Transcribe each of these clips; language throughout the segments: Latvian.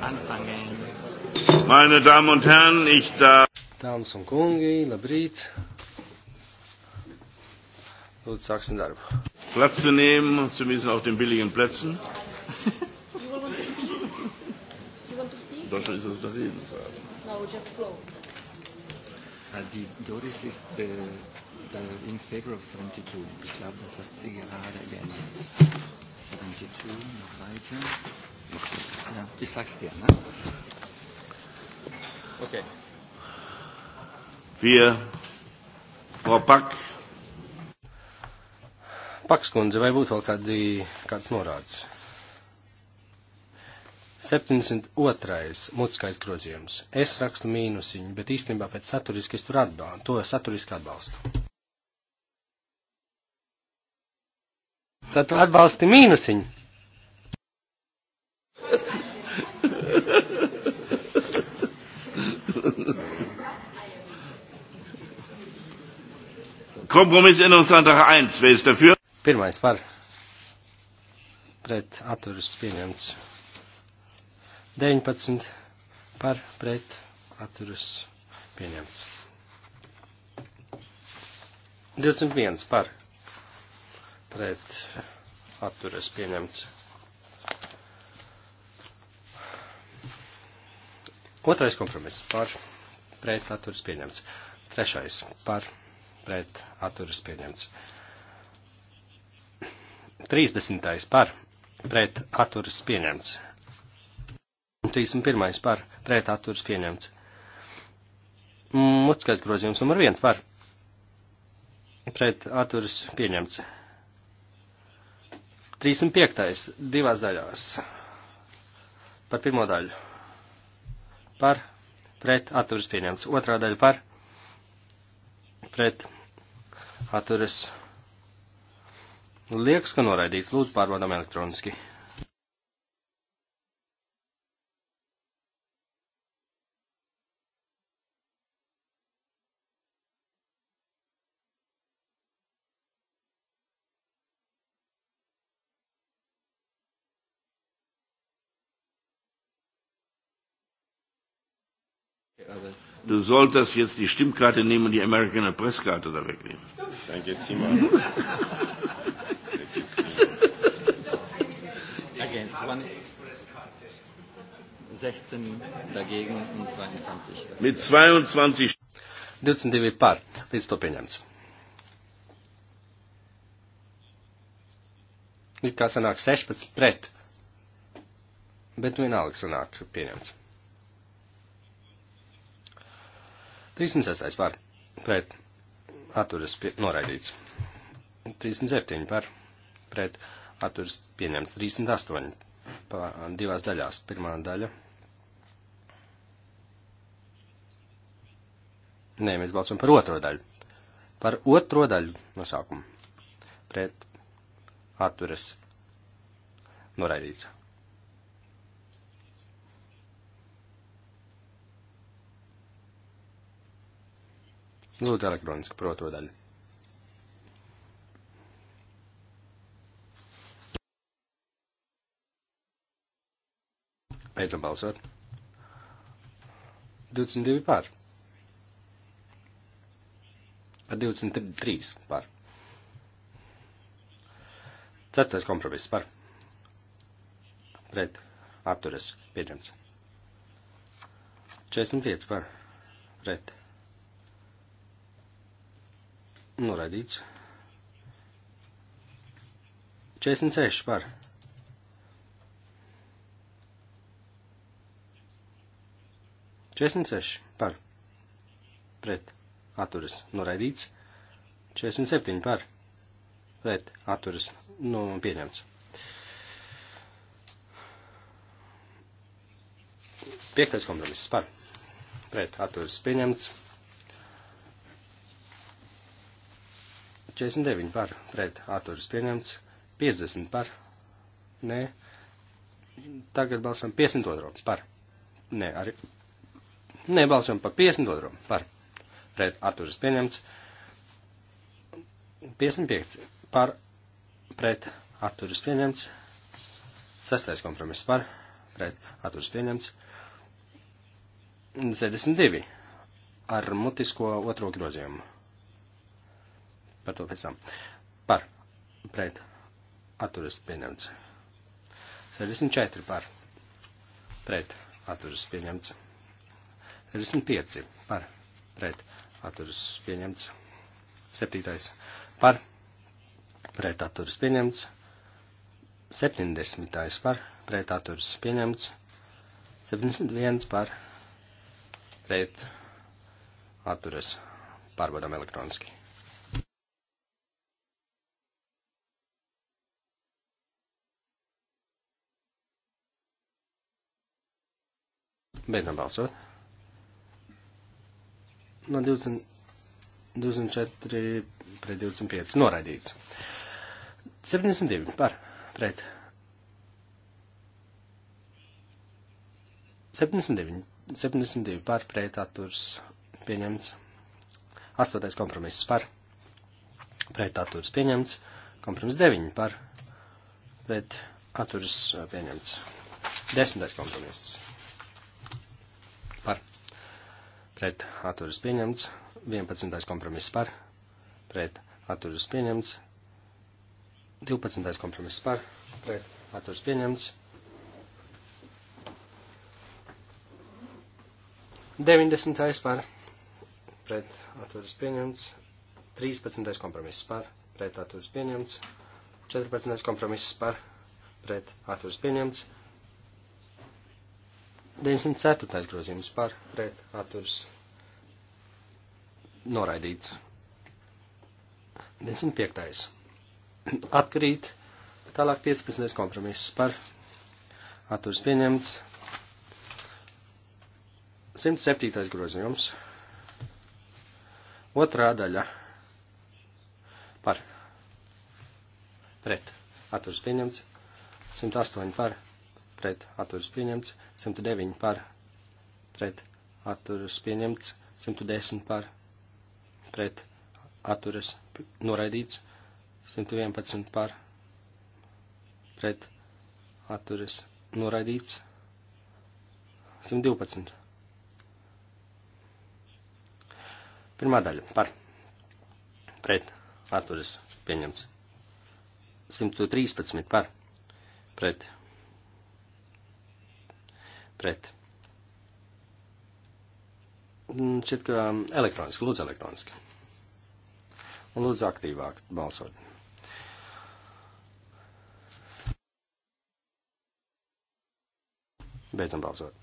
anfangen. Meine Damen und Herren, ich darf. Dāmas un kungi, labrīt. Lūdzu, sāksim darbu. Platz zu nehmen, zumindest auf den billigen Plätzen. In Deutschland ist das der Redensart. No, just flow. Uh, die Doris ist äh, uh, in favor of 72. Ich glaube, das hat sie gerade erwähnt. 72, noch weiter. Ja, ich sag's dir. Ne? Okay. Wir, Frau Pack. Paks kundze, vai būtu vēl kādi, kāds norāds? 72. mutiskais grozījums. Es rakstu mīnusiņu, bet īstenībā pēc saturiski es tur atbalstu. To es saturiski atbalstu. Tad tu atbalsti mīnusiņu. Kompromissänderungsantrag 1. Wer ist dafür? Pirmais par. Pret atturas pieņemts. 19 par pret atturas pieņemts. 21 par pret atturas pieņemts. Otrais kompromiss par pret atturas pieņemts. Trešais par pret atturas pieņemts. 30. par pret atturas pieņemts. 31. par pret atturas pieņemts. Mutskais grozījums numur 1 par pret atturas pieņemts. 35. divās daļās. Par pirmo daļu par pret atturas pieņemts. Otrā daļa par pret atturas. Liekas, ka noraidīts. Lūdzu, pārbaudām elektroniski. du solltest jetzt die Stimmkarte nehmen und die American Presskarte da wegnehmen. Danke, Simon. Against one. 16 dagegen und 22. Mit 22. 22 par. Līdz to pieņemts. It kā sanāk 16 pret. Bet vienalga sanāk pieņemts. 36. par pret atturas pie, noraidīts. 37. par pret atturas pieņemts. 38. Pa, divās daļās. Pirmā daļa. Nē, mēs balsojam par otro daļu. Par otro daļu nosaukumu. Pret atturas noraidīts. Lūdzu, nu, elektroniski par otro daļu. Beidzam balsot. 22 pār. Par 23 pār. Ceturtais kompromiss par. Pret. Apturas. Pieņemts. 45 par. Pret Noraidīts. Nu, 46 par. Četrdesmit seši par, pret, atturas, noraidīts, nu, četrdesmit septiņi par, pret, atturas, nu, pieņemts. Piektais kompromiss par, pret, atturas, pieņemts. 49 par pret atturas pieņemts, 50 par, nē, tagad balsam 52 par, nē, arī, nē, balsam par 52 par, pret atturas pieņemts, 55 par, pret atturas pieņemts, 6. kompromiss par, pret atturas pieņemts, 72 ar mutisko otro grozījumu par to pēc tam. Par, pret, atturas pieņemts. 64 par, pret, atturas pieņemts. 65 par, pret, atturas pieņemts. 7 par, pret, atturas pieņemts. 70 par, pret, atturas pieņemts. 71 par, pret, atturas pārbaudām elektroniski. Beidzam balsot. No 20, 24 pret 25 noraidīts. 72 par pret. 79, 72 par pret atturs pieņemts. 8. kompromiss par pret atturs pieņemts. Kompromiss 9 par pret atturs pieņemts. 10. kompromiss pret atturas pieņemts, 11. kompromiss par, pret atturas pieņemts, 12. kompromiss par, pret atturas pieņemts, 90. par, pret atturas pieņemts, 13. kompromiss par, pret atturas pieņemts, 14. kompromiss par, pret atturas pieņemts, 94. grozījums par pret atturs noraidīts. 95. Atkrīt. Tālāk 15. kompromiss par atturs pieņemts. 107. grozījums. Otrā daļa par pret atturs pieņemts. 108 par pret pret atturas pieņemts, 109 par pret atturas pieņemts, 110 par pret atturas noraidīts, 111 par pret atturas noraidīts, 112. Pirmā daļa par pret atturas pieņemts. 113 par pret pret. Mm, šķiet, ka elektroniski, lūdzu elektroniski. Un lūdzu aktīvāk balsot. Beidzam balsot.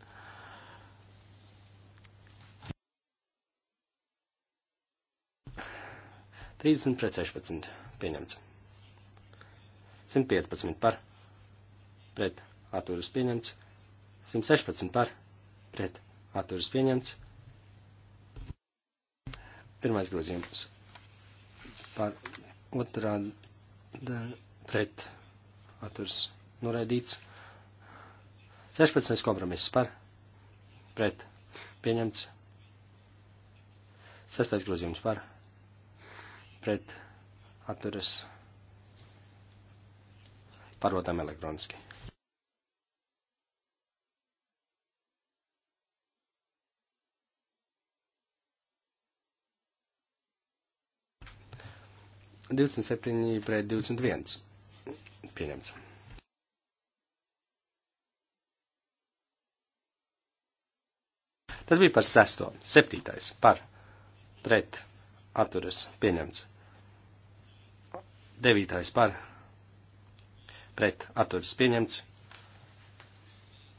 Trīsdesmit pret sešpadsmit pieņemts. Simt piecpadsmit par pret atturas pieņemts. 116 par pret atturas pieņemts. Pirmais grozījums par otrā pret atturas noraidīts. 16 kompromiss par pret pieņemts. Sestais grozījums par pret atturas pārvotām elektroniski. 27 pret 21. Pieņemts. Tas bija par sesto. Septītais. Par. Pret. Atturas. Pieņemts. Devītais. Par. Pret. Atturas. Pieņemts.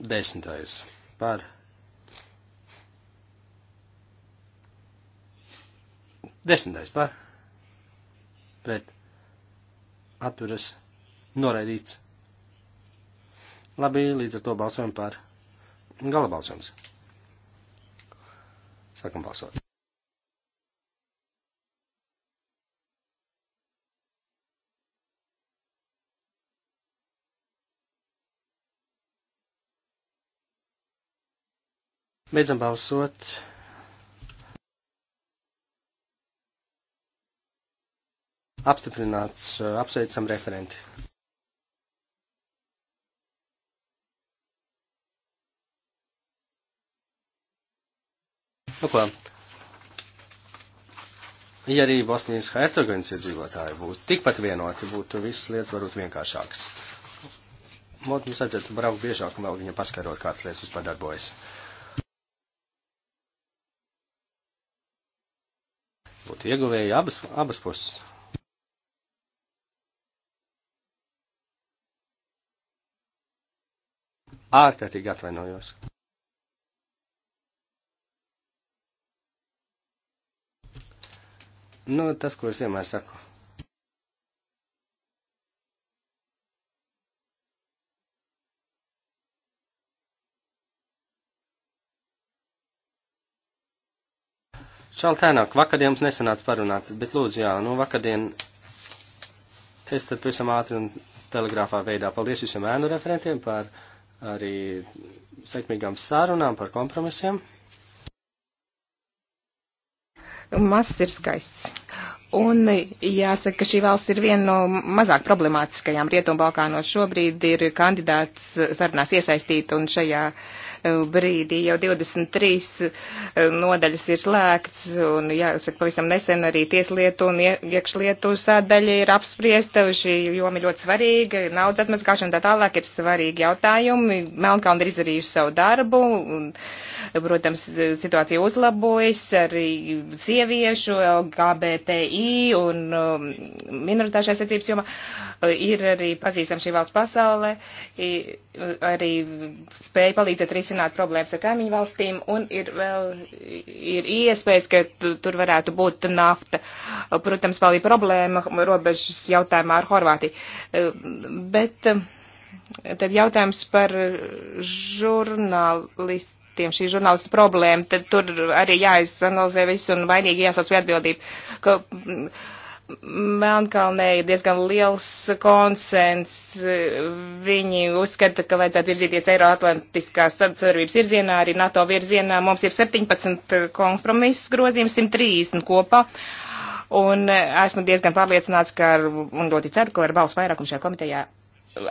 Desmitais. Par. Desmitais. Par pret atturas noraidīts. Labi, līdz ar to balsojam par gala balsojums. Sākam balsot. Beidzam balsot. apstiprināts. Eh, apsveicam referenti. Nu, ko? Ja arī Bosnijas Hercegovinas iedzīvotāji būtu tikpat vienoti, būtu visas lietas varbūt vienkāršākas. Mums vajadzētu braukt biežāk un vēl viņam paskaidrot, kāds lietas vispār darbojas. Būtu ieguvēji abas, abas puses. Ārkārtīgi atvainojos. Nu, tas, ko es vienmēr saku. Šaltēnāk, vakar jums nesanāca parunāt, bet lūdzu, jā, nu vakardien es tad pavisam ātri un telegrāfā veidā. Paldies visiem ēnu referentiem par arī sekmīgām sarunām par kompromisiem. Mazs ir skaists. Un jāsaka, ka šī valsts ir viena no mazāk problemātiskajām Rietumbalkānos. Šobrīd ir kandidāts sarunās iesaistīt un šajā uh, brīdī. Jau 23 eh, nodaļas ir slēgts, un jāsaka, pavisam nesen arī tieslietu un iekšlietu sādaļa ir apspriesta. Šī joma ļoti svarīga, naudas atmazgāšana tā tālāk ir svarīgi jautājumi. Melnkalna ir izdarījusi savu darbu, un, protams, situācija uzlabojas arī sieviešu, LGBTI un um, minoritāšu aizsardzības jomā. Uh, ir arī pazīstama šī valsts pasaulē, arī spēja palīdzēt arī risināt problēmas ar kaimiņu valstīm, un ir vēl ir iespējas, ka tur varētu būt nafta. Protams, vēl ir problēma robežas jautājumā ar Horvātiju. Bet tad jautājums par žurnālistiem, šī žurnālista problēma, tad tur arī jāizanalizē viss un vainīgi jāsauc pie atbildību. Ka, Melnkalnē ir diezgan liels konsens. Viņi uzskata, ka vajadzētu virzīties Eiroatlantiskās sadarbības virzienā, arī NATO virzienā. Mums ir 17 kompromisu grozījumi, 130 kopā. Un esmu diezgan pārliecināts, ka, ar, un ļoti ceru, ka ar balsu vairākumu šajā komitejā,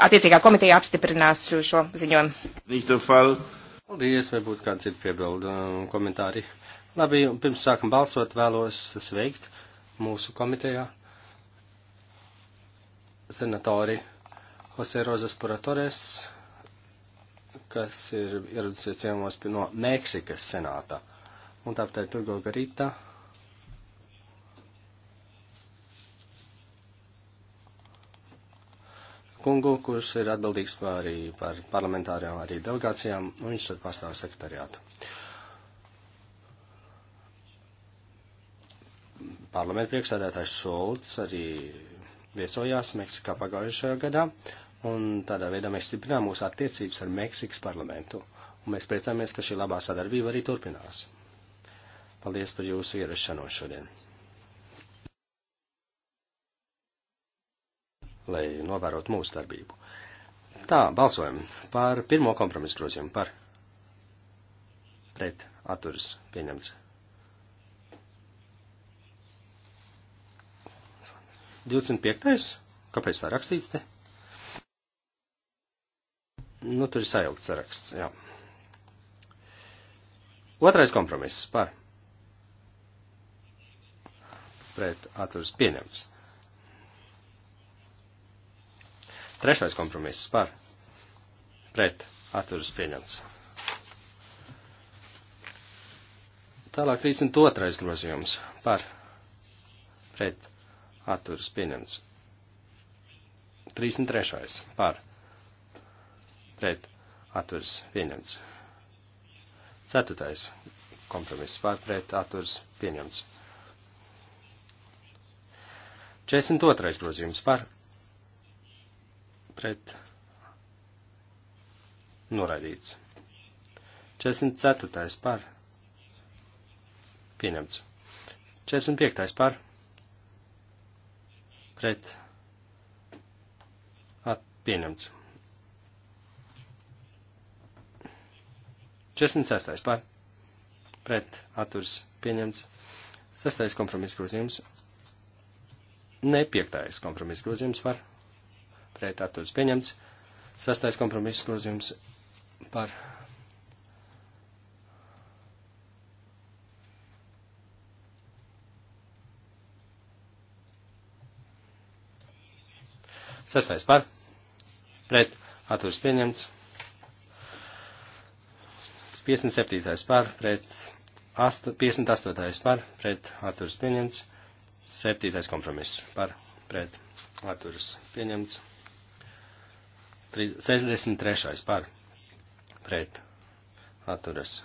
attiecīgā komitejā apstiprinās šo ziņojumu. Paldies, vai būtu kāds ir piebildu komentāri? Labi, pirms sākam balsot, vēlos sveikt mūsu komitejā senatori Jose Rozes Puratores, kas ir ieradusies ciemos no Meksikas senāta, un tāpat ir Turgo Garita. Kungu, kurš ir atbildīgs par, arī par parlamentāriem arī delegācijām, un viņš tad pārstāv sekretariātu. parlamenta priekšsēdētājs Šulcs arī viesojās Meksikā pagājušajā gadā, un tādā veidā mēs stiprinām mūsu attiecības ar Meksikas parlamentu, un mēs priecāmies, ka šī labā sadarbība arī turpinās. Paldies par jūsu ierašanos šodien! Lai novērot mūsu darbību. Tā, balsojam par pirmo kompromisu grozījumu par pret atturas pieņemts 25. Kāpēc tā rakstīts te? Nu, tur ir sajaukts saraksts, jā. Otrais kompromiss par. Pret atturas pieņemts. Trešais kompromiss par. Pret atturas pieņemts. Tālāk 32. grozījums par. Pret atturas pieņemts. 33. par pret atturas pieņemts. 4. kompromiss par pret atturas pieņemts. 42. grozījums par pret noraidīts. 44. par pieņemts. 45. par pret at, pieņemts. 46. par pret atturs pieņemts. 6. kompromiss grozījums. Ne 5. kompromiss grozījums par pret atturs pieņemts. 6. kompromiss grozījums par Sestais par, pret, atturas pieņemts. 57. par, pret, 58. par, pret, atturas pieņemts. 7. kompromiss par, pret, atturas pieņemts. 63. par, pret, atturas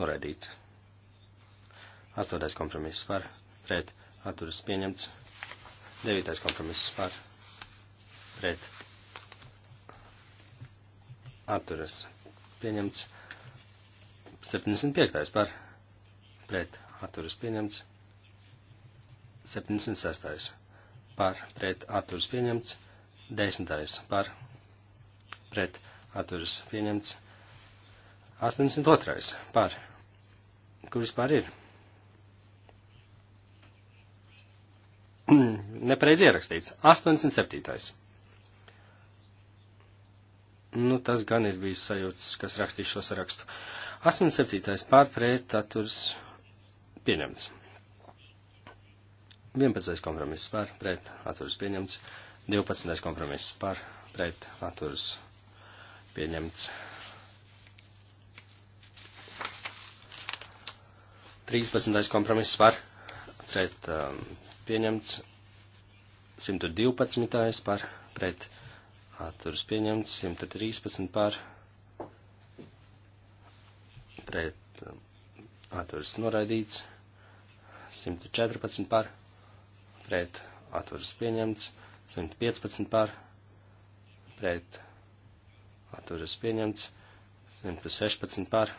noraidīts. 8. kompromiss par, pret, atturas pieņemts. 9. kompromiss par, pret atturas pieņemts 75. par pret atturas pieņemts 76. par pret atturas pieņemts 10. par pret atturas pieņemts 82. par kurš par ir. Nepareiz ierakstīts. 87. Nu, tas gan ir bijis sajūts, kas rakstīja šo sarakstu. 87. pārpret atturs pieņemts. 11. kompromiss par pret atturs pieņemts. 12. kompromiss par pret atturs pieņemts. 13. kompromiss var pret um, pieņemts 112. par pret atturas pieņemts 113 par pret um, atturas noraidīts 114 par pret atturas pieņemts 115 par pret atturas pieņemts 116 par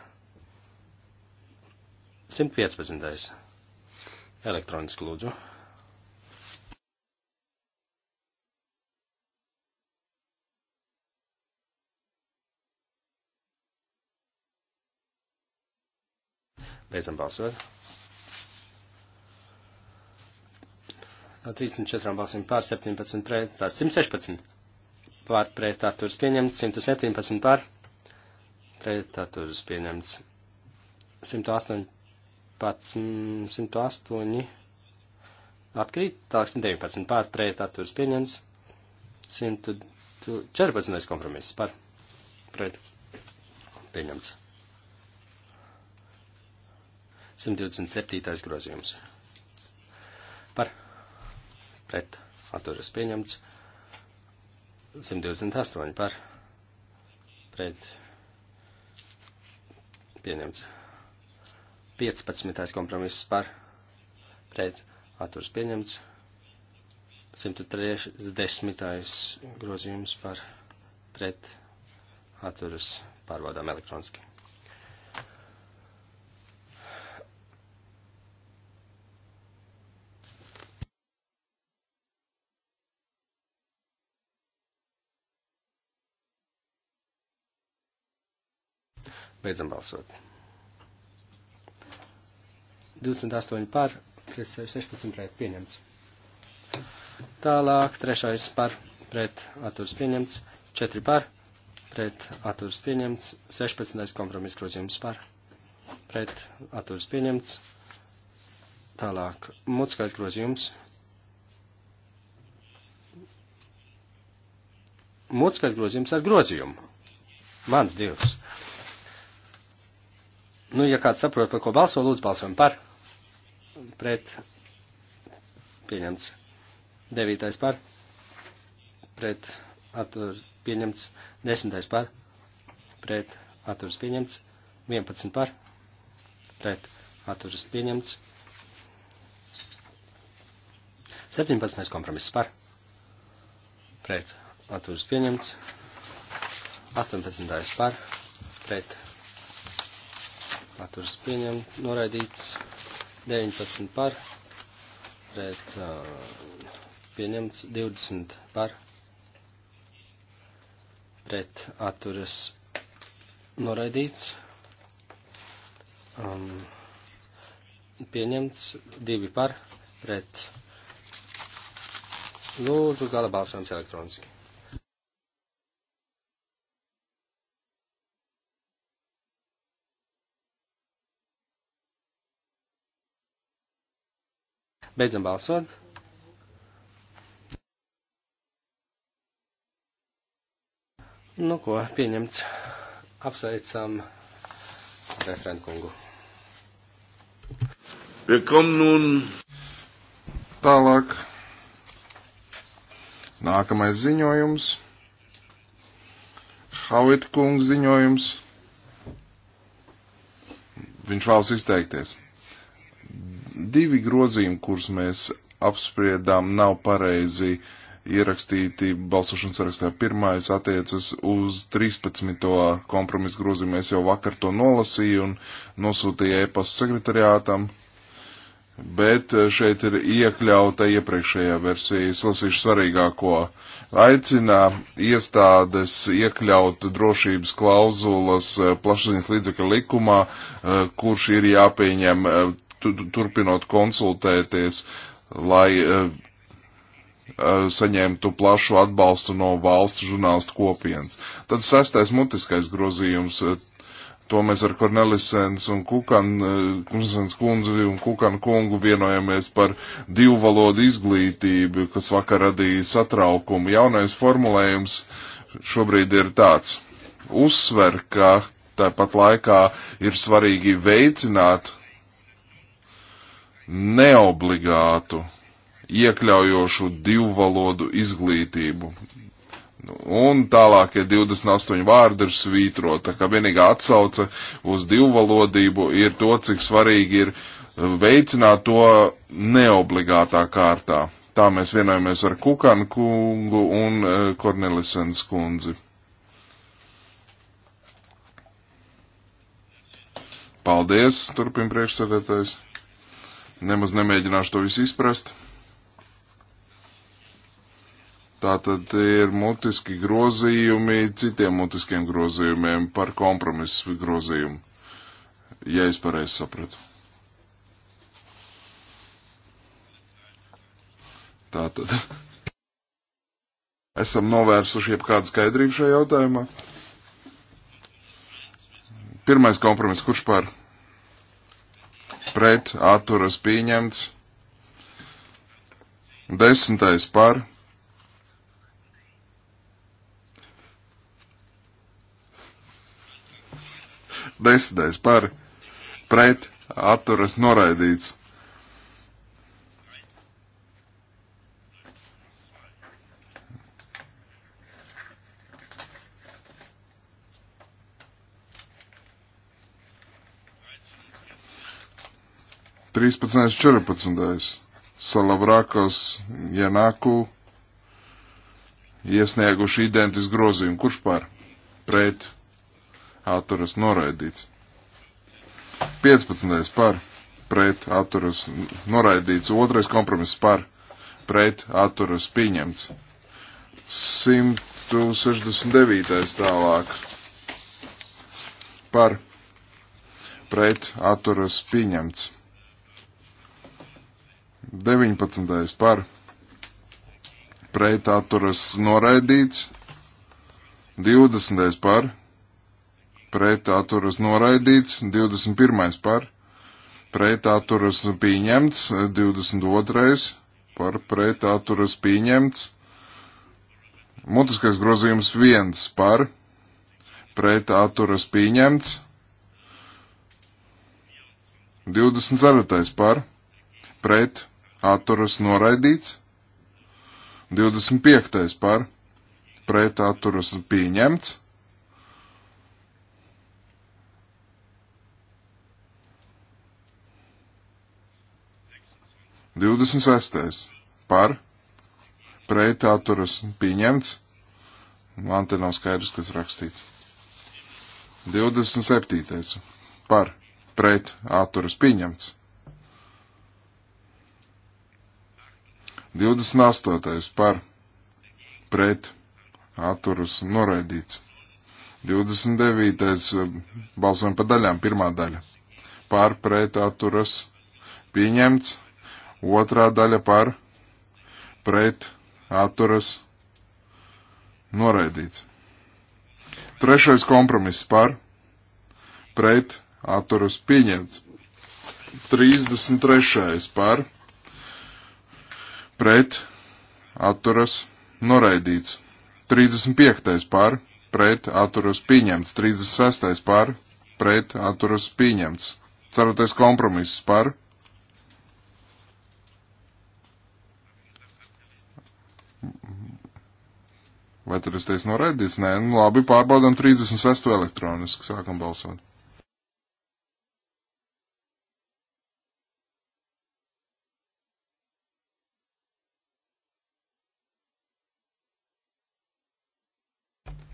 115. Elektroniski lūdzu. Beidzam balsot. No 34 balsīm pār 17 pret, tā 116 pār pret atturs pieņemts, 117 pār pret atturs pieņemts, 108 pats, 108 atkrīt, tālāk 119 pār pret atturs pieņemts, 114 kompromiss par pret pieņemts. 127. grozījums. Par pret atturas pieņemts. 128 par pret pieņemts. 15. kompromiss par pret atturas pieņemts. 130. grozījums par pret atturas pārvaldām elektroniski. Beidzam balsot. 28 par, 16 pret pieņemts. Tālāk, trešais par, pret atturs pieņemts, 4 par, pret atturs pieņemts, 16. kompromis grozījums par, pret atturs pieņemts. Tālāk, mutiskais grozījums. Mutiskais grozījums ar grozījumu. Mans divs. Nu, ja kāds saprot, par ko balso, lūdzu balsojam par. Pret. Pieņemts. Devītais par. Pret. Atturs pieņemts. Desmitais par. Pret. Atturs pieņemts. Vienpadsmit par. Pret. Atturs pieņemts. Septiņpadsmitais kompromiss par. Pret. Atturs pieņemts. Astoņpadsmitais par. Pret Atturs pieņemts, noraidīts 19 par, pret uh, pieņemts 20 par, pret atturas noraidīts, um, pieņemts 2 par, pret lūdzu gala balsojums elektroniski. Beidzam balsot. Nu, ko pieņemts. Apsveicam referentkungu. Willkommen nun. Tālāk. Nākamais ziņojums. Hauit kungs ziņojums. Viņš vēlas izteikties. Divi grozījumi, kurus mēs apspriedām, nav pareizi ierakstīti balsošanas sarakstā. Pirmais attiecas uz 13. kompromisu grozījumu. Es jau vakar to nolasīju un nosūtīju e-pastu sekretariātam bet šeit ir iekļauta iepriekšējā versija. Es lasīšu svarīgāko. Aicina iestādes iekļaut drošības klauzulas eh, plašsaziņas līdzekļu likumā, eh, kurš ir jāpieņem eh, turpinot konsultēties, lai uh, saņemtu plašu atbalstu no valsts žurnālistu kopienas. Tad sestais mutiskais grozījums, e, to mēs ar Kornelisens un Kukan, Kunsens kundzi un Kukan kungu vienojamies par divu valodu izglītību, kas vakar radīja satraukumu. Jaunais formulējums šobrīd ir tāds. Uzsver, ka tāpat laikā ir svarīgi veicināt neobligātu iekļaujošu divvalodu izglītību. Nu, un tālāk ir 28 vārdi ir svītrota, ka vienīgā atsauce uz divvalodību ir to, cik svarīgi ir uh, veicināt to neobligātā kārtā. Tā mēs vienojamies ar Kukanu kungu un uh, Kornelisens kundzi. Paldies, turpin priekšsēdētājs. Nemaz nemēģināšu to visu izprast. Tātad ir mutiski grozījumi citiem mutiskiem grozījumiem par kompromisu grozījumu, ja es pareizi sapratu. Tātad esam novērsuši jebkādu skaidrību šajā jautājumā. Pirmais kompromiss, kurš par? pret atturas pieņemts. Desmitais par. Desmitais par. Pret atturas noraidīts. 13. 14. Salavrakos Janāku iesnieguši identisku grozījumu. Kurš par? Pret. Atturas noraidīts. 15. par. Pret. Atturas noraidīts. Otrais kompromiss par. Pret. Atturas pieņemts. 169. tālāk. Par. Pret. Atturas pieņemts. 19. par pret atturas noraidīts. 20. par pret atturas noraidīts. 21. par pret atturas pieņemts. 22. par pret atturas pieņemts. Mutiskais grozījums 1 par pret atturas pieņemts. 24. par pret atturas noraidīts. 25. par pret atturas pieņemts. Divdesmit sestais par pret atturas pieņemts. Man te nav skaidrs, kas rakstīts. 27. par pret atturas pieņemts. 28. par pret atturas noraidīts. 29. Eh, balsojam pa daļām, pirmā daļa par pret atturas pieņemts, otrā daļa par pret atturas noraidīts. Trešais kompromiss par pret atturas pieņemts. 33. par pret pret, atturas, noraidīts. 35. par, pret, atturas, pieņemts. 36. par, pret, atturas, pieņemts. Ceturtais kompromiss par. Vai tad es teicu noraidīts? Nē, nu labi, pārbaudam 36 elektroniski, sākam balsot.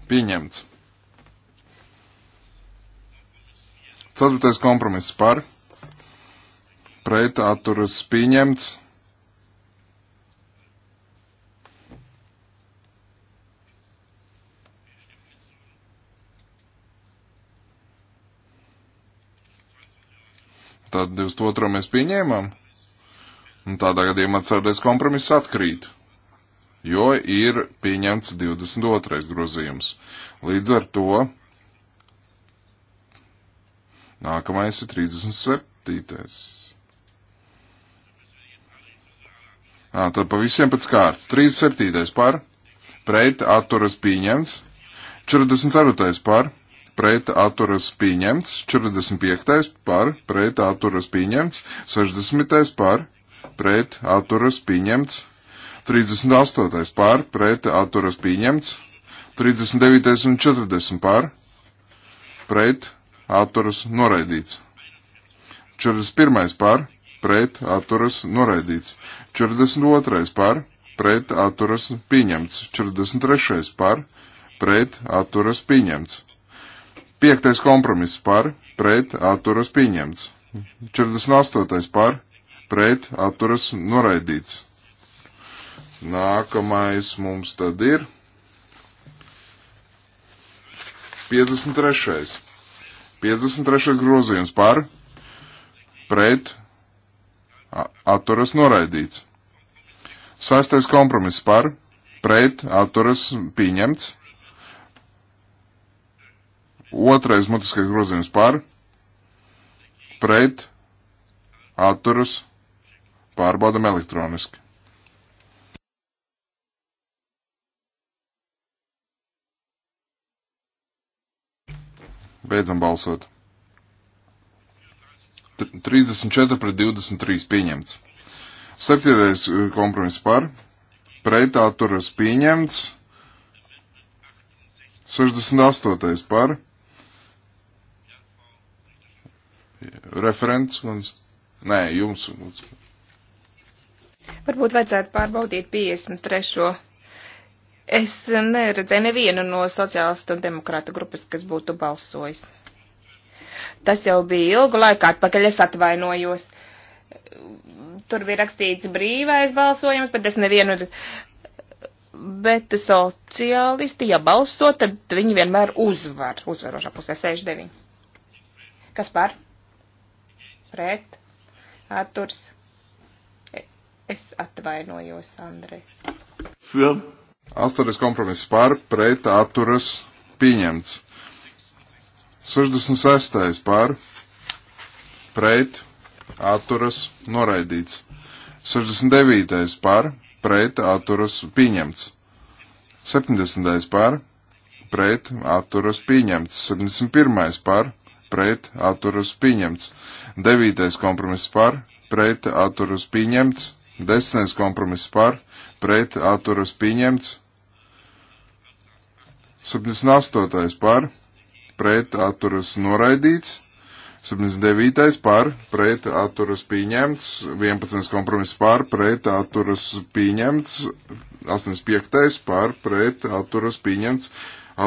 Pieņemts. Ceturtais kompromiss par. Pret atturas pieņemts. Tad 22. mēs pieņēmām. Un tādā gadījumā ceturtais kompromiss atkrīt jo ir pieņemts 22. grozījums. Līdz ar to nākamais ir 37. Ā, tad pa visiem pēc kārtas. 37. par, pret atturas pieņemts, 44. par, pret atturas pieņemts, 45. par, pret atturas pieņemts, 60. par, pret atturas pieņemts, 38. pār pret atturas pieņemts. 39. un 40. pār pret atturas noraidīts. 41. pār pret atturas noraidīts. 42. pār pret atturas pieņemts. 43. pār pret atturas pieņemts. 5. kompromiss par pret atturas pieņemts. 48. par pret atturas noraidīts. Nākamais mums tad ir 53. 53. grozījums par pret atturas noraidīts. Sastais kompromiss par pret atturas pieņemts. Otrais mutiskais grozījums par pret atturas pārbaudam elektroniski. Beidzam balsot. 34 pret 23 pieņemts. Septītais uh, kompromiss par. Pret atturas pieņemts. 68. par. Referents, kundz. Nē, jums. Varbūt vajadzētu pārbaudīt 53. Es neredzēju nevienu no sociālistu un demokrāta grupas, kas būtu balsojis. Tas jau bija ilgu laiku atpakaļ, es atvainojos. Tur bija rakstīts brīvais balsojums, bet es nevienu bet sociālisti, ja balso, tad viņi vienmēr uzvar. Uzvarošā pusē 69. Kas par? Pret. Atturs. E, es atvainojos, Andrej. Für. Astoties kompromiss par, pret, atturas, pieņemts. 66. par, pret, atturas, noraidīts. 69. par, pret, atturas, pieņemts. 70. par, pret, atturas, pieņemts. 71. par, pret, atturas, pieņemts. 9. kompromiss par, pret, atturas, pieņemts. 10. kompromiss par, pret atturas pieņemts. 78. par pret atturas noraidīts. 79. par pret atturas pieņemts, 11. kompromiss par pret atturas pieņemts, 85. par pret atturas pieņemts,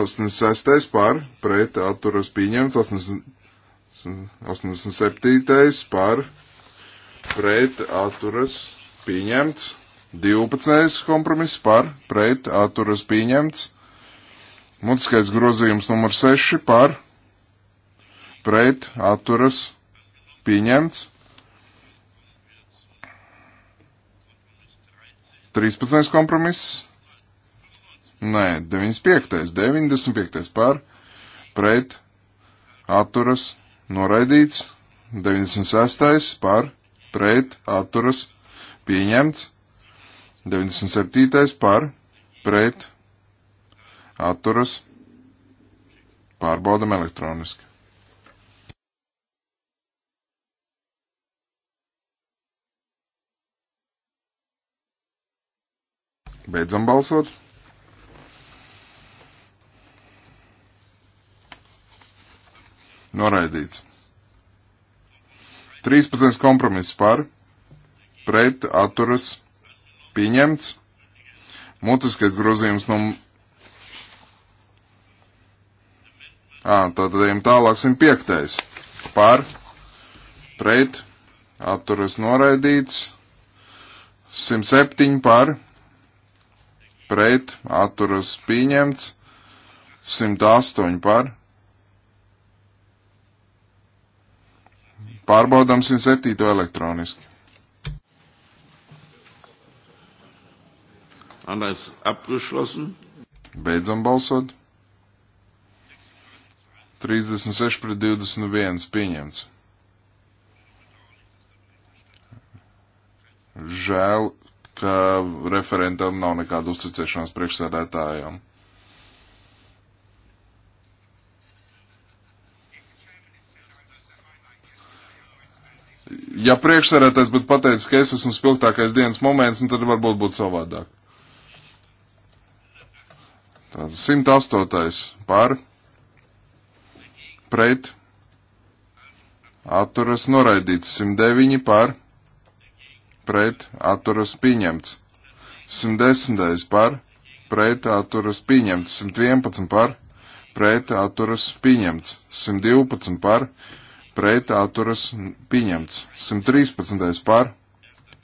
86. par pret atturas pieņemts, 87. par pret atturas pieņemts. 12. kompromiss par, pret, atturas pieņemts. Mutiskais grozījums numur 6 par, pret, atturas pieņemts. 13. kompromiss. Nē, 95. 95. par, pret, atturas noraidīts. 96. par, pret, atturas pieņemts. 97. par pret atturas pārbaudam elektroniski. Beidzam balsot. Noraidīts. 13. kompromiss par, pret, atturas, Pieņemts. Mutiskais grozījums no. Ā, tātad ejam tālāk 105. Par, pret, atturas noraidīts. 107 par, pret, atturas pieņemts. 108 par. Pārbaudām 107 elektroniski. Anna ist abgeschlossen. Beidzam balsot. 36 pret 21 pieņemts. Žēl, ka referentam nav nekāda uzticēšanās priekšsēdētājām. Ja priekšsēdētājs būtu pateicis, ka es esmu spilgtākais dienas moments, nu tad varbūt būtu savādāk. Tātad 108. par pret atturas noraidīts 109 par pret atturas pieņemts 110 par pret atturas pieņemts 111 par pret atturas pieņemts 112 par pret atturas pieņemts 113 par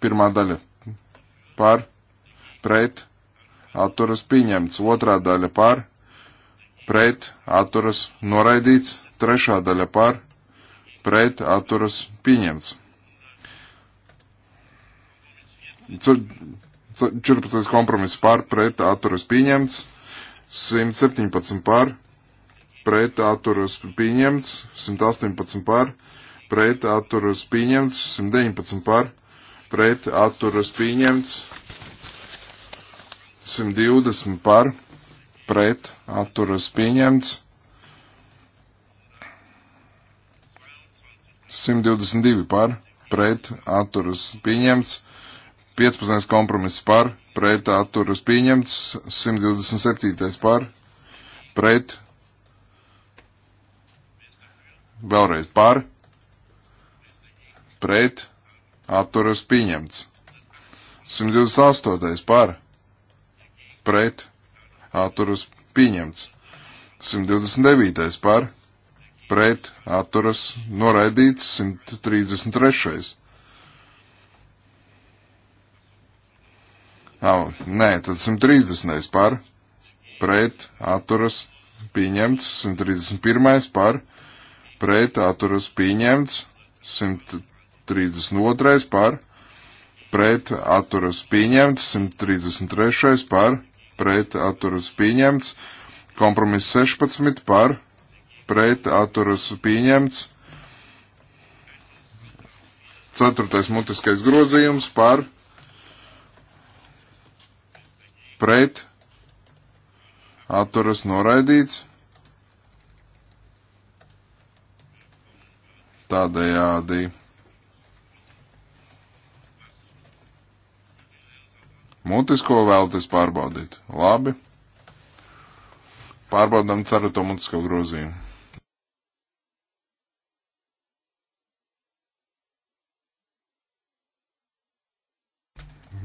pirmā daļa par pret atturas pieņemts. Otrā daļa par, pret, atturas noraidīts. Trešā daļa par, pret, atturas pieņemts. 14. kompromiss par, pret, atturas pieņemts. 117 par, pret, atturas pieņemts. 118 par, pret, atturas pieņemts. 119 par, pret, atturas pieņemts. 120 par, pret, atturas pieņemts. 122 par, pret, atturas pieņemts. 15. kompromiss par, pret, atturas pieņemts. 127. par, pret, vēlreiz par, pret, atturas pieņemts. 128. par, pret atturas pieņemts. 129. par pret atturas noraidīts 133. Nav, nē, tad 130. par pret atturas pieņemts, 131. par pret atturas pieņemts, 132. par pret atturas pieņemts, 133. par pret atturas pieņemts. Kompromiss 16 par pret atturas pieņemts. Ceturtais mutiskais grozījums par pret atturas noraidīts. Tādējādi Mutisko vēlaties pārbaudīt. Labi. Pārbaudām ceru to mutisko grozījumu.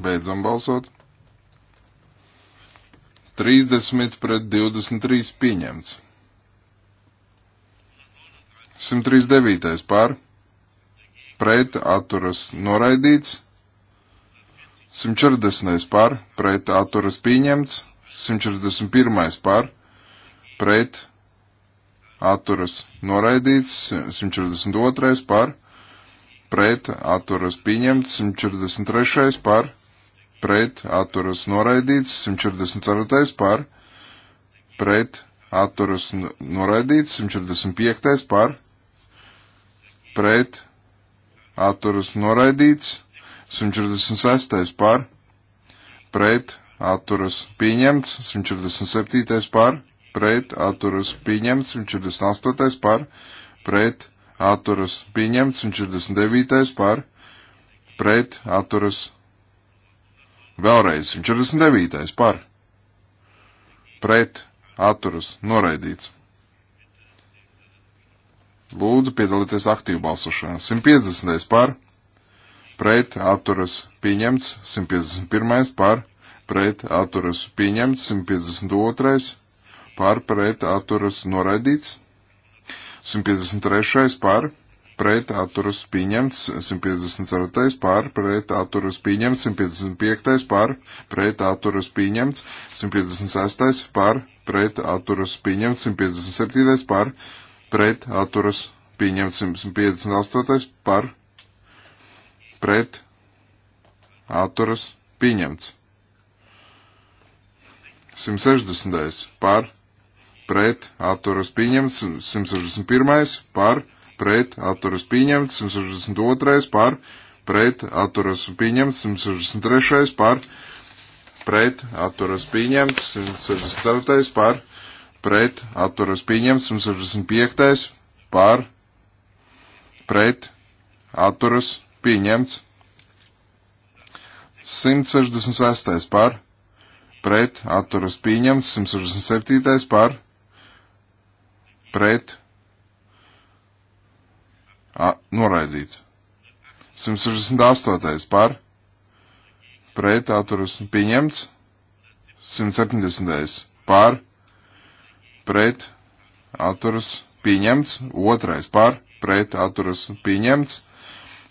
Beidzam balsot. 30 pret 23 pieņemts. 139. pār. Pret atturas noraidīts. 140. par, pret atturas pieņemts, 141. par, pret atturas noraidīts, 142. par, pret atturas pieņemts, 143. par, pret atturas noraidīts, 144. par, pret atturas noraidīts, 145. par, pret atturas noraidīts, 146. par pret atturas pieņemts, 147. par pret atturas pieņemts, 148. par pret atturas pieņemts, 149. par pret atturas vēlreiz 149. par pret atturas noraidīts. Lūdzu piedalīties aktīvu balsošanā. 150. par pret pret atturas pieņemts 151. par pret atturas pieņemts 152. par pret atturas noraidīts 153. par pret atturas pieņemts 154. par pret atturas pieņemts 155. par pret atturas pieņemts 156. par pret atturas pieņemts 157. par pret atturas pieņemts 158. par pret atturas pieņemts. 160. par pret atturas pieņemts, 161. par pret atturas pieņemts, 162. par pret atturas pieņemts, 163. par pret atturas pieņemts, 164. par pret atturas pieņemts, 165. par pret atturas pieņemts pieņemts. 166. par, pret, atturas pieņemts. 167. par, pret, a, noraidīts. 168. par, pret, atturas pieņemts. 170. par, pret, atturas pieņemts. Otrais par, pret, atturas pieņemts.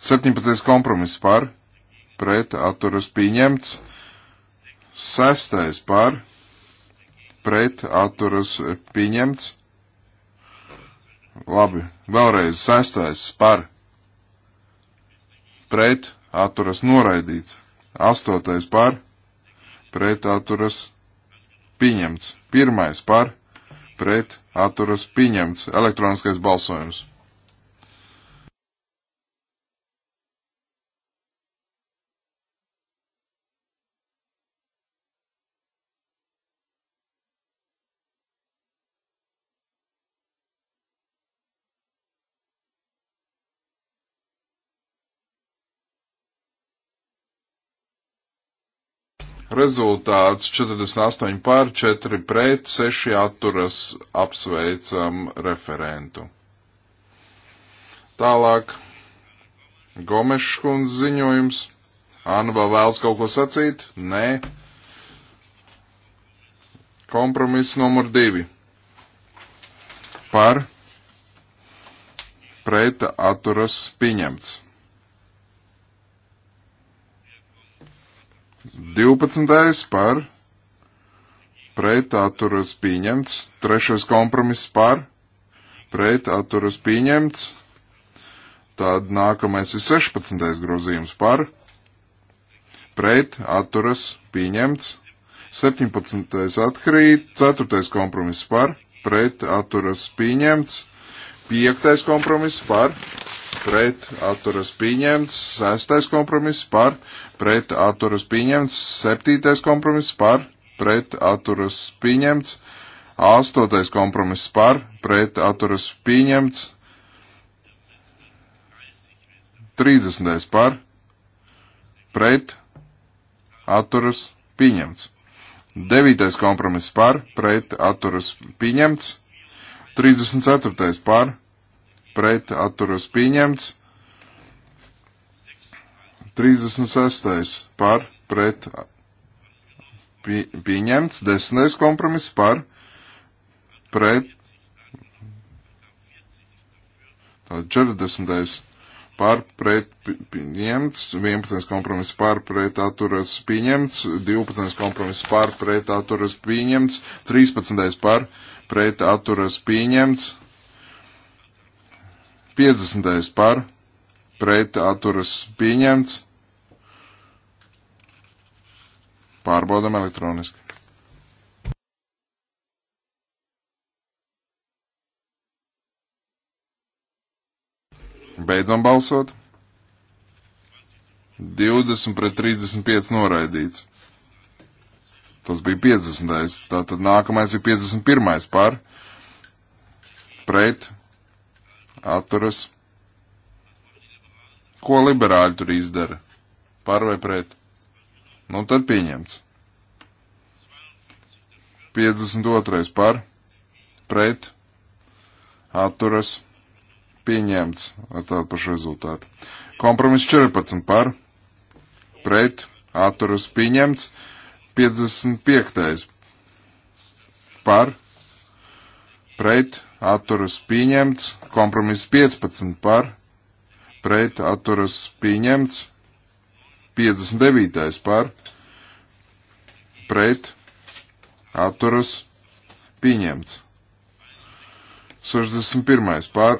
17. kompromiss par, pret atturas pieņemts. 6. par, pret atturas pieņemts. Labi, vēlreiz 6. par, pret atturas noraidīts. 8. par, pret atturas pieņemts. 1. par, pret atturas pieņemts. Elektroniskais balsojums. Rezultāts 48 pār 4 pret 6 atturas apsveicam referentu. Tālāk Gomešs kundz ziņojums. Anna vēl vēlas kaut ko sacīt? Nē. Kompromiss numur divi. Par preta atturas pieņemts. 12. par pret atturas pieņemts. 3. kompromiss par pret atturas pieņemts. Tad nākamais ir 16. grozījums par pret atturas pieņemts. 17. atkrīt, 4. kompromiss par pret atturas pieņemts. Piektais kompromiss par pret atturas pieņemts, sestais kompromiss par pret atturas pieņemts, septītais kompromiss par pret atturas pieņemts, astotais kompromiss par pret atturas pieņemts, trīsdesmitais par pret atturas pieņemts, devītais kompromiss par pret atturas pieņemts, 34. par pret atturas pieņemts. 36. par pret pie, pieņemts. 10. kompromiss par pret. Tātad 40. par pret pieņemts. 11. kompromiss par pret atturas pieņemts. 12. kompromiss par pret atturas pieņemts. 13. par pret pret atturas pieņemts. 50. par pret atturas pieņemts. Pārbaudam elektroniski. Beidzam balsot. 20 pret 35 noraidīts. Tas bija 50. Tātad nākamais ir 51. par pret atturas. Ko liberāļi tur izdara? Par vai pret? Nu tad pieņemts. 52. par pret atturas pieņemts ar tādu pašu rezultātu. Kompromiss 14 par pret atturas pieņemts. 55. par pret atturas pieņemts, kompromiss 15 par pret atturas pieņemts, 59. par pret atturas pieņemts. 61. par,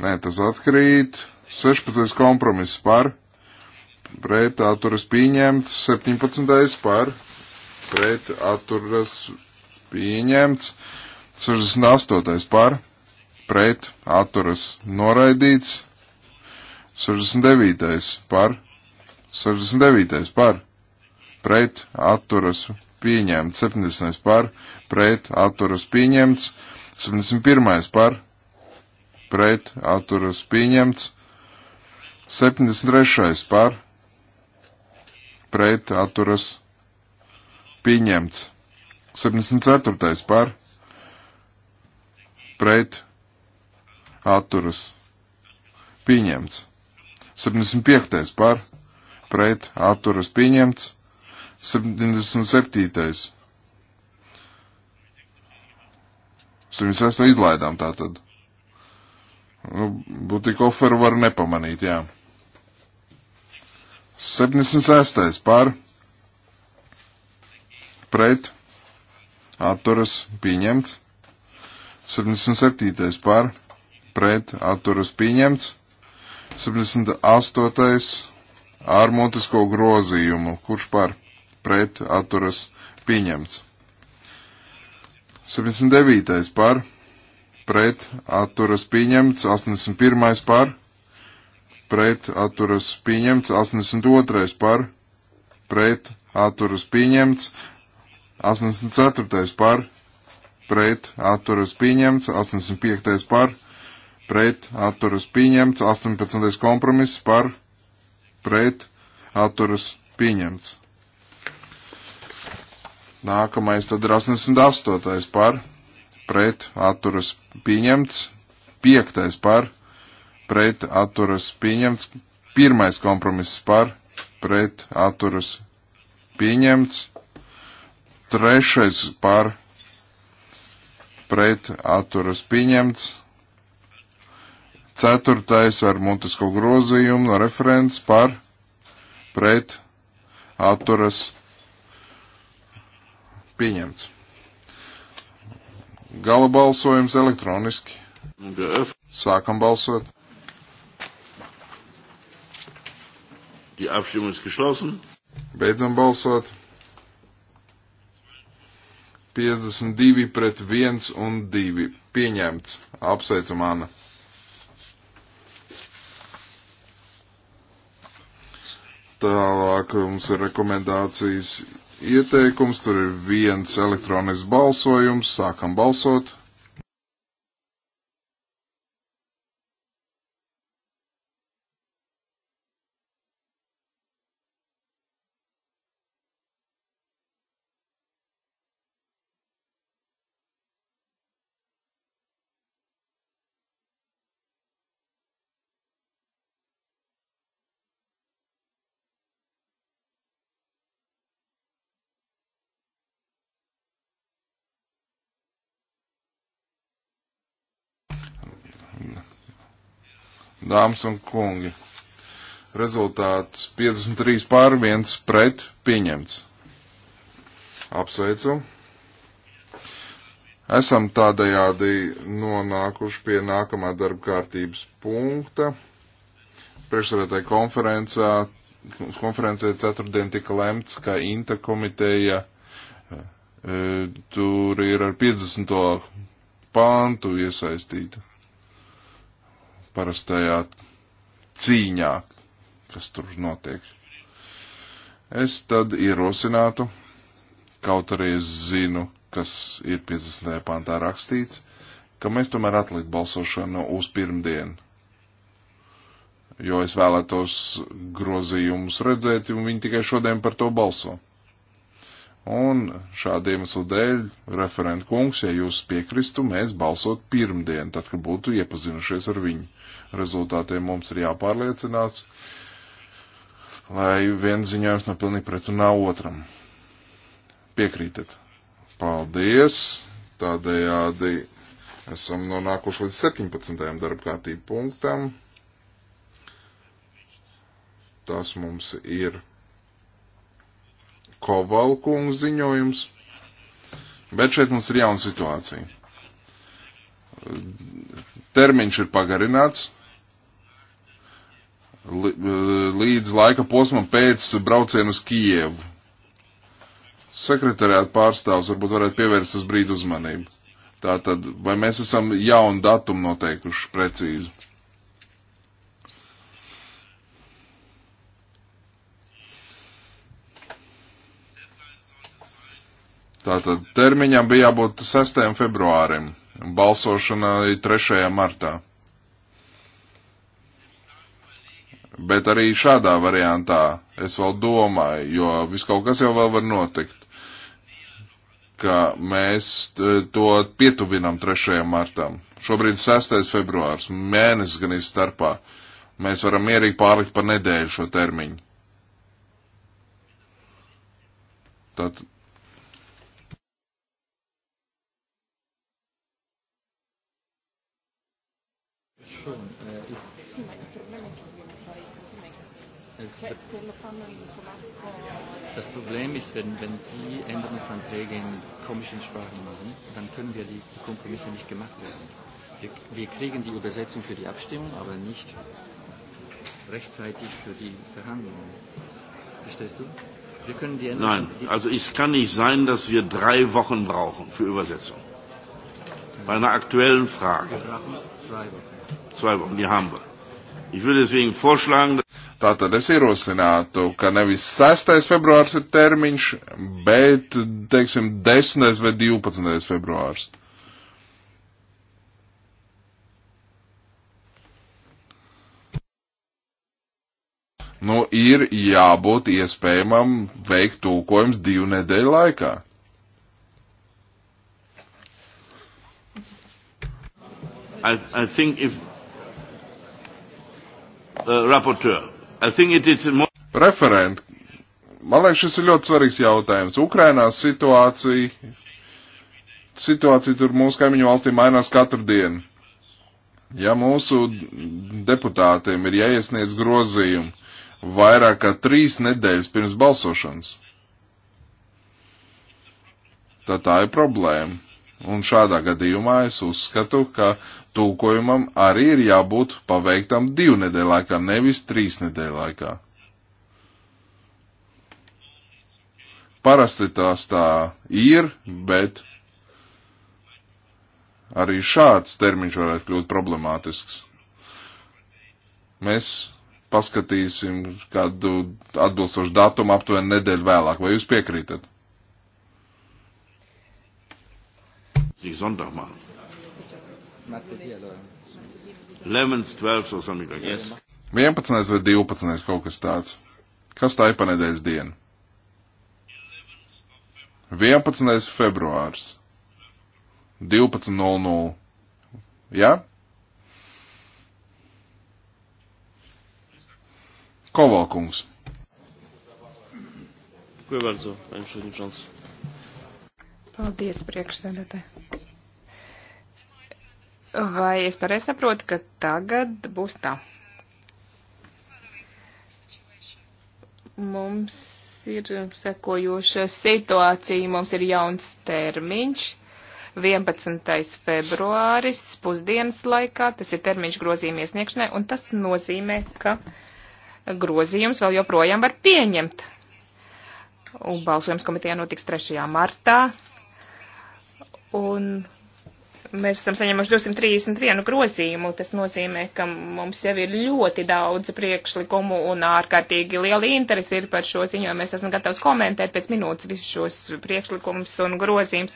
nē, tas atkrīt, 16. kompromiss par, pret atturas pieņemts, 17. par, pret atturas pieņemts. 68. par pret atturas noraidīts. 69. par 69. par pret atturas pieņemts. 70. par pret atturas pieņemts. 71. par pret atturas pieņemts. 73. par pret atturas pieņemts pieņemts. 74. par pret atturas pieņemts. 75. par pret atturas pieņemts. 77. 76. izlaidām tātad. Nu, Būtīgi oferu var nepamanīt, jā. 76. par pret pret atturas pieņemts. 77. par pret atturas pieņemts. 78. ar mutisko grozījumu, kurš par pret atturas pieņemts. 79. par pret atturas pieņemts, 81. par pret atturas pieņemts, 82. par pret atturas pieņemts, 84. par pret atturas pieņemts, 85. par pret atturas pieņemts, 18. kompromiss par pret atturas pieņemts. Nākamais tad ir 88. par pret atturas pieņemts, 5. par pret atturas pieņemts, 1. kompromiss par pret atturas pieņemts, Trešais par pret atturas pieņemts. Ceturtais ar mutisko grozījumu no referents par pret atturas pieņemts. Gala balsojums elektroniski. Sākam balsot. Die Abstimmung ist geschlossen. Beidzam balsot. 52 pret 1 un 2. Pieņemts. Apsveicam, Anna. Tālāk mums ir rekomendācijas ieteikums. Tur ir viens elektronisks balsojums. Sākam balsot. dāmas un kungi. Rezultāts 53 pār 1 pret pieņemts. Apsveicu. Esam tādējādi nonākuši pie nākamā darba kārtības punkta. Priekšsēdētāji konferencē, konferencē ceturtdien tika lemts, ka Inta komiteja eh, eh, tur ir ar 50. pāntu iesaistīta parastajā cīņā, kas tur notiek. Es tad ierosinātu, kaut arī es zinu, kas ir 50. pantā rakstīts, ka mēs tomēr atlikt balsošanu uz pirmdienu. Jo es vēlētos grozījumus redzēt, un viņi tikai šodien par to balso. Un šādu iemeslu dēļ, referent kungs, ja jūs piekristu, mēs balsot pirmdien, tad, kad būtu iepazinušies ar viņu rezultātiem, mums ir jāpārliecinās, lai viens ziņojums nav no pilnīgi pretunā otram. Piekrītat. Paldies. Tādējādi esam nonākuši līdz 17. darbkārtību punktam. Tas mums ir Kovalkungu ziņojums, bet šeit mums ir jauna situācija. Termiņš ir pagarināts līdz laika posmam pēc brauciena uz Kijevu. Sekretariāt pārstāvs varbūt varētu pievērst uz brīdi uzmanību. Tātad, vai mēs esam jaunu datumu noteikuši precīzi? Tātad termiņam bija jābūt 6. februārim, balsošanai 3. martā. Bet arī šādā variantā es vēl domāju, jo viss kaut kas jau vēl var notikt, ka mēs to pietuvinam 3. martam. Šobrīd 6. februārs, mēnesis gan ir starpā. Mēs varam mierīgi pārlikt par nedēļu šo termiņu. Tad schon. Äh, ist sì, ma il problema è che dobbiamo fare non è che cioè, se lo fanno in polacco. Das Problem ist, wenn, wenn Sie Änderungsanträge in komischen Sprachen machen, dann können wir die Kompromisse nicht gemacht werden. Wir, wir kriegen die Übersetzung für die Abstimmung, aber nicht rechtzeitig für die Verhandlungen. Verstehst du? Wir können die Nein, also es kann nicht sein, dass wir drei Wochen brauchen für Übersetzung. Bei einer aktuellen Frage. Wir brauchen zwei Wochen zwei Wochen, die haben wir. Ich würde deswegen vorschlagen, Tātad es ierosinātu, ka nevis 6. februārs ir termiņš, bet, teiksim, 10. vai 12. februārs. Nu, ir jābūt iespējamam veikt tūkojums divu nedēļu laikā. I, I think if uh, rapporteur. More... Referent, man liekas, šis ir ļoti svarīgs jautājums. Ukrainā situācija, situācija tur mūsu kaimiņu valstī mainās katru dienu. Ja mūsu deputātiem ir jāiesniedz grozījumi vairāk kā trīs nedēļas pirms balsošanas, tad tā ir problēma Un šādā gadījumā es uzskatu, ka tūkojumam arī ir jābūt paveiktam divu nedēļu laikā, nevis trīs nedēļu laikā. Parasti tās tā ir, bet arī šāds termiņš varētu kļūt problemātisks. Mēs paskatīsim kādu atbilstošu datumu aptuveni nedēļu vēlāk. Vai jūs piekrītat? sich Sonntag machen. Lemons 12 or something like yes. 11 vai 12 kaut kas tāds. Kas tā ir pa nedēļas dienu? 11. februārs. 12.00. Ja? Kowalkungs. Dziękuję bardzo, panie przewodniczący. Paldies, priekšsēdētāji. Vai es pareizi saprotu, ka tagad būs tā? Mums ir sekojoša situācija, mums ir jauns termiņš. 11. februāris pusdienas laikā, tas ir termiņš grozījuma iesniegšanai, un tas nozīmē, ka grozījums vēl joprojām var pieņemt. Un balsojums komitejā notiks 3. martā. Un Mēs esam saņēmuši 231 grozījumu, tas nozīmē, ka mums jau ir ļoti daudz priekšlikumu un ārkārtīgi liela interese ir par šo ziņojumu. Es esmu gatavs komentēt pēc minūtes visus šos priekšlikumus un grozījumus.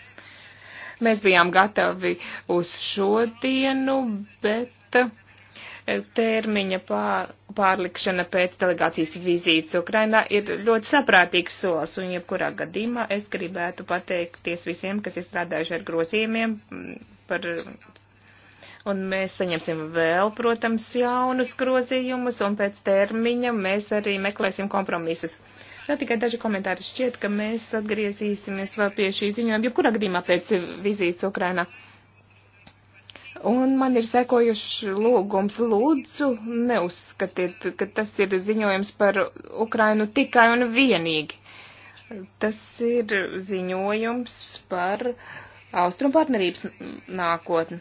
Mēs bijām gatavi uz šodienu, bet eh, termiņa pārlikšana pēc delegācijas vizītes Ukrainā ir ļoti saprātīgs solis, un jebkurā gadījumā es gribētu pateikties visiem, kas ir strādājuši ar grozījumiem par Un mēs saņemsim vēl, protams, jaunus grozījumus, un pēc termiņa mēs arī meklēsim kompromisus. Vēl tikai daži komentāri šķiet, ka mēs atgriezīsimies vēl pie šī ziņojuma, jebkurā gadījumā pēc vizītes Ukrainā. Un man ir sekojuši lūgums, lūdzu, neuzskatiet, ka tas ir ziņojums par Ukrainu tikai un vienīgi. Tas ir ziņojums par. Uh, Austrum partnerības nākotni.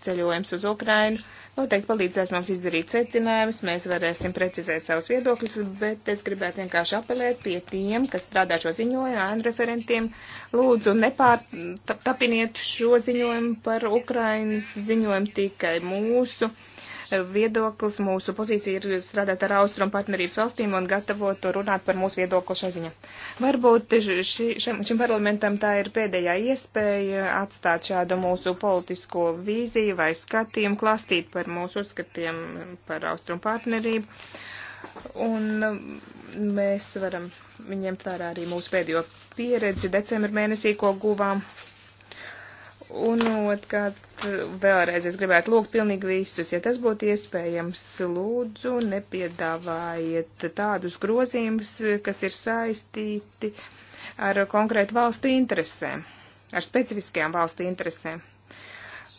Ceļojums uz Ukrainu noteikti palīdzēs mums izdarīt secinājumus, mēs varēsim precizēt savus viedokļus, bet es gribētu vienkārši apelēt pie tiem, kas strādā šo ziņojumu, ēnu referentiem. Lūdzu, nepārtapiniet šo ziņojumu par Ukrainas ziņojumu tikai mūsu viedoklis, mūsu pozīcija ir strādāt ar austrumu partnerības valstīm un gatavot runāt par mūsu viedokli šai ziņā. Varbūt ši, šim, šim parlamentam tā ir pēdējā iespēja atstāt šādu mūsu politisko vīziju vai skatījumu, klāstīt par mūsu uzskatiem par austrumu partnerību. Un um, mēs varam ņemt vērā arī mūsu pēdējo pieredzi decembra mēnesī, ko guvām Un otrkārt, vēlreiz es gribētu lūgt pilnīgi visus, ja tas būtu iespējams, lūdzu, nepiedāvājiet tādus grozījumus, kas ir saistīti ar konkrētu valstu interesēm, ar specifiskajām valstu interesēm.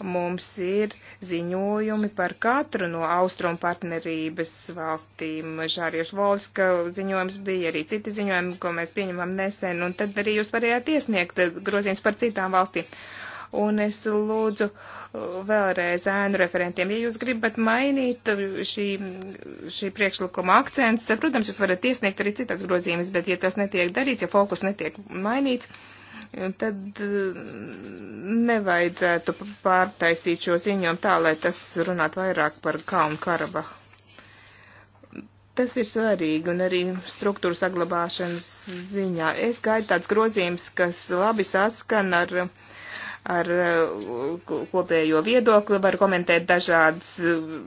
Mums ir ziņojumi par katru no austrumu partnerības valstīm. Žāriešu Volska ziņojums bija arī citi ziņojumi, ko mēs pieņemam nesen, un tad arī jūs varējāt iesniegt grozījums par citām valstīm. Uh, un es lūdzu uh, vēlreiz ēnu referentiem. Ja jūs gribat mainīt uh, šī, šī priekšlikuma akcents, tad, protams, jūs varat iesniegt arī citas grozījumus, bet ja tas netiek darīts, ja fokus netiek mainīts, tad uh, nevajadzētu pārtaisīt šo ziņojumu tā, lai tas runātu vairāk par Kalnu Karabahu. Tas ir svarīgi un arī struktūra saglabāšanas ziņā. Es gaidu tāds grozījums, kas labi saskana ar uh, ar uh, kopējo viedokli, var komentēt dažādas uh,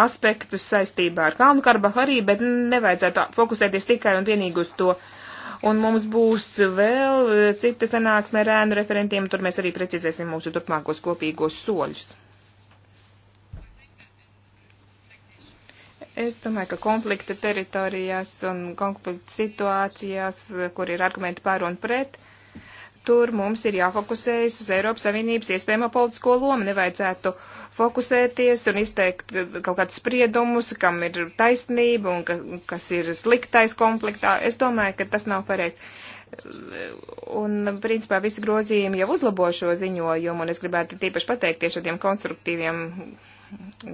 aspektus saistībā ar Kalnu Karabahu arī, bet nevajadzētu fokusēties tikai un vienīgi uz to. Un mums būs vēl uh, cita sanāksme ar ēnu referentiem, tur mēs arī precizēsim mūsu turpmākos kopīgos soļus. Es domāju, ka konflikta teritorijās un konflikta situācijās, kur ir argumenti pār un pret, uh, tur mums ir jāfokusējas uz Eiropas Savienības iespējamo politisko lomu. Nevajadzētu fokusēties un izteikt kaut kādus spriedumus, kam ir taisnība un ka, kas ir sliktais konfliktā. Es domāju, ka tas nav pareizi. Un, principā, visi grozījumi jau uzlabo šo ziņojumu, un es gribētu tīpaši pateikties šādiem konstruktīviem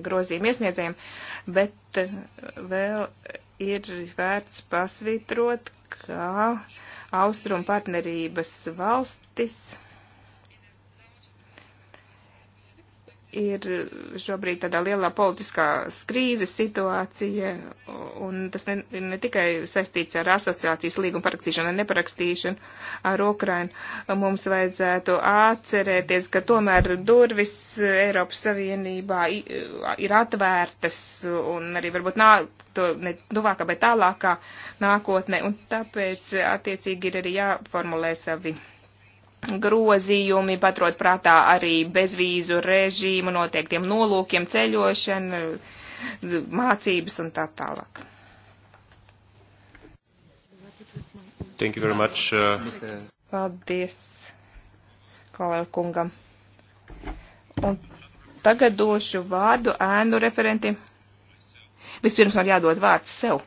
grozījumu iesniedzējiem, bet vēl ir vērts pasvitrot, ka. Kā austrumu partnerības valstis ir šobrīd tādā lielā politiskā krīzes situācija, un tas ne, ne tikai saistīts ar asociācijas līgumu parakstīšanu un neparakstīšanu ar Ukrainu. Mums vajadzētu atcerēties, ka tomēr durvis Eiropas Savienībā ir atvērtas, un arī varbūt nā, to ne tuvākā, bet tālākā nākotne, un tāpēc attiecīgi ir arī jāformulē savi grozījumi, patrot prātā arī bezvīzu režīmu, noteiktiem nolūkiem, ceļošana, mācības un tā tālāk. Thank you very much. Uh... Paldies kolēku kungam. Un tagad došu vārdu ēnu referentiem. Vispirms man jādod vārds sev.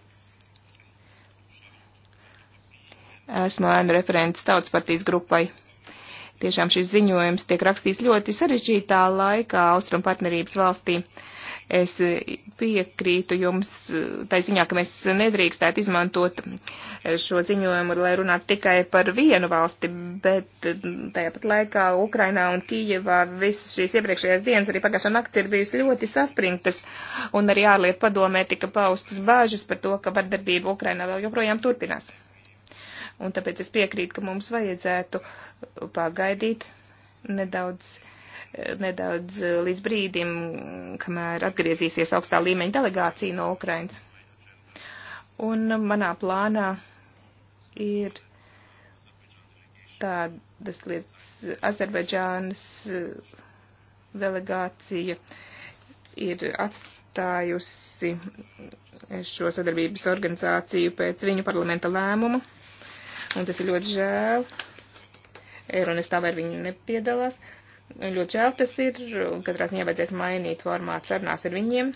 Esmu ēnu referents tautas partijas grupai. Tiešām šis ziņojums tiek rakstīts ļoti sarežģītā laikā Austrum partnerības valstī. Es piekrītu jums tā ziņā, ka mēs nedrīkstētu izmantot šo ziņojumu, lai runātu tikai par vienu valsti, bet tāpat laikā Ukrainā un Kīļevā visas šīs iepriekšējās dienas, arī pagājušā nakti ir bijusi ļoti saspringtas, un arī ārlietu padomē tika paustas bāžas par to, ka vardarbība Ukrainā vēl joprojām turpinās. Un tāpēc es piekrītu, ka mums vajadzētu pagaidīt nedaudz nedaudz līdz brīdim, kamēr atgriezīsies augstā līmeņa delegācija no Ukrainas. Un manā plānā ir tādas lietas, Azerbaidžānas delegācija ir atstājusi šo sadarbības organizāciju pēc viņu parlamenta lēmumu un tas ir ļoti žēl. Eironestā vai viņi nepiedalās. Ļoti žēl tas ir, un katrā ziņā vajadzēs mainīt formātu sarunās ar viņiem.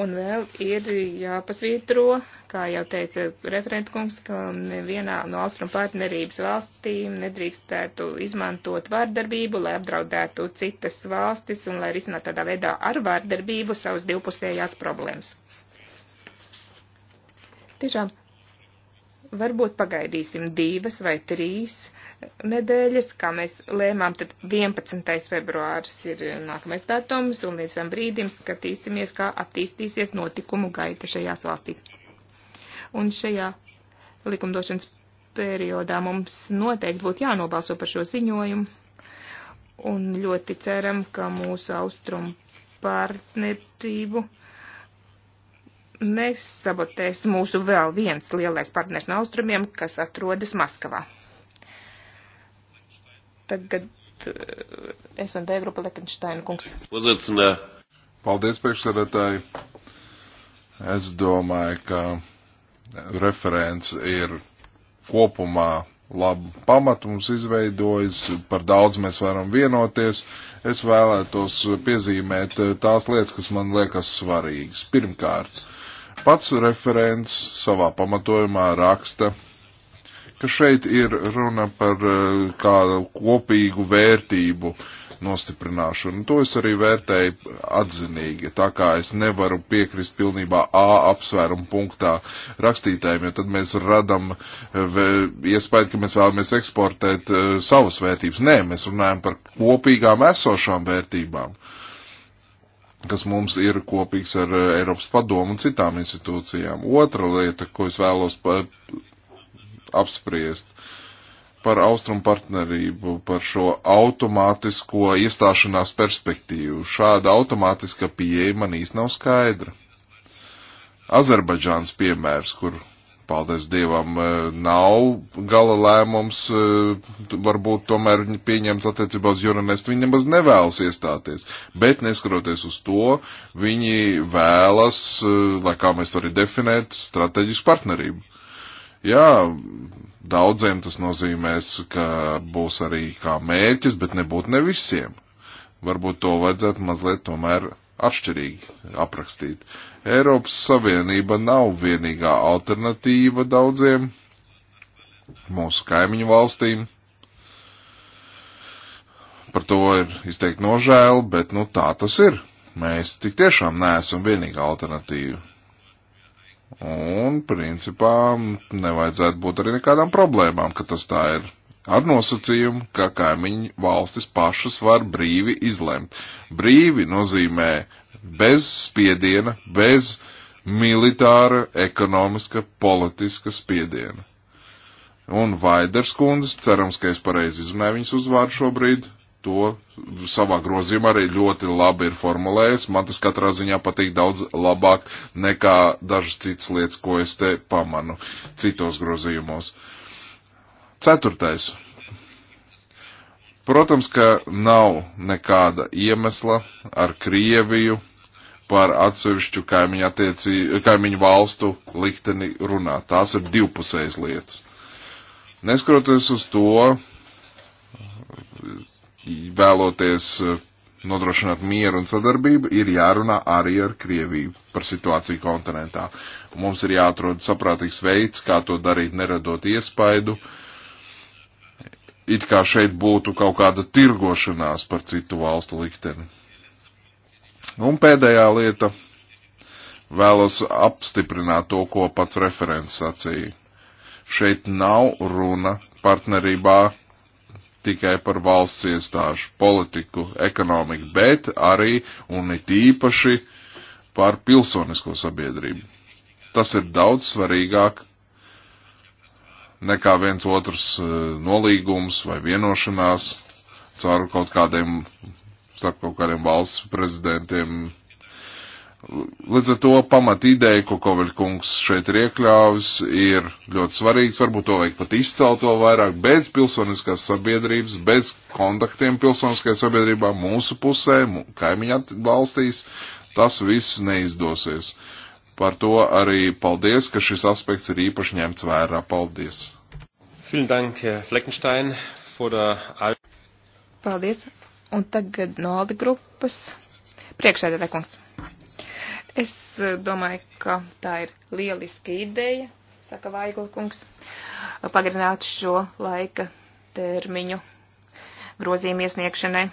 Un vēl ir jāpasvītro, kā jau teica referentkungs, ka nevienā no austrumu partnerības valstīm nedrīkstētu izmantot vārdarbību, lai apdraudētu citas valstis un lai risinātu tādā veidā ar vārdarbību savas divpusējās problēmas. Tiešām varbūt pagaidīsim divas vai trīs nedēļas, kā mēs lēmām, tad 11. februāris ir nākamais datums, un līdz tam brīdim skatīsimies, kā attīstīsies notikumu gaita šajās valstīs. Un šajā likumdošanas periodā mums noteikti būtu jānobalso par šo ziņojumu, un ļoti ceram, ka mūsu austrumu partnerību uh, nesabotēs mūsu vēl viens lielais partners no austrumiem, kas atrodas Maskavā. Tagad es eh, un D grupa Lekenštaina kungs. Uzacinā. Paldies, priekšsēdētāji. Es domāju, ka referents ir kopumā labu pamatu mums izveidojis, par daudz mēs varam vienoties. Es vēlētos piezīmēt tās lietas, kas man liekas svarīgas. Pirmkārt, Pats referents savā pamatojumā raksta, ka šeit ir runa par eh, kādu kopīgu vērtību nostiprināšanu. To es arī vērtēju atzinīgi, tā kā es nevaru piekrist pilnībā A apsvērumu punktā rakstītājiem, jo tad mēs radam eh, iespēju, ka mēs vēlamies eksportēt eh, savas vērtības. Nē, mēs runājam par kopīgām esošām vērtībām. Uh, kas mums ir kopīgs ar eh, Eiropas padomu un citām institūcijām. Otra lieta, ko es vēlos pa, apspriest par austrumu partnerību, par šo automātisko iestāšanās perspektīvu. Šāda automātiska pieeja man īsti nav skaidra. Azerbaidžāns piemērs, kur paldies Dievam, e, nav gala lēmums, e, varbūt tomēr pieņemts attiecībā uz Euronest, viņi nemaz nevēlas iestāties, bet neskaroties uz to, viņi vēlas, e, lai kā mēs to arī definēt, strateģisku partnerību. Jā, daudziem tas nozīmēs, ka būs arī kā mērķis, bet nebūtu ne visiem. Varbūt to vajadzētu mazliet tomēr atšķirīgi aprakstīt. Eiropas Savienība nav vienīgā alternatīva daudziem mūsu kaimiņu valstīm. Par to ir izteikti nožēla, bet nu tā tas ir. Mēs tik tiešām neesam vienīgā alternatīva. Un, principā, nevajadzētu būt arī nekādām problēmām, ka tas tā ir. Ar nosacījumu, ka kaimiņu valstis pašas var brīvi izlemt. Brīvi nozīmē bez spiediena, bez militāra, ekonomiska, politiska spiediena. Un Vaiders kundze, cerams, ka es pareizi izrunāju viņas uzvārdu šobrīd, to savā grozījumā arī ļoti labi ir formulējis. Man tas katrā ziņā patīk daudz labāk nekā dažas citas lietas, ko es te pamanu citos grozījumos. Uh, Ceturtais. Protams, ka nav nekāda iemesla ar Krieviju par atsevišķu kaimiņu, attiecī, kaimiņu valstu likteni runāt. Tās ir divpusējas lietas. Neskatoties uz to, vēloties eh, nodrošināt mieru un sadarbību, ir jārunā arī ar Krieviju par situāciju kontinentā. Mums ir jāatrod saprātīgs veids, kā to darīt, neradot iespaidu, uh, it kā šeit būtu kaut kāda tirgošanās par citu valstu likteni. Un pēdējā lieta vēlos apstiprināt to, ko pats referents sacīja. Šeit nav runa partnerībā tikai par valsts iestāžu politiku, ekonomiku, bet arī un it īpaši par pilsonisko sabiedrību. Tas ir daudz svarīgāk nekā viens otrs e, nolīgums vai vienošanās caur kaut kādiem, starp kaut kādiem valsts prezidentiem. Līdz ar to pamat ideja, ko Koveļkungs šeit ir iekļāvis, ir ļoti svarīgs, varbūt to vajag pat izcelt vēl vairāk, bez pilsoniskās sabiedrības, bez kontaktiem pilsoniskajā sabiedrībā, mūsu pusē, kaimiņa valstīs, tas viss neizdosies. Uh, Par to arī paldies, ka šis aspekts ir īpaši ņemts vērā. Paldies! Paldies! Un tagad no Alde grupas priekšsēdētāj kungs. Es eh, domāju, ka tā ir lieliska ideja, saka Vaigla kungs, pagarināt šo laika termiņu grozījumu iesniegšanai.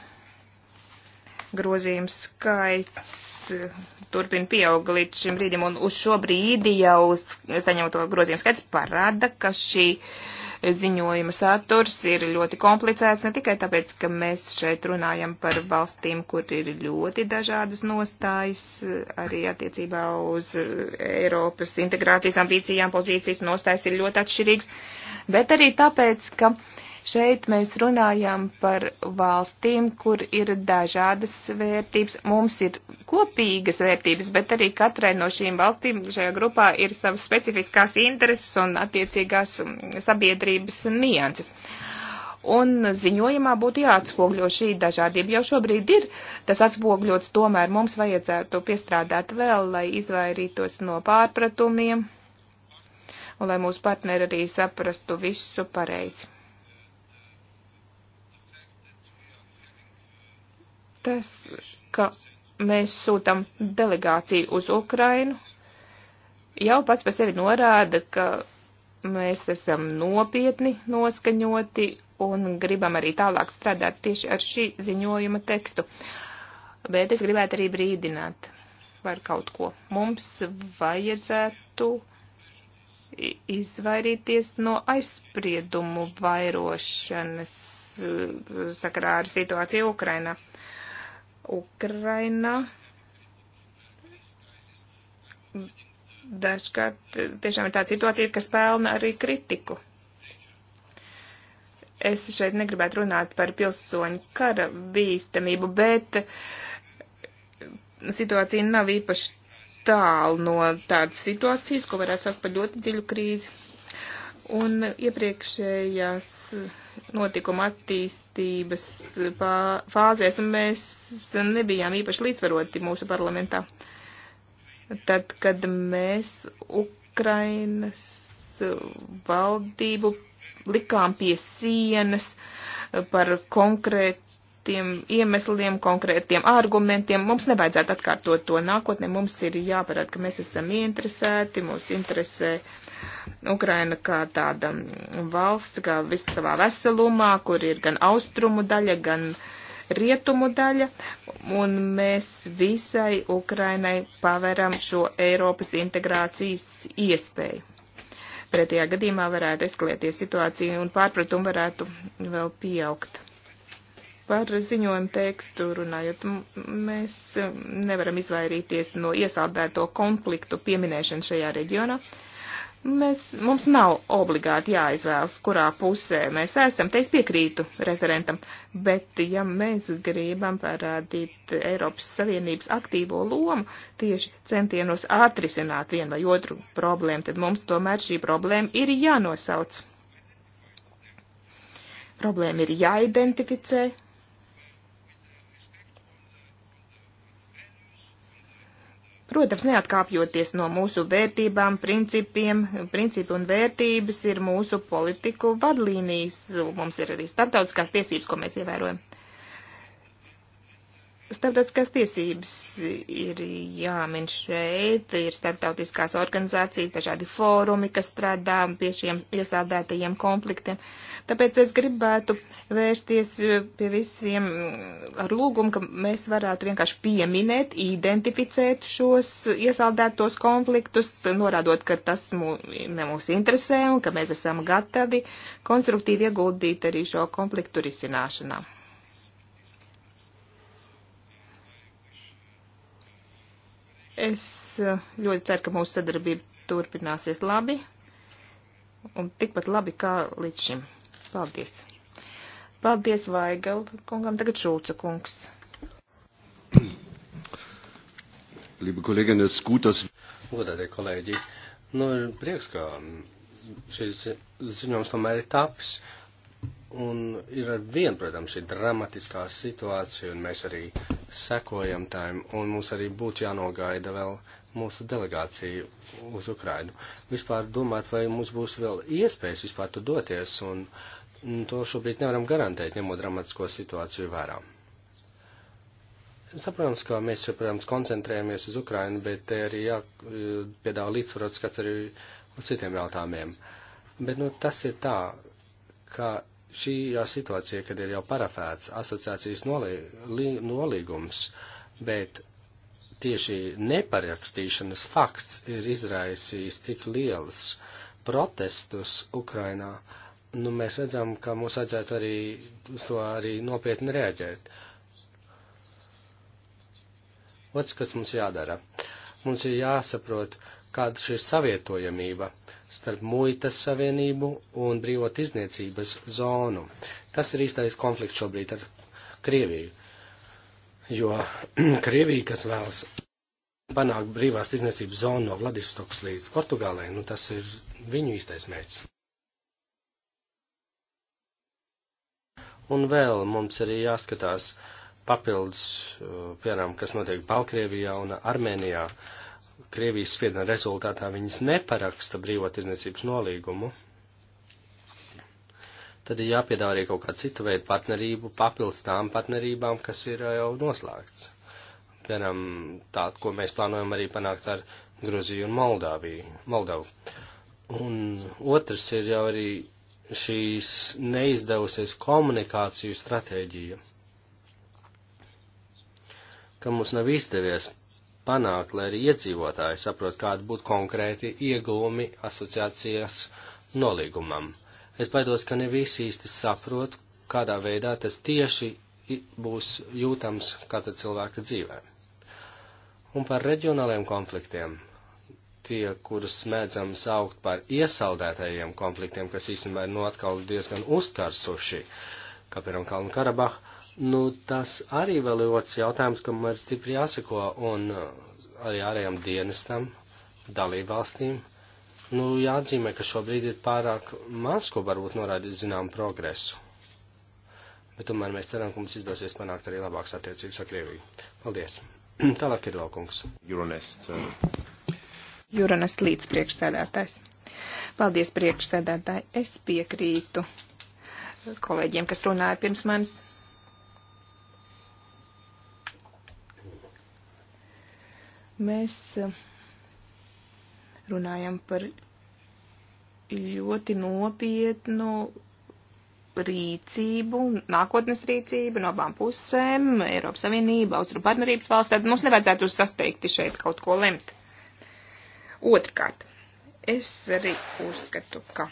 Grozījums skaits turpina pieauga līdz šim brīdim, un uz šo brīdi jau saņemto grozījumu skaits parāda, ka šī ziņojuma saturs ir ļoti komplicēts, ne tikai tāpēc, ka mēs šeit runājam par valstīm, kur ir ļoti dažādas nostājas, arī attiecībā uz Eiropas integrācijas ambīcijām pozīcijas nostājas ir ļoti atšķirīgas, bet arī tāpēc, ka uh, Šeit mēs runājam par valstīm, kur ir dažādas vērtības. Mums ir kopīgas vērtības, bet arī katrai no šīm valstīm šajā grupā ir savas specifiskās intereses un attiecīgās um, sabiedrības nianses un ziņojumā būtu jāatspogļo šī dažādība. Jau šobrīd ir tas atspogļots, tomēr mums vajadzētu piestrādāt vēl, lai izvairītos no pārpratumiem un lai mūsu partneri arī saprastu visu pareizi. tas, ka mēs sūtam delegāciju uz Ukrainu, jau pats par sevi norāda, ka mēs esam nopietni noskaņoti un gribam arī tālāk strādāt tieši ar šī ziņojuma tekstu. Bet es gribētu arī brīdināt par kaut ko. Mums vajadzētu izvairīties no aizspriedumu vairošanas uh, sakarā ar situāciju Ukrainā. Uh, Ukrainā dažkārt tiešām ir tāda situācija, kas pelna arī kritiku. Es šeit negribētu runāt par pilsoņu kara bīstamību, bet situācija nav īpaši tālu no tādas situācijas, ko varētu saukt par ļoti dziļu krīzi. Un iepriekšējās notikuma attīstības fāzēs, un mēs nebijām īpaši līdzvaroti mūsu parlamentā. Tad, kad mēs Ukrainas valdību likām pie sienas par konkrētu konkrētiem iemesliem, konkrētiem argumentiem. Mums nevajadzētu atkārtot to nākotnē. Mums ir jāparāda, ka mēs esam ieinteresēti, mūs interesē Ukraina kā tāda valsts, kā viss savā veselumā, kur ir gan austrumu daļa, gan rietumu daļa, un mēs visai Ukrainai paveram šo Eiropas integrācijas iespēju. Pretējā gadījumā varētu eskalēties situācija un pārpratumi varētu vēl pieaugt. Par ziņojumu tekstu runājot, mēs nevaram izvairīties no iesaldēto konfliktu pieminēšanu šajā reģionā. Mēs, mums nav obligāti jāizvēlas, kurā pusē mēs esam. Te es piekrītu referentam, bet ja mēs gribam parādīt Eiropas Savienības aktīvo lomu tieši centienos atrisināt vienu vai otru problēmu, tad mums tomēr šī problēma ir jānosauc. Problēma ir jāidentificē, Protams, neatkāpjoties no mūsu vērtībām, principiem, principi un vērtības ir mūsu politiku vadlīnijas. Mums ir arī starptautiskās tiesības, ko mēs ievērojam. Starptautiskās tiesības ir jāmin šeit, ir starptautiskās organizācijas, dažādi fórumi, kas strādā pie šiem iesādētajiem konfliktiem. Tāpēc es gribētu vērsties pie visiem ar lūgumu, ka mēs varētu vienkārši pieminēt, identificēt šos iesaldētos konfliktus, norādot, ka tas mū, mūs interesē un ka mēs esam gatavi konstruktīvi ieguldīt arī šo konfliktu risināšanā. Es eh, ļoti ceru, ka mūsu sadarbība turpināsies labi un tikpat labi kā līdz šim. Paldies! Paldies Vaigal kungam, tagad Šulca kungs. Liebe Kolleginnen, es gut, dass. Godātie kolēģi, nu ir prieks, ka šis ziņojums tomēr ir taps. Un ir ar vienu, protams, šī dramatiskā situācija, un mēs arī uh, sekojam tām, un mums arī būtu jānogaida vēl mūsu delegācija uz Ukrainu. Vispār domāt, vai mums būs vēl iespējas vispār tur doties, un mm, to šobrīd nevaram garantēt, ņemot dramatisko situāciju vērā. Saprotams, ka mēs, protams, koncentrējamies uz Ukrainu, bet te arī jāpiedāvā e, līdzsvarot skats arī uz citiem jautājumiem. Bet, nu, tas ir tā, ka šī situācija, kad ir jau parafēts asociācijas nolīgums, bet tieši neparakstīšanas fakts ir izraisījis tik liels protestus Ukrainā, nu mēs redzam, ka mums vajadzētu arī uz to arī nopietni reaģēt. Otrs, kas mums jādara? Mums ir jāsaprot, kāda šī savietojamība ir starp muitas savienību un brīvot izniecības zonu. Tas ir īstais konflikts šobrīd ar Krieviju, jo Krievija, kas vēlas panākt brīvās izniecības zonu no Vladistokas līdz Portugālei, nu tas ir viņu īstais mērķis. Un vēl mums arī jāskatās papildus, uh, piemēram, kas notiek Balkrievijā un Armēnijā. Uh, Krievijas spiediena rezultātā viņas neparaksta brīvotirdzniecības nolīgumu, tad ir jāpiedāvā arī kaut kāda cita veida partnerību, papildus tām partnerībām, kas ir eh, jau noslēgts. Piemēram, tādu, ko mēs plānojam arī panākt ar Gruziju un Moldāviju. Moldavu. Un otrs ir jau arī šīs neizdevusies komunikāciju stratēģija, ka mums nav izdevies panākt, lai arī iedzīvotāji saprot, kāda būtu konkrēti ieguvumi asociācijas nolīgumam. Es baidos, ka ne visi īsti saprot, kādā veidā tas tieši būs jūtams katra cilvēka dzīvē. Un par reģionāliem konfliktiem, tie, kurus mēdzam saukt par iesaldētajiem konfliktiem, kas īstenībā ir notkal nu diezgan uzkarsuši, kā piemēram Kalnu Karabahu, Nu, tas arī vēl ir otrs jautājums, kam ir stipri jāsako, un uh, arī ārējām dienestam, dalībvalstīm. Nu, jāatzīmē, ka šobrīd ir pārāk maz, ko varbūt norādīt zinām progresu. Bet tomēr mēs ceram, ka mums izdosies panākt arī labākas attiecības ar Krieviju. Paldies! Tālāk ir laukungs. Juronest. Juronest uh, līdz priekšsēdētājs. Paldies priekšsēdētāji. Es piekrītu kolēģiem, kas runāja pirms manis Mēs eh, runājam par ļoti nopietnu rīcību, nākotnes rīcību no abām pusēm, Eiropas Savienība, Austrum partnerības valsts, tad mums nevajadzētu sasteigti šeit kaut ko lemt. Otrkārt, es arī uzskatu, ka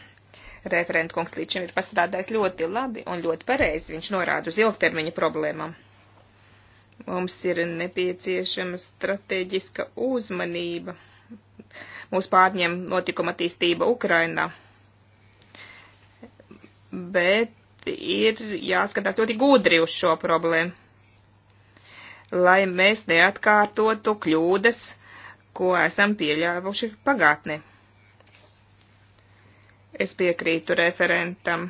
referentkungs līdz šim ir pastrādājis ļoti labi un ļoti pareizi, viņš norāda uz ilgtermiņa problēmām. Mums ir nepieciešama strateģiska uzmanība. Mūs pārņem notikuma attīstība Ukrainā. Bet ir jāskatās ļoti gudri uz šo problēmu, lai mēs neatkārtotu kļūdas, ko esam pieļāvuši pagātnē. Es piekrītu referentam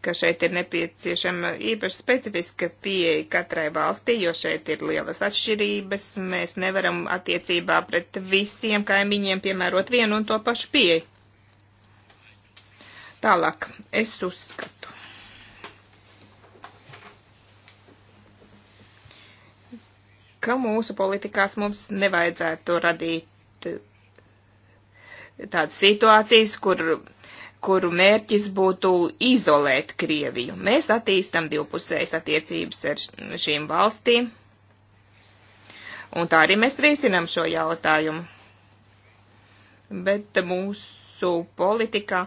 ka šeit ir nepieciešama īpaši specifiska pieeja katrai valstī, jo šeit ir lielas atšķirības. Mēs nevaram attiecībā pret visiem kaimiņiem piemērot vienu un to pašu pieeju. Tālāk, es uzskatu. ka mūsu politikās mums nevajadzētu radīt tādas situācijas, kur kuru mērķis būtu izolēt Krieviju. Mēs attīstam divpusējas attiecības ar šīm valstīm, un tā arī mēs risinam šo jautājumu. Bet mūsu politikā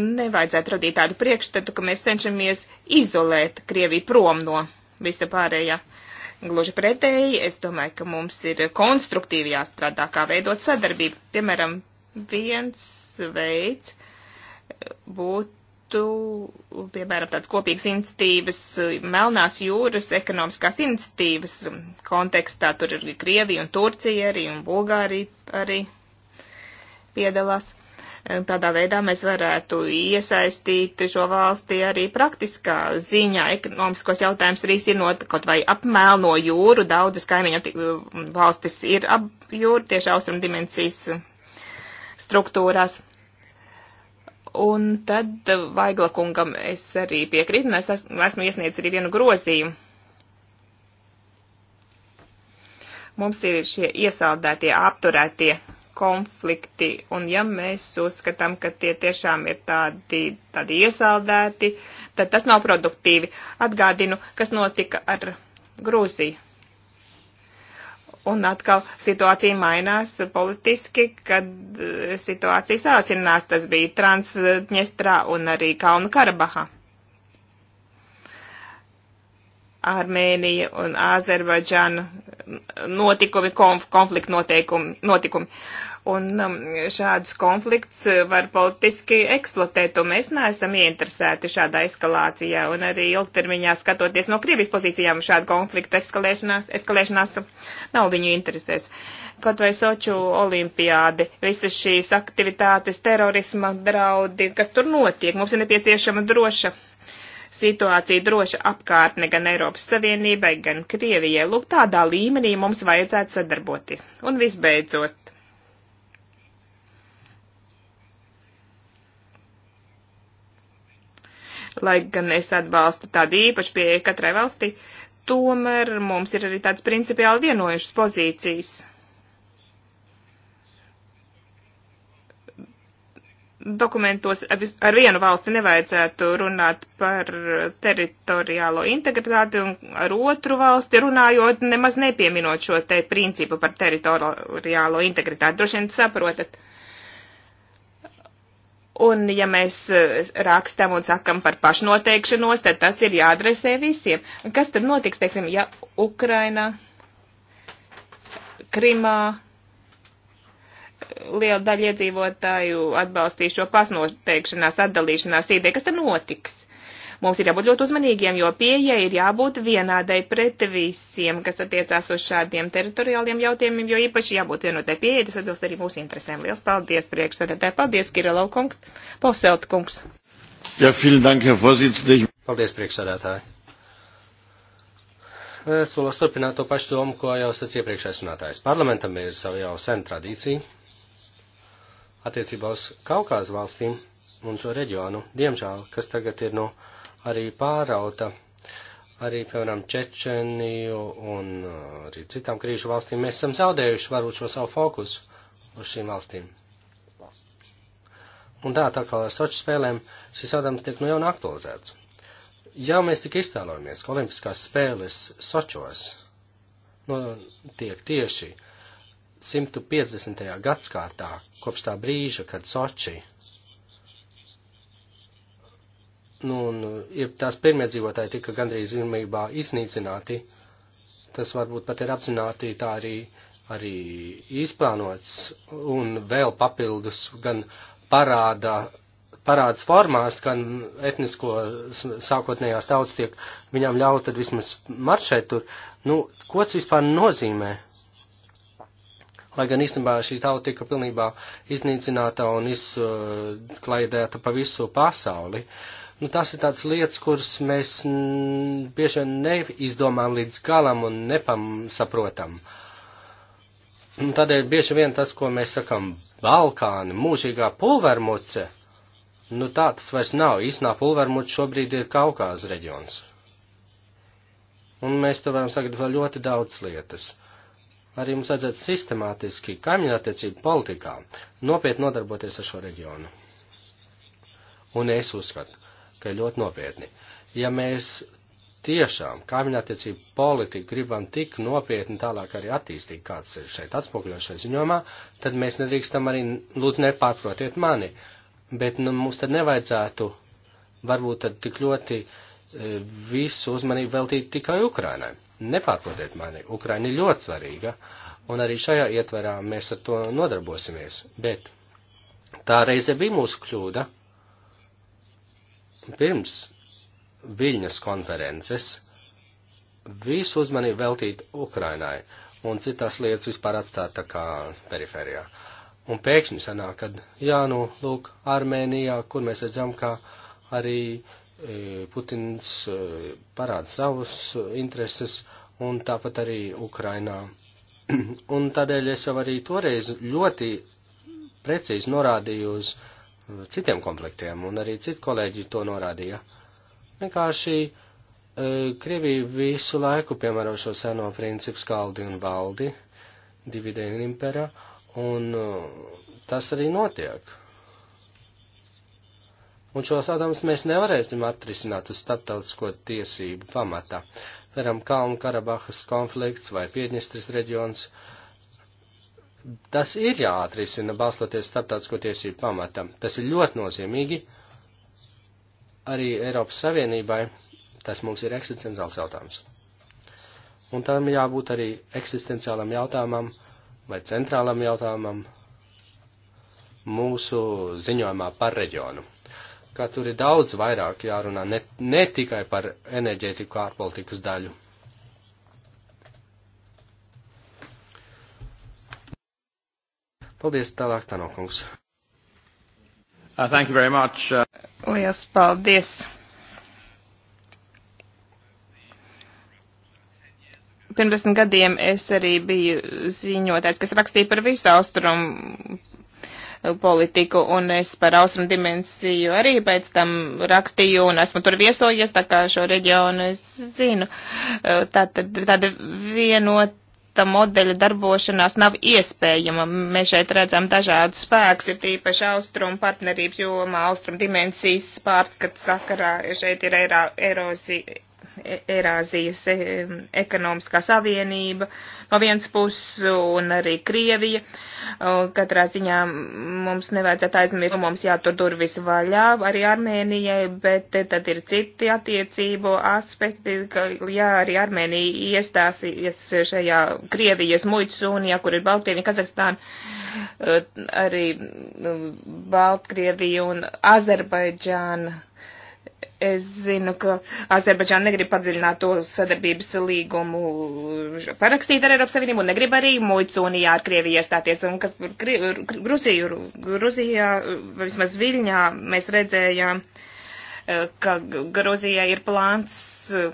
nevajadzētu radīt tādu priekšstatu, ka mēs cenšamies izolēt Krieviju prom no visa pārējā. Gluži pretēji, es domāju, ka mums ir konstruktīvi jāstrādā, kā veidot sadarbību. Piemēram, viens veids, uh, būtu, piemēram, tāds kopīgs institīvas, eh, Melnās jūras ekonomiskās institīvas kontekstā, tur ir Krievija un Turcija arī, un Bulgārija arī piedalās. Eh, tādā veidā mēs varētu iesaistīt šo valsti arī praktiskā ziņā, ekonomiskos jautājumus risinot, kaut vai apmēlno jūru. Daudzas kaimiņu eh, valstis ir ap jūru, tieši austrum dimensijas struktūrās. Un tad eh, Vaigla kungam es arī piekrītu, un es esmu iesniedzis arī vienu grozījumu. Mums ir šie iesaldētie, apturētie konflikti, un ja mēs uzskatām, ka tie tiešām ir tādi, tādi iesaldēti, tad tas nav produktīvi. Atgādinu, kas notika ar Grūziju. Un atkal situācija mainās politiski, kad eh, situācija sāsinās. Tas bija Transdņestrā un arī Kalnu Karabahā. Armēnija un Azerbaidžana notikumi, konf, konflikta noteikumi, notikumi. Un um, šādus konflikts uh, var politiski eksploatēt, un mēs neesam ieinteresēti šādā eskalācijā, un arī ilgtermiņā skatoties no Krievijas pozīcijām šāda konflikta eskalēšanās, eskalēšanās nav viņu interesēs. Kaut vai Soču olimpiādi, visas šīs aktivitātes, terorisma draudi, kas tur notiek, mums ir nepieciešama droša situācija droša apkārtne gan Eiropas Savienībai, gan Krievijai. Lūk, tādā līmenī mums vajadzētu sadarboties. Un visbeidzot. Lai gan es atbalstu tādu īpašu pieeju katrai valstī, tomēr mums ir arī tāds principiāli vienojušas pozīcijas dokumentos ar vienu valsti nevajadzētu runāt par teritoriālo integritāti un ar otru valsti runājot, nemaz nepieminot šo te principu par teritoriālo integritāti. Droši vien saprotat. Un ja mēs eh, rakstam un sakam par pašnoteikšanos, tad tas ir jāadresē visiem. Kas tad notiks, teiksim, ja Ukraina, Krimā, liela daļa iedzīvotāju atbalstīs šo pasnoteikšanās, atdalīšanās ideju, kas tad notiks. Mums ir jābūt ļoti uzmanīgiem, jo pieeja ir jābūt vienādai pret visiem, kas attiecās uz šādiem teritoriāliem jautājumiem, jo īpaši jābūt vienotai pieeja, tas atbilst arī mūsu interesēm. Liels paldies priekšsēdētāji, paldies Kirilau kungs, Poselt kungs. Ja, vielen dank, Herr Vorsitzende. Paldies priekšsēdētāji. Es vēlos turpināt to pašu domu, ko jau sacīja priekšējais runātājs. Parlamentam ir sava jau sen tradīcija attiecībā uz Kaukās valstīm un šo reģionu, diemžēl, kas tagad ir nu arī pārauta, arī, piemēram, Čečeniju un uh, arī citām krīžu valstīm, mēs esam zaudējuši varbūt šo savu fokusu uz šīm valstīm. Un tā, tā kā ar soču spēlēm šis jautājums tiek nu jau aktualizēts. Ja mēs tik iztēlojamies, ka olimpiskās spēles sočos notiek nu, tieši 150. gadskārtā, kopš tā brīža, kad Soči, nu, un ja uh, tās pirmie dzīvotāji tika gandrīz vienmībā iznīcināti, tas varbūt pat ir apzināti tā arī, arī izplānots, un vēl papildus gan parāda, parāds formās, gan etnisko sākotnējās tautas tiek viņām ļaut tad vismaz maršēt tur, nu, ko tas vispār nozīmē? lai gan īstenībā šī tauta tika pilnībā iznīcināta un izklaidēta pa visu pasauli. Nu, tas ir tāds lietas, kuras mēs bieži vien neizdomām līdz galam un nepamsaprotam. Un tādēļ bieži vien tas, ko mēs sakam Balkāni, mūžīgā pulvermuce, nu tā tas vairs nav. Īsnā pulvermuce šobrīd ir Kaukāza reģions. Un mēs to varam sagatavot ļoti daudz lietas arī mums vajadzētu sistemātiski kaimiņattiecību politikā nopietni nodarboties ar šo reģionu. Un es uzskatu, ka ļoti nopietni. Ja mēs tiešām kaimiņattiecību politiku gribam tik nopietni tālāk arī attīstīt, kāds ir šeit atspoguļots šajā ziņomā, tad mēs nedrīkstam arī, lūdzu, nepārprotiet mani, bet nu, mums tad nevajadzētu varbūt tad tik ļoti uh, visu uzmanību veltīt tikai Ukrainai. Nepārprotiet mani, Ukraina ir ļoti svarīga, un arī šajā ietverā mēs ar to nodarbosimies, bet tā reize bija mūsu kļūda. Pirms Viļņas konferences visu uzmanību veltīt Ukrainai un citas lietas vispār atstāt tā kā periferijā. Un pēkšņi sanāk, kad, jā, nu, lūk, Armēnijā, kur mēs redzam, ka arī uh, Eh, Putins eh, parāda savus intereses un tāpat arī Ukrainā. un tādēļ es jau arī toreiz ļoti precīzi norādīju uz eh, citiem konfliktiem, un arī citi kolēģi to norādīja. Vienkārši Krievija visu laiku piemēro šo seno principu skaldi un valdi, dividēnu impera, un tas arī notiek. Un šos jautājumus mēs nevarēsim atrisināt uz starptautisko tiesību pamata. Piemēram, Kalnu Karabahas konflikts vai Piedņestris reģions. Tas ir jāatrisina balstoties starptautisko tiesību pamatam. Tas ir ļoti nozīmīgi arī Eiropas Savienībai. Tas mums ir eksistenciāls jautājums. Un tam jābūt arī eksistenciālam jautājumam vai centrālam jautājumam mūsu ziņojumā par reģionu ka tur ir daudz vairāk jārunā, ne, ne tikai par enerģētiku ārpolitikas daļu. Paldies, tālāk Tanokungs. Uh, thank you very much. Uh... Lielas paldies. Pirms desmit gadiem es arī biju ziņotājs, kas rakstīja par visu austrumu politiku, un es par austrumu dimensiju arī pēc tam rakstīju, un esmu tur viesojies, tā kā šo reģionu es zinu. Tā tad tāda vienota modeļa darbošanās nav iespējama. Mēs šeit redzam dažādu spēkus, ir tīpaši austrumu partnerības jomā, austrumu dimensijas pārskats sakarā, šeit ir eiro, erozija Eirāzijas eh, ekonomiskā savienība no vienas puses un arī Krievija. Katrā ziņā mums nevajadzētu aizmirst, mums jātur durvis vaļā arī Armēnijai, bet tad ir citi attiecību aspekti, ka jā, arī Armēnija iestāsies šajā Krievijas muitas unijā, kur ir Baltkrievija, Kazahstāna, arī nu, Baltkrievija un Azerbaidžāna Es zinu, ka Azerbaidžāna negrib padziļināt to sadarbības līgumu parakstīt ar Eiropas Savienību un negrib arī muicu un jā, ar Krieviju iestāties. Un kas Gruziju, Gruzijā, vismaz Viļņā, mēs redzējām, eh, ka Gruzijai ir plāns eh,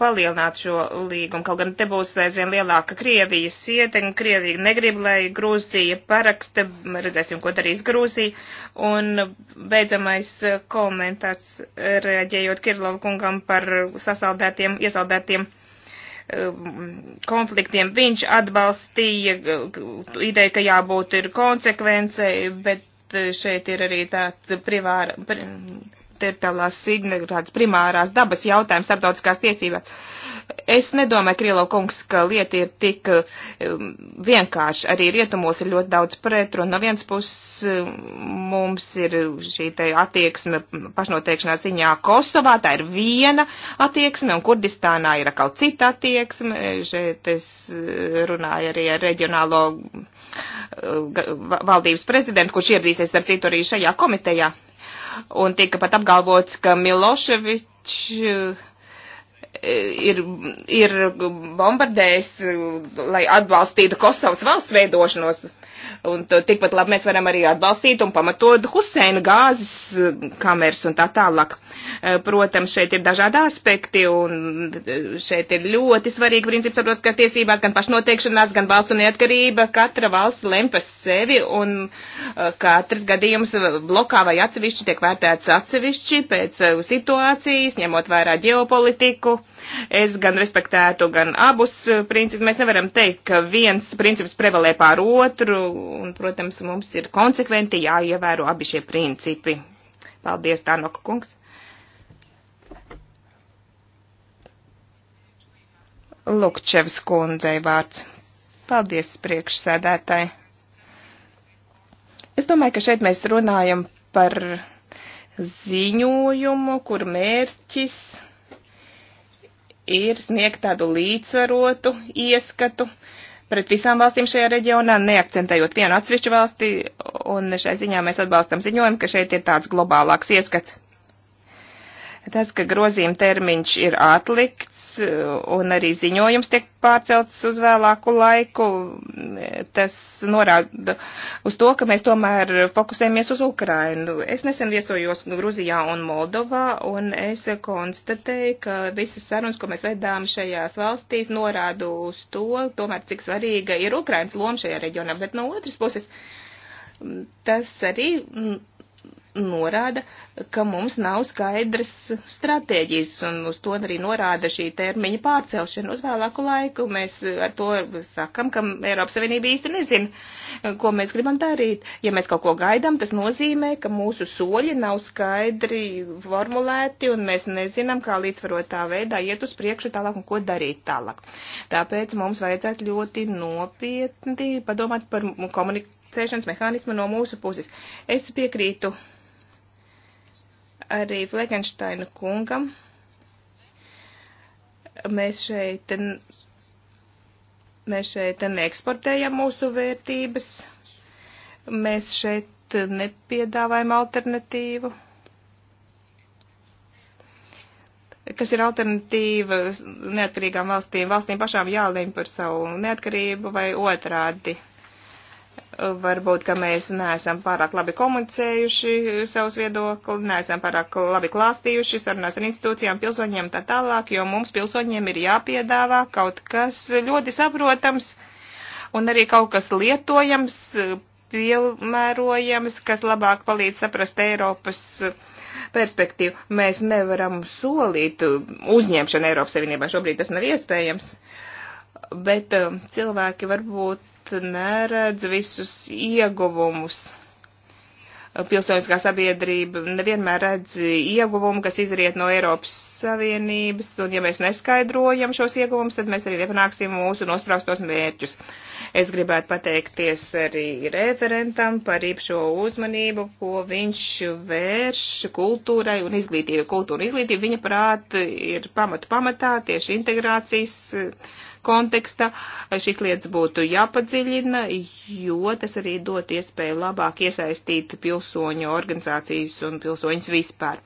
palielināt šo līgumu, kaut gan te būs aizvien lielāka Krievijas ietekme, Krievija negrib, lai Grūzija paraksta, redzēsim, ko darīs Grūzija. Un beidzamais komentārs reaģējot Kirlovu kungam par sasaldētiem, iesaldētiem um, konfliktiem. Viņš atbalstīja uh, ideju, ka jābūt ir konsekvencei, bet uh, šeit ir arī tāds privāra. Pri, teritoriālās signifikātas primārās dabas jautājums starptautiskās tiesībās. Es nedomāju, Krielo kungs, ka lieta ir tik um, vienkārša. Arī rietumos ir ļoti daudz pretrunu. No vienas puses um, mums ir šī te attieksme pašnoteikšanā ziņā Kosovā, tā ir viena attieksme, un Kurdistānā ir atkal cita attieksme. Šeit es uh, runāju arī ar reģionālo uh, valdības prezidentu, kurš ieradīsies ar citu arī šajā komitejā un tika pat apgalvots, ka Miloševičs ir, ir bombardējis, lai atbalstītu Kosovas valsts veidošanos. Un tikpat labi mēs varam arī atbalstīt un pamatot Huseina gāzes eh, kameras un tā tālāk. Eh, protams, šeit ir dažādi aspekti un eh, šeit ir ļoti svarīgi princips saprotas, ka tiesībās gan pašnoteikšanās, gan valstu neatkarība, katra valsts lem par sevi un katrs gadījums blokā vai atsevišķi tiek vērtēts atsevišķi pēc situācijas, ņemot vērā ģeopolitiku Es gan respektētu, gan abus principus. Mēs nevaram teikt, ka viens princips prevalē pār otru, un, protams, mums ir konsekventi jāievēro abi šie principi. Paldies, Tānoka kungs. Lukčevs kundzei vārds. Paldies, priekšsēdētāji. Es domāju, ka šeit mēs runājam par ziņojumu, kur mērķis ir sniegt tādu līdzsvarotu ieskatu pret visām valstīm šajā reģionā, neakcentējot vienu atsevišķu valsti, un šai ziņā mēs atbalstam ziņojumu, ka šeit ir tāds globālāks ieskats Tas, ka grozījuma termiņš ir atlikts un arī ziņojums tiek pārcelts uz vēlāku laiku, tas norāda uz to, ka mēs tomēr fokusējamies uz Ukrainu. Es nesen viesojos Gruzijā un Moldovā, un es konstatēju, ka visas sarunas, ko mēs vedām šajās valstīs, norāda uz to, tomēr cik svarīga ir Ukrainas loma šajā reģionā. Bet no otras puses, tas arī norāda, ka mums nav skaidras stratēģijas, un uz to arī norāda šī termiņa pārcelšana uz vēlāku laiku. Mēs ar to sakam, ka Eiropas Savienība īsti nezina, ko mēs gribam darīt. Ja mēs kaut ko gaidām, tas nozīmē, ka mūsu soļi nav skaidri formulēti, un mēs nezinām, kā līdzvarotā veidā iet uz priekšu tālāk un ko darīt tālāk. Tāpēc mums vajadzētu ļoti nopietni padomāt par komunikāciju komunicēšanas mehānismu no mūsu puses. Es piekrītu arī Flegensteina kungam. Mēs šeit, mēs šeit neeksportējam mūsu vērtības, mēs šeit nepiedāvājam alternatīvu. kas ir alternatīva neatkarīgām valstīm. Valstīm pašām jālēm par savu neatkarību vai otrādi. Uh, Varbūt, ka mēs neesam pārāk labi komunicējuši savus viedokli, neesam pārāk labi klāstījuši sarunās ar institūcijām, pilsoņiem tā tālāk, jo mums pilsoņiem ir jāpiedāvā kaut kas ļoti saprotams un arī kaut kas lietojams, piemērojams, kas labāk palīdz saprast Eiropas perspektīvu. Mēs nevaram solīt uzņemšanu Eiropas Savienībā, šobrīd tas nav iespējams, bet um, cilvēki varbūt neredz visus ieguvumus. Pilsoniskā sabiedrība nevienmēr redz ieguvumu, kas izriet no Eiropas Savienības, un ja mēs neskaidrojam šos ieguvumus, tad mēs arī nepanāksim mūsu nospraustos mērķus. Es gribētu pateikties arī referentam par īpašo uzmanību, ko viņš vērš kultūrai un izglītībai. Kultūra un izglītība, viņa prāt, ir pamatu pamatā tieši integrācijas kontekstā šīs lietas būtu jāpadziļina, jo tas arī dot iespēju labāk iesaistīt pilsoņu organizācijas un pilsoņus vispār.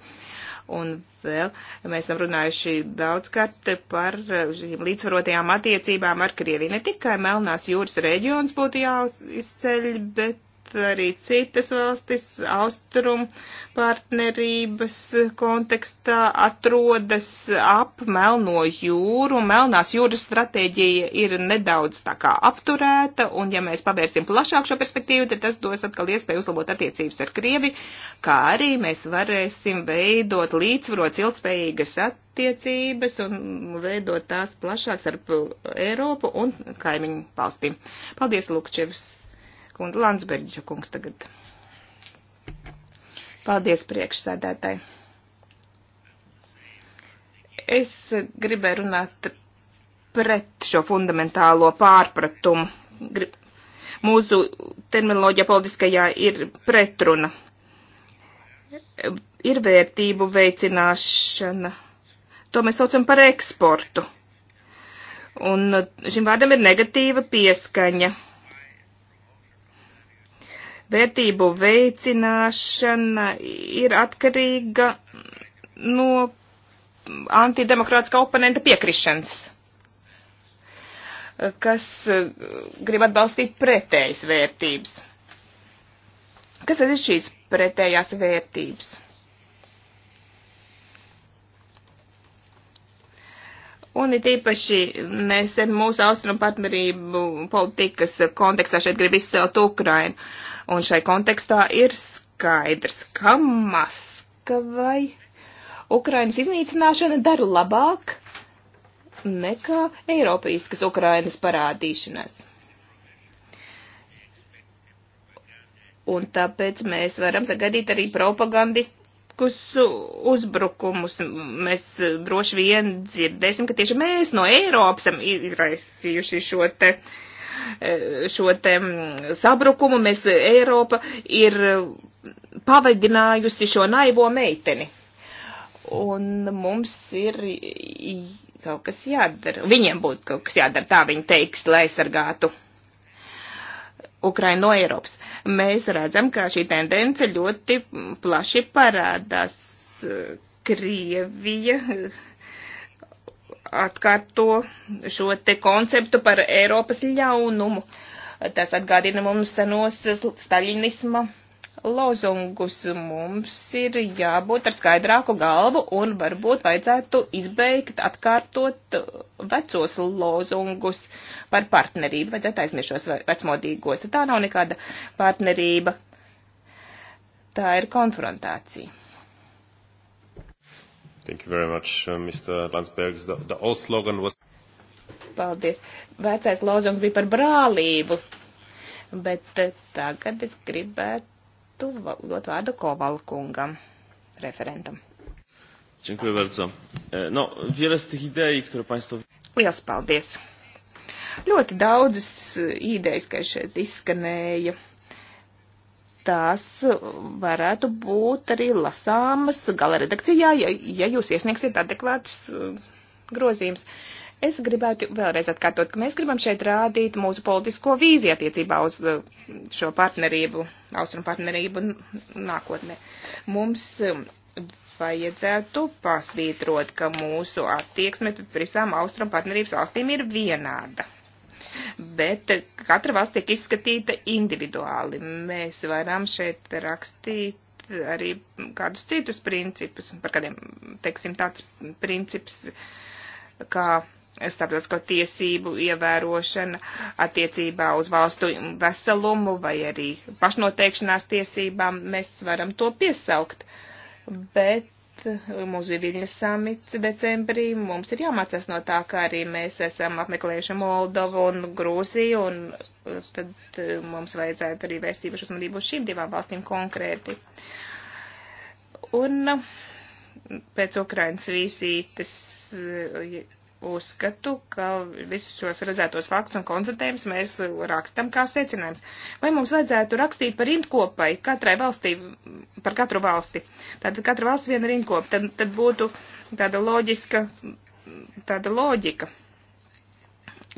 Un vēl mēs esam runājuši daudzkārt par līdzsvarotajām attiecībām ar Krieviju. Ne tikai Melnās jūras reģions būtu jāizceļ, bet arī citas valstis austrumu partnerības kontekstā atrodas ap Melno jūru. Melnās jūras stratēģija ir nedaudz tā kā apturēta, un ja mēs pavērsim plašāk šo perspektīvu, tad tas dos atkal iespēju uzlabot attiecības ar Krievi, kā arī mēs varēsim veidot līdzsvarots ilgspējīgas attiecības un veidot tās plašāks ar Eiropu un kaimiņu valstīm. Paldies, Lukčevs! kundze Landsberģa kungs tagad. Paldies priekšsēdētāji. Es gribēju runāt pret šo fundamentālo pārpratumu. Grib, mūsu terminoloģija politiskajā ir pretruna. Ir vērtību veicināšana. To mēs saucam par eksportu. Un šim vārdam ir negatīva pieskaņa vērtību veicināšana ir atkarīga no antidemokrātiskā oponenta piekrišanas, kas eh, grib atbalstīt pretējas vērtības. Kas tad ir šīs pretējās vērtības? Un it īpaši nesen mūsu austrumu partnerību politikas kontekstā šeit grib izcelt Ukrainu. Uh, Un šai kontekstā ir skaidrs, ka Maskavai Ukrainas iznīcināšana dara labāk nekā Eiropiskas Ukrainas parādīšanās. Un tāpēc mēs varam sagaidīt arī propagandist politiskus uzbrukumus. Mēs droši vien dzirdēsim, ka tieši mēs no Eiropas esam izraisījuši šo te šo te sabrukumu, mēs Eiropa ir pavadinājusi šo naivo meiteni. Un mums ir kaut kas jādara. Viņiem būtu kaut kas jādara, tā viņi teiks, lai aizsargātu Ukraina no Eiropas. Mēs redzam, ka šī tendence ļoti plaši parādās. Krievija atkārto šo te konceptu par Eiropas ļaunumu. Tas atgādina mums senos staļinisma lozungus. Mums ir jābūt ar skaidrāku galvu un varbūt vajadzētu izbeigt atkārtot vecos lozungus par partnerību. Vajadzētu aizmirst šos vecmodīgos. Tā nav nekāda partnerība. Tā ir konfrontācija. Thank you very much, uh, Mr. Landsbergs. The, the old slogan was. Paldies. Vecais lozungs bija par brālību, bet eh, tagad es gribētu dot vārdu Kovalkungam, referentam. Dziękuję bardzo. E, no, wiele z tych idei, które Państwo. Liels paldies! Ļoti daudzas e, idejas, kas šeit izskanēja tās varētu būt arī lasāmas gala redakcijā, ja, ja jūs iesniegsiet adekvātus uh, grozījums. Es gribētu vēlreiz atkārtot, ka mēs gribam šeit rādīt mūsu politisko vīziju attiecībā uz uh, šo partnerību, austrumu partnerību nākotnē. Mums um, vajadzētu pasvītrot, ka mūsu attieksme pret visām austrumu partnerības valstīm ir vienāda bet katra valsts tiek izskatīta individuāli. Mēs varam šeit rakstīt arī kādus citus principus, par kādiem, teiksim, tāds princips kā starptautisko tiesību ievērošana attiecībā uz valstu veselumu vai arī pašnoteikšanās tiesībām, mēs varam to piesaukt. Bet mums bija Viļņas samits decembrī, mums ir jāmācās no tā, ka arī mēs esam apmeklējuši Moldovu un Grūziju, un uh, tad uh, mums vajadzētu arī vērst īpašu uzmanību uz šīm divām valstīm konkrēti. Un uh, pēc Ukrainas vīzītes uzskatu, ka visus šos redzētos faktus un konstatējums mēs rakstam kā secinājums. Vai mums vajadzētu rakstīt par rindkopai katrai valstī, par katru valsti? Tātad katra valsts viena rindkopa, tad, tad būtu tāda loģiska, tāda loģika.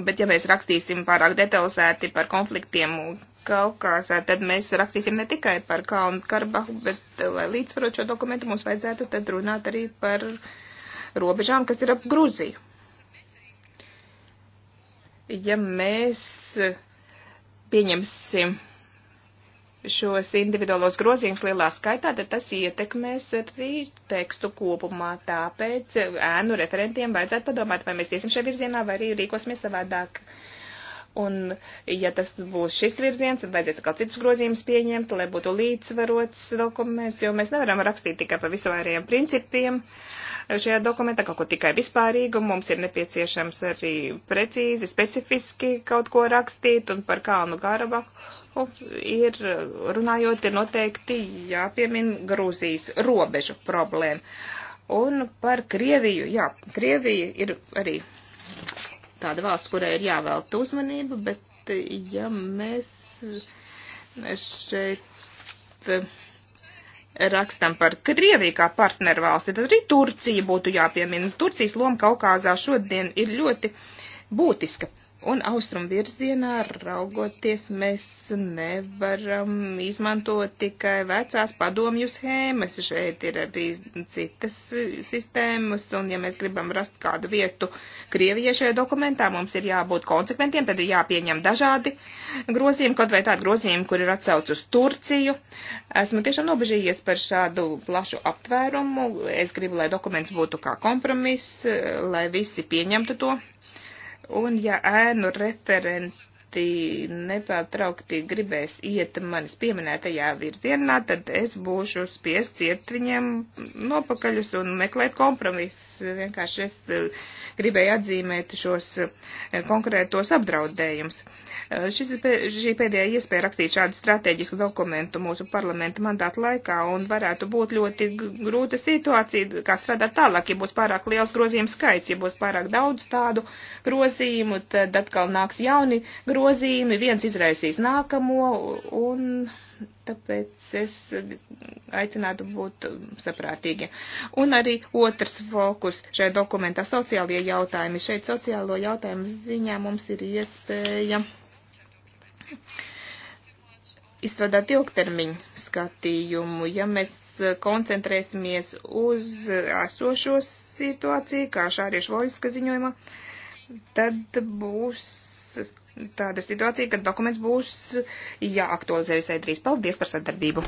Bet ja mēs rakstīsim pārāk detalizēti par konfliktiem Kaukāzā, tad mēs rakstīsim ne tikai par Kalnu Karabahu, bet, lai līdzsvarot šo dokumentu, mums vajadzētu tad runāt arī par robežām, kas ir ap Gruziju ja mēs pieņemsim šos individuālos grozījumus lielā skaitā, tad tas ietekmēs arī tekstu kopumā. Tāpēc ēnu referentiem vajadzētu padomāt, vai mēs iesim šajā virzienā, vai arī rīkosimies savādāk. Un, ja tas būs šis virziens, tad vajadzēs atkal citus grozījumus pieņemt, lai būtu līdzsvarots dokuments, jo mēs nevaram rakstīt tikai pa visvairajiem principiem. Uh, šajā dokumentā, kaut ko tikai vispārīgu. Mums ir nepieciešams arī precīzi, specifiski kaut ko rakstīt, un par Kalnu Garabahu ir, runājot, ir noteikti jāpiemin Grūzijas robežu problēma. Un par Krieviju, jā, Krievija ir arī tāda valsts, kurai ir jāvēlta uzmanība, bet ja mēs šeit rakstam par Krieviju kā partnervalsti, tad arī Turcija būtu jāpiemina. Turcijas loma Kaukāzā šodien ir ļoti uh, būtiska. Un austrumu virzienā raugoties mēs nevaram izmantot tikai vecās padomju schēmas. Šeit ir arī citas sistēmas, un ja mēs gribam rast kādu vietu Krievijai šajā dokumentā, mums ir jābūt konsekventiem, tad ir jāpieņem dažādi grozījumi, kaut vai tādi grozījumi, kur ir atsauc uz Turciju. Esmu tiešām nobežījies par šādu plašu aptvērumu. Es gribu, lai dokuments būtu kā kompromiss, lai visi pieņemtu to. Un ja ēnu referenti ļoti nepārtraukti gribēs iet manis pieminētajā virzienā, tad es būšu spiests iet viņiem nopakaļus un meklēt kompromisus. Vienkārši es e, gribēju atzīmēt šos e, konkrētos apdraudējumus. E, šis, šī pēdējā iespēja rakstīt šādu strateģisku dokumentu mūsu parlamenta mandāta laikā un varētu būt ļoti grūta situācija, kā strādāt tālāk, ja būs pārāk liels grozījums skaits, ja būs pārāk daudz tādu grozījumu, tad atkal nāks jauni grozījumi nozīmi, viens izraisīs nākamo, un tāpēc es aicinātu būt saprātīgiem. Un arī otrs fokus šajā dokumentā - sociālie jautājumi. Šeit sociālo jautājumu ziņā mums ir iespēja izstrādāt ilgtermiņu skatījumu. Ja mēs koncentrēsimies uz esošo situāciju, kā šāriešu voļska ziņojumā, tad būs tāda situācija, kad dokuments būs jāaktualizē visai drīz. Paldies par sadarbību.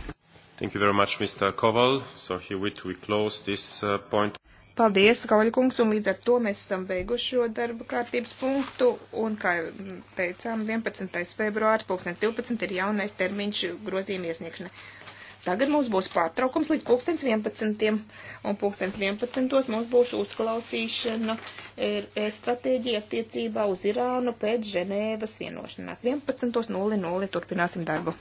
Thank you very much, Mr. Koval. So here we, we close this uh, point. Paldies, Kauļkungs, un līdz ar to mēs esam beiguši šo darba kārtības punktu, un, kā teicām, 11. februārs, 2012 ir jaunais termiņš grozījuma iesniegšanai. Tagad mums būs pārtraukums līdz pulkstens 11. Un pulkstens 11. mums būs uzklausīšana stratēģija attiecībā uz Irānu pēc Ženēvas vienošanās. 11.00 turpināsim darbu.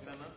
Ξανά.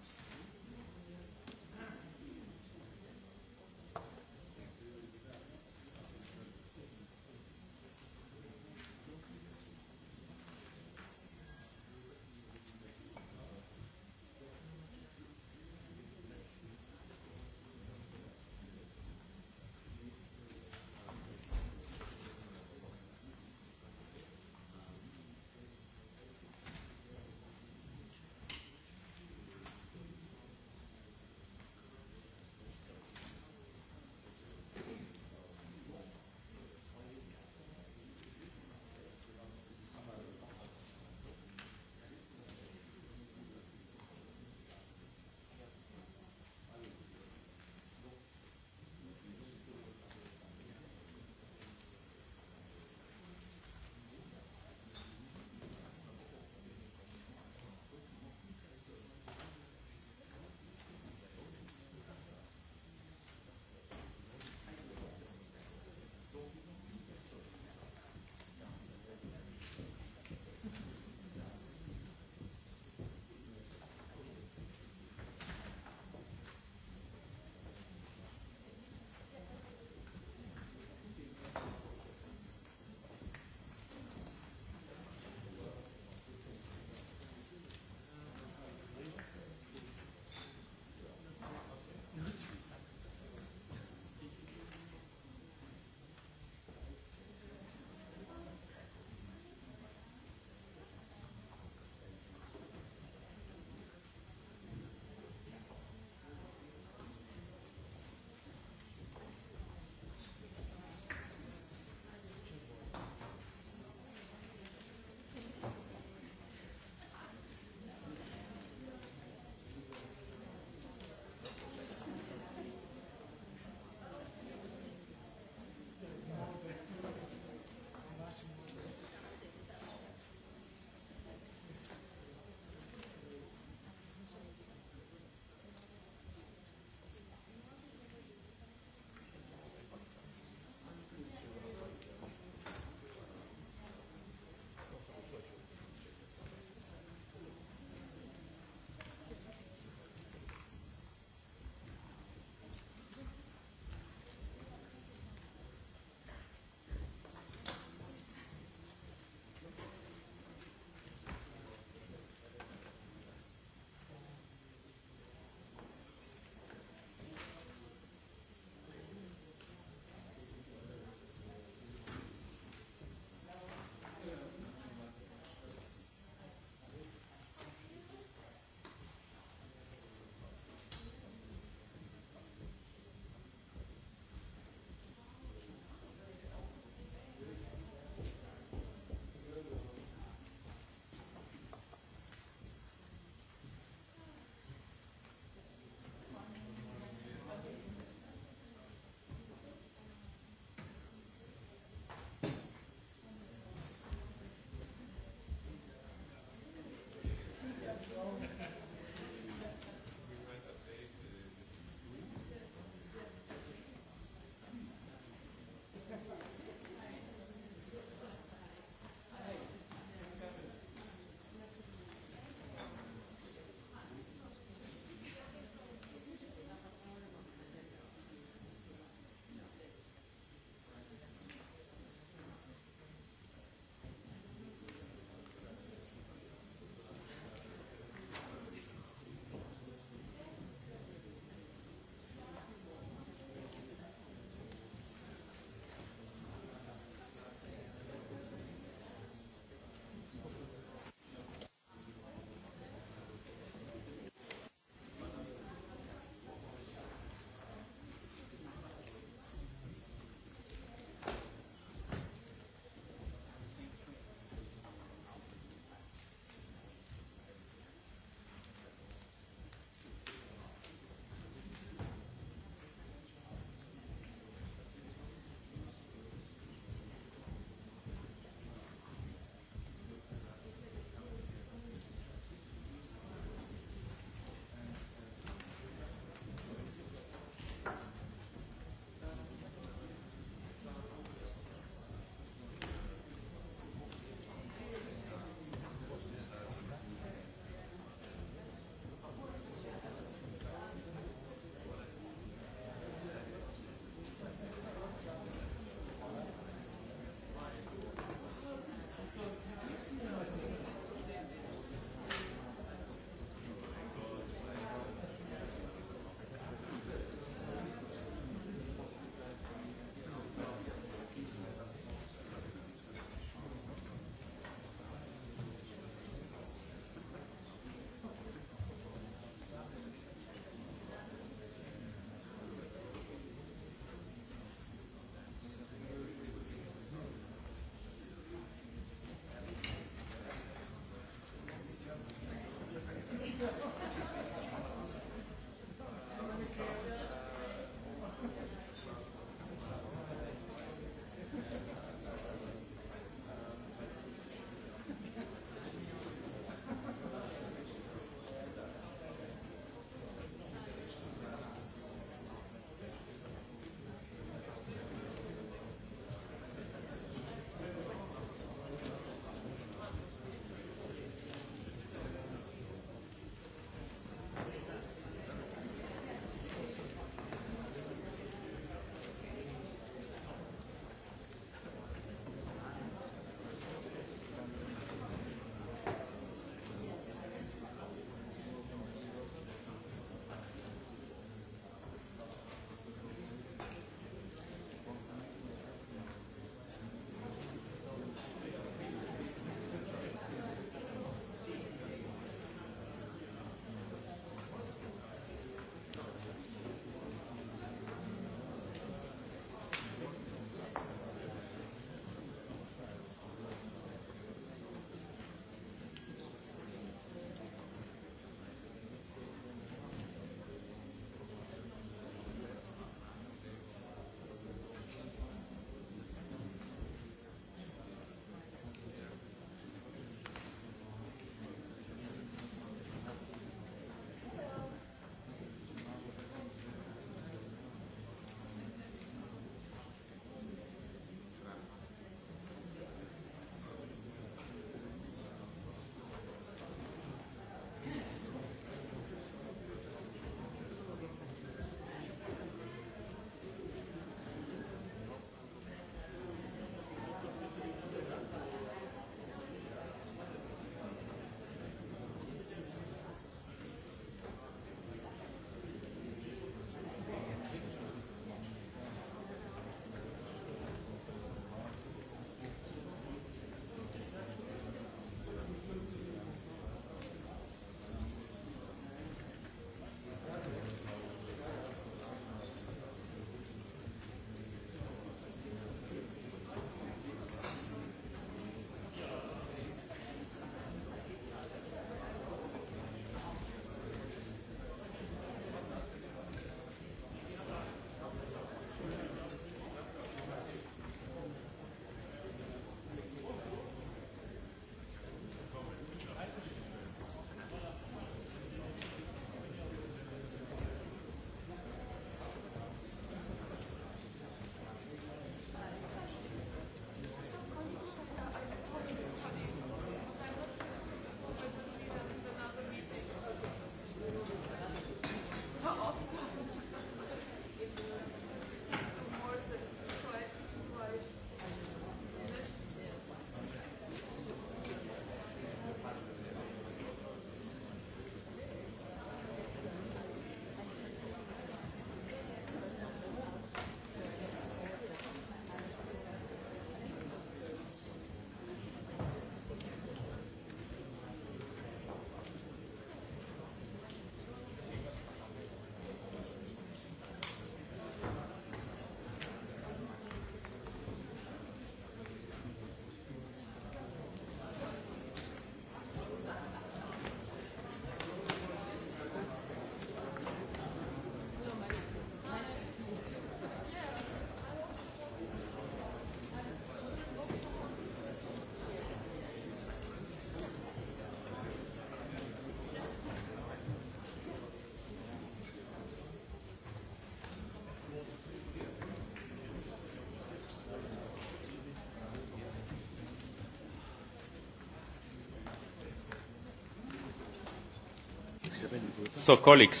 So, kolīgs.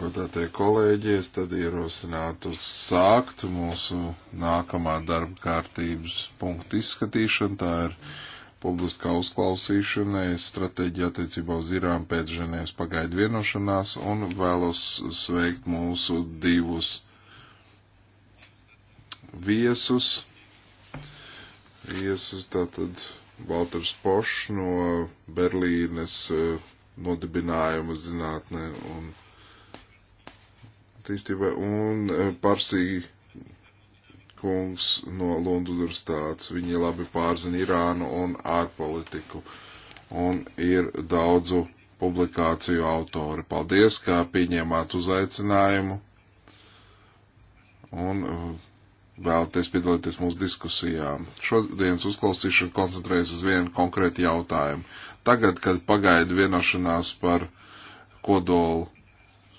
Godātie kolēģi, es tad ierosinātu sākt mūsu nākamā darba kārtības punktu izskatīšanu. Tā ir publiskā uzklausīšana, stratēģija attiecībā uz Irām pēc Ženēvas pagaidu vienošanās un vēlos sveikt mūsu divus viesus. Viesus tātad Valters Pošs no Berlīnes uh, nodibinājumu zinātnē un attīstībai, un e, Parsī kungs no Lundu universitātes, viņi labi pārzina Irānu un ārpolitiku, un ir daudzu publikāciju autori. Paldies, kā pieņēmāt uzaicinājumu. vēlaties piedalīties mūsu diskusijā. Šodienas uzklausīšana koncentrējas uz vienu konkrētu jautājumu. Tagad, kad pagaida vienošanās par kodolu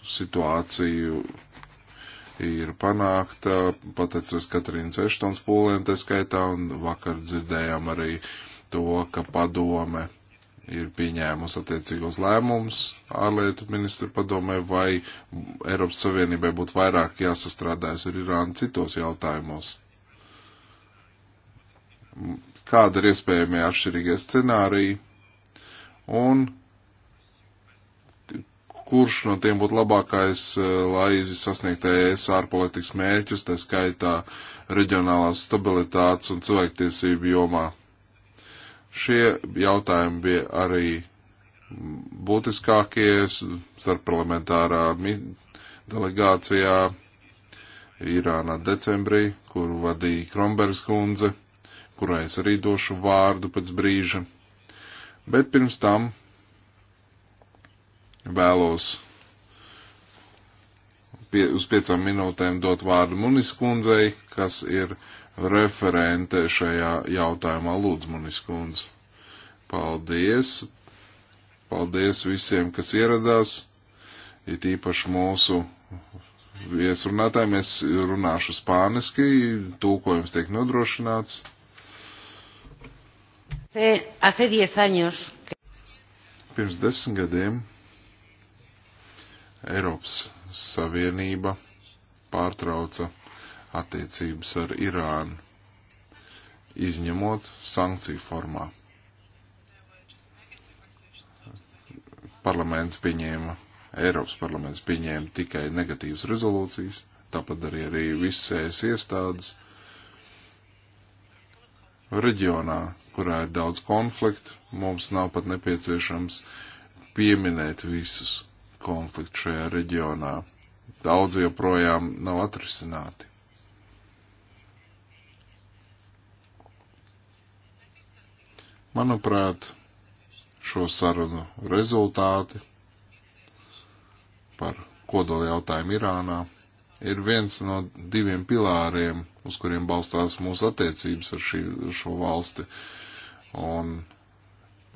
situāciju ir panākta, pateicoties Katrīnas Eštons pūlēm, tā skaitā, un vakar dzirdējām arī to, ka padome ir pieņēmusi attiecīgos lēmumus ārlietu ministru padomē, vai Eiropas Savienībai būtu vairāk jāsastrādājas ar Irānu citos jautājumos kāda ir iespējamie atšķirīgie scenāriji un kurš no tiem būtu labākais, eh, lai sasniegtu ES ārpolitikas mērķus, tā skaitā reģionālās stabilitātes un cilvēktiesību jomā. Šie jautājumi bija arī būtiskākie starpparlamentārā delegācijā Irānā decembrī, kuru vadīja Krombergs kundze kurai es arī došu vārdu pēc brīža. Bet pirms tam vēlos pie, uz piecām minūtēm dot vārdu Munis kundzei, kas ir referente šajā jautājumā. Lūdzu, Munis kundze. Paldies. Paldies visiem, kas ieradās. It īpaši mūsu viesrunātājiem. Es runāšu spāniski, tūkojums tiek nodrošināts. Pirms desmit gadiem Eiropas Savienība pārtrauca attiecības ar Irānu, izņemot sankciju formā. Parlaments pieņēma, Eiropas parlaments pieņēma tikai negatīvas rezolūcijas, tāpat arī, arī visas iestādes reģionā, kurā ir daudz konfliktu, mums nav pat nepieciešams pieminēt visus konfliktu šajā reģionā. Daudz joprojām nav atrisināti. Manuprāt, šo sarunu rezultāti par kodola jautājumu Irānā ir viens no diviem pilāriem, uz kuriem balstās mūsu attiecības ar šī, šo valsti. Un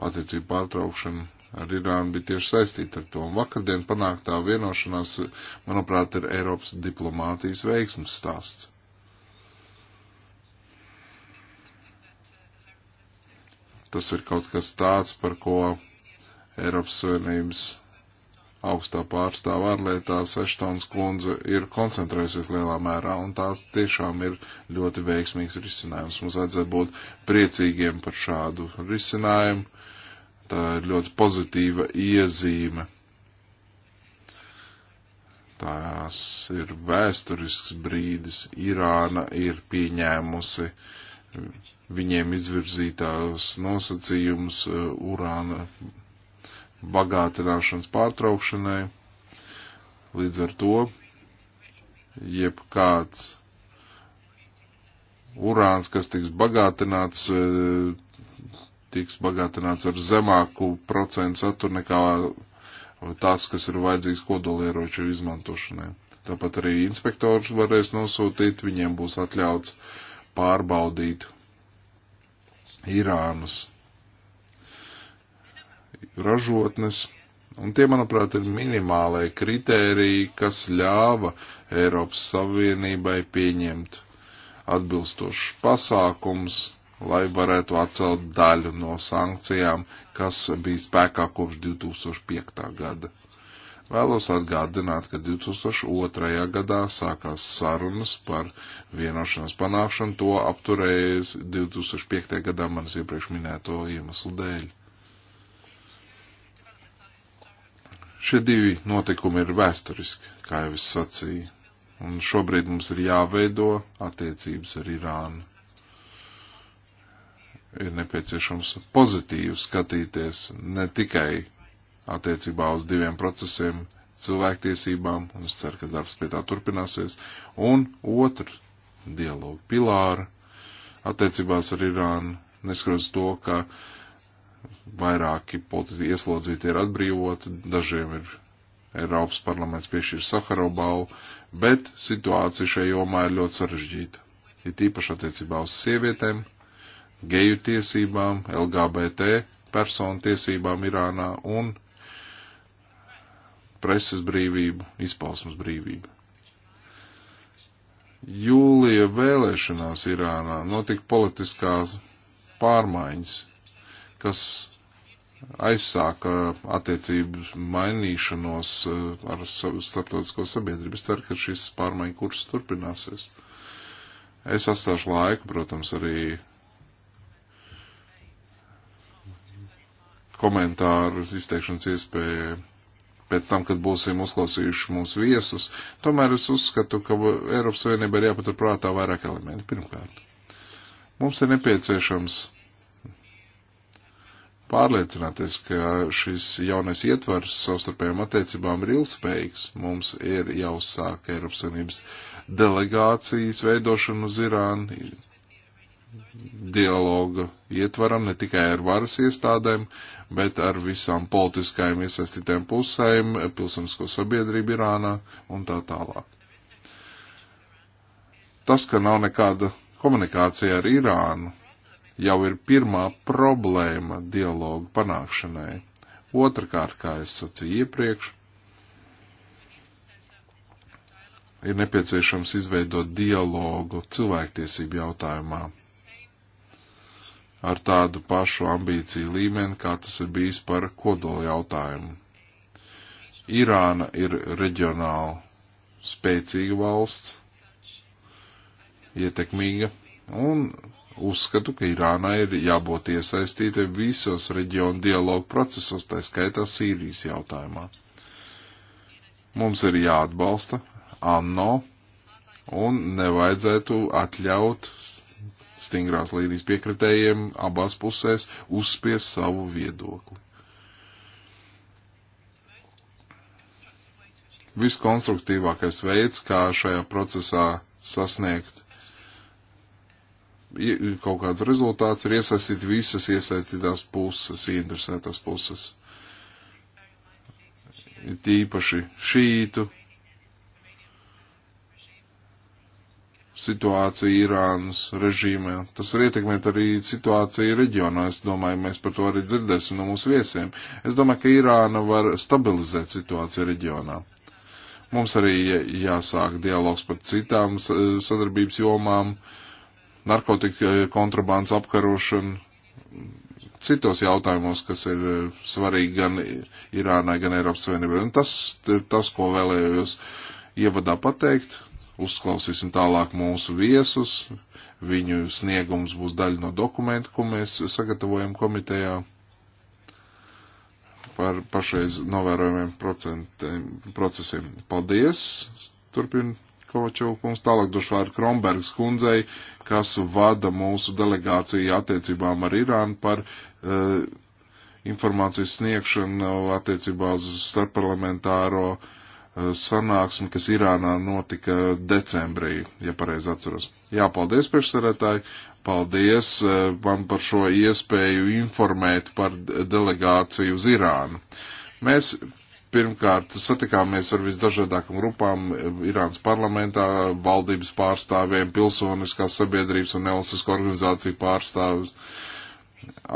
attiecību pārtraukšana ar Irānu bija tieši saistīta ar to. Un vakardien panāktā vienošanās, manuprāt, ir Eiropas diplomātijas veiksmes stāsts. Tas ir kaut kas tāds, par ko Eiropas Savienības augstā pārstāvā ārlietās Eštons kundze ir koncentrējusies lielā mērā, un tās tiešām ir ļoti veiksmīgs risinājums. Mums vajadzētu būt priecīgiem par šādu risinājumu. Tā ir ļoti pozitīva iezīme. Tās ir vēsturisks brīdis. Irāna ir pieņēmusi viņiem izvirzītās nosacījumus uh, urāna bagātināšanas pārtraukšanai. Līdz ar to jebkāds urāns, kas tiks bagātināts, e, tiks bagātināts ar zemāku procentu saturu nekā tas, kas ir vajadzīgs kodolieroču izmantošanai. Tāpat arī inspektors varēs nosūtīt, viņiem būs atļauts pārbaudīt Irānas ražotnes. Un tie, manuprāt, ir minimālai kritēriji, kas ļāva Eiropas Savienībai pieņemt atbilstošus pasākums, lai varētu atcelt daļu no sankcijām, kas bija spēkā kopš 2005. gada. Vēlos atgādināt, ka 2002. gadā sākās sarunas par vienošanās panākšanu, to apturējusi 2005. gadā manas iepriekš minēto iemeslu dēļ. Šie divi notikumi ir vēsturiski, kā jau es sacīju, un šobrīd mums ir jāveido attiecības ar Irānu. Ir nepieciešams pozitīvi skatīties ne tikai attiecībā uz diviem procesiem, cilvēktiesībām, un es ceru, ka darbs pie tā turpināsies, un otru dialogu pilāru attiecībās ar Irānu, neskatoties to, ka uh, vairāki politiski ieslodzīti ir atbrīvoti, dažiem ir Eiropas parlaments piešķīris Saharobalu, bet situācija šajā jomā ir ļoti sarežģīta. Ir tīpaši attiecībā uz sievietēm, geju tiesībām, LGBT personu tiesībām Irānā un preses brīvību, izpausmas brīvību. Jūlija vēlēšanās Irānā notika politiskās pārmaiņas, kas aizsāka attiecību mainīšanos uh, ar starptautisko sabiedrību. Es ceru, ka šis pārmaiņu kurs turpināsies. Es atstāšu laiku, protams, arī komentāru izteikšanas iespēju pēc tam, kad būsim uzklausījuši mūsu viesus. Tomēr es uzskatu, ka Eiropas Savienība ir jāpaturprātā vairāk elementi. Pirmkārt, mums ir nepieciešams pārliecināties, ka šis jaunais ietvars savstarpējām attiecībām ir ilgspējīgs. Mums ir jāuzsāk Eiropas Savienības delegācijas veidošana uz Irānu, dialoga ietvaram ne tikai ar varas iestādēm, bet ar visām politiskajām iesaistītēm pusēm, pilsonisko sabiedrību Irānā un tā tālāk. Tas, ka nav nekāda komunikācija ar Irānu, jau ir pirmā problēma dialogu panākšanai. Otrakārt, kā es sacīju iepriekš, ir nepieciešams izveidot dialogu cilvēktiesību jautājumā ar tādu pašu ambīciju līmeni, kā tas ir bijis par kodoli jautājumu. Irāna ir reģionāli spēcīga valsts, ietekmīga, un Uzskatu, ka Irānai ir jābūt iesaistītai visos reģionu dialogu procesos, tā skaitā Sīrijas jautājumā. Mums ir jāatbalsta ANO un nevajadzētu atļaut stingrās līnijas piekritējiem abās pusēs uzspies savu viedokli. Viskonstruktīvākais veids, kā šajā procesā sasniegt kaut kāds rezultāts ir iesaistīt visas iesaistītās puses, ieinteresētās puses. Tīpaši šītu situācija Irānas režīmē. Tas var ietekmēt arī situāciju reģionā. Es domāju, mēs par to arī dzirdēsim no mūsu viesiem. Es domāju, ka Irāna var stabilizēt situāciju reģionā. Mums arī jāsāk dialogs par citām sadarbības jomām. Uh, narkotika kontrabandas apkarošanu, citos jautājumos, kas ir eh, svarīgi gan Irānai, gan Eiropas Savienībai. Un tas ir tas, ko vēlējos ievadā pateikt. Uzklausīsim tālāk mūsu viesus. Viņu sniegums būs daļa no dokumenta, ko mēs sagatavojam komitejā par pašreiz novērojumiem procentiem, procesiem. Paldies! Turpin Kovačevkungs. Tālāk došu vārdu Krombergs kundzei, kas vada mūsu delegāciju attiecībām ar Irānu par uh, informācijas sniegšanu attiecībā uz starpparlamentāro uh, sanāksmi, kas Irānā notika decembrī, ja pareizi atceros. Jā, paldies priekšsarētāji, paldies uh, man par šo iespēju informēt par delegāciju uz Irānu. Mēs Pirmkārt, satikāmies ar visdažādākām grupām Irānas parlamentā, valdības pārstāvjiem, pilsoniskās sabiedrības un nevalstisko organizāciju pārstāvjus,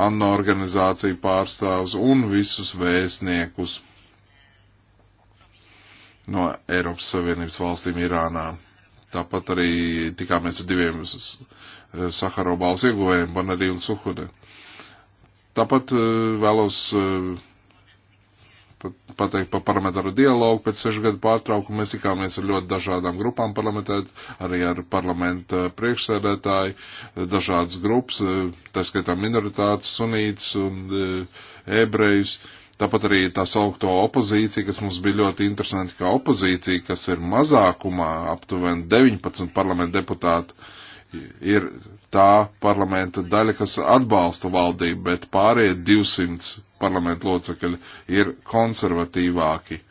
ANO organizāciju pārstāvjus un visus vēstniekus no Eiropas Savienības valstīm Irānā. Tāpat arī tikāmies ar diviem Saharo balsu ieguvējiem, Banarī un Suhude. Tāpat eh, vēlos eh, pateikt par parlamentāru dialogu. Pēc sešu gadu pārtraukuma mēs tikāmies ar ļoti dažādām grupām parlamentēt, arī ar parlamenta priekšsēdētāju, dažādas grupas, tā skaitā minoritātes, sunītas un e, ebrejus. Tāpat arī tā saukto opozīcija, kas mums bija ļoti interesanti, ka opozīcija, kas ir mazākumā, aptuveni 19 parlamenta deputāti, ir tā parlamenta daļa, kas atbalsta valdību, bet pārējie 200 parlamenta locekļi ir konservatīvāki.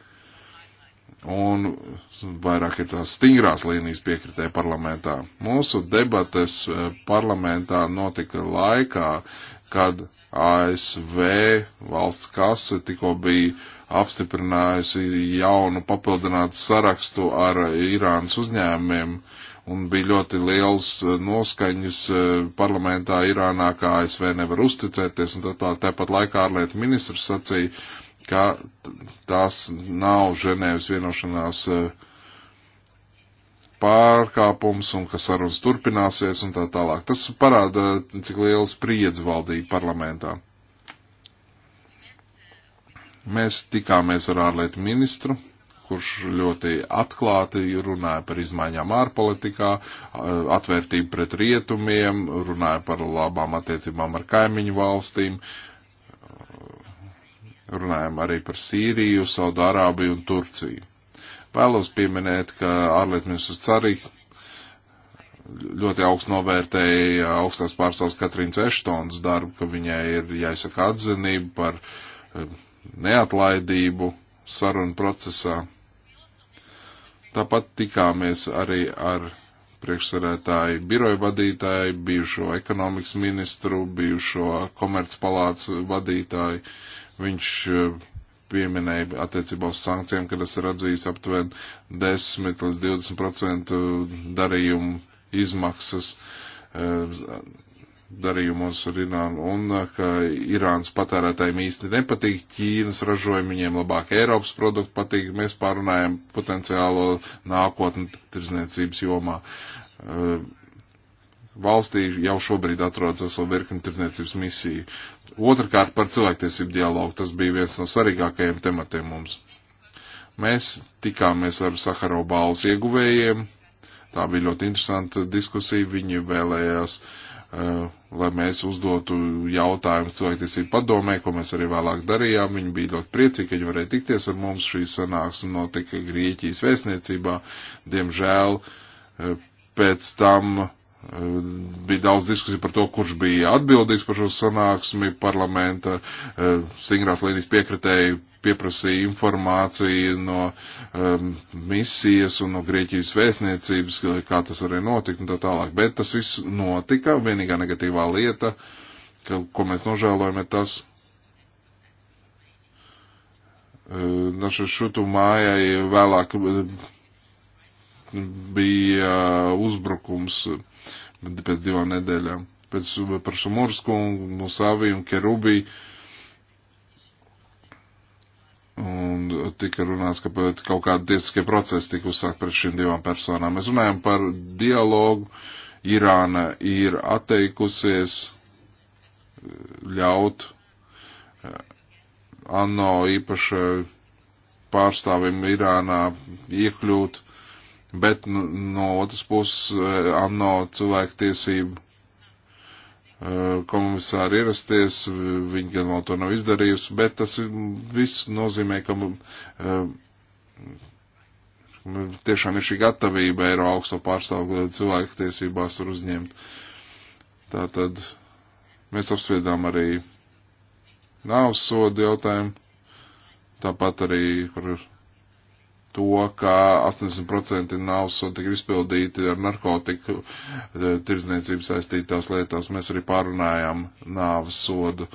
Un vairāk ir tās stingrās līnijas piekritē parlamentā. Mūsu debates eh, parlamentā notika laikā, kad ASV valsts kase tikko bija apstiprinājusi jaunu papildinātu sarakstu ar Irānas uzņēmumiem, uh, un bija ļoti liels eh, noskaņas eh, parlamentā Irānā, kā ASV nevar uzticēties, un tā tāpat laikā ārlietu ministrs sacīja, ka tās nav Ženēvas vienošanās eh, pārkāpums un ka sarunas turpināsies un tā tālāk. Tas parāda, cik liels priedz valdīja parlamentā. Mēs tikāmies ar ārlietu ministru kurš ļoti atklāti runāja par izmaiņām ārpolitikā, atvērtību pret rietumiem, runāja par labām attiecībām ar kaimiņu valstīm. Runājam arī par Sīriju, Saudārābiju un Turciju. Vēlos pieminēt, ka ārlietu ministrs Carīgs ļoti augstu novērtēja augstās pārstāvs Katrīnas Eštons darbu, ka viņai ir jāizsaka atzinība par eh, neatlaidību sarunu procesā. Tāpat tikāmies arī ar priekšsarētāju biroju vadītāju, bijušo ekonomikas ministru, bijušo komercpalācu vadītāju. Viņš eh, pieminēja attiecībā uz sankcijām, ka tas ir atzījis aptuveni 10 līdz 20% darījumu izmaksas eh, darījumos ar Irānu un uh, ka Irānas patērētājiem īsti nepatīk Ķīnas ražojumi, viņiem labāk Eiropas produktu patīk. Mēs pārunājam potenciālo nākotni tirzniecības jomā. Uh, valstī jau šobrīd atrodas vesela virkni tirzniecības misiju. Otrakārt par cilvēktiesību dialogu. Tas bija viens no svarīgākajiem tematiem mums. Mēs tikāmies ar Saharo balvas ieguvējiem. Tā bija ļoti interesanta diskusija. Viņi vēlējās uh, Eh, lai mēs uzdotu jautājumus cilvēktiesību padomē, ko mēs arī vēlāk darījām. Viņi bija ļoti priecīgi, ka viņi varēja tikties ar mums. Šī sanāksme notika Grieķijas vēstniecībā. Diemžēl eh, pēc tam Bija daudz diskusiju par to, kurš bija atbildīgs par šo sanāksmi. Parlamenta eh, stingrās līnijas piekritēji pieprasīja informāciju no um, misijas un no Grieķijas vēstniecības, kā tas varēja notikt un tā tālāk. Bet tas viss notika. Vienīgā negatīvā lieta, ka, ko mēs nožēlojam, ir tas, ehm, naša šutu mājai vēlāk ehm, bija uzbrukums. Uh, pēc divām nedēļām. Pēc par Šumursku, Musavi un Kerubī. Un tika runāts, ka kaut kādi tiesiskie procesi tika uzsākt pret šīm divām personām. Mēs runājam par dialogu. Irāna ir atteikusies eh, ļaut eh, ANO īpašai pārstāvim Irānā iekļūt bet nu, no otras puses eh, ANO cilvēktiesību eh, komisāri ierasties, viņa gan vēl to nav izdarījusi, bet tas viss nozīmē, ka eh, tiešām ir šī gatavība Eiro augsto pārstāvu cilvēktiesībās tur uzņemt. Tātad mēs apspriedām arī nāvsodu jautājumu, tāpat arī par to, ka 80% nav sotika izpildīti ar narkotiku eh, tirdzniecību saistītās lietās. Mēs arī pārunājām nāvas sodu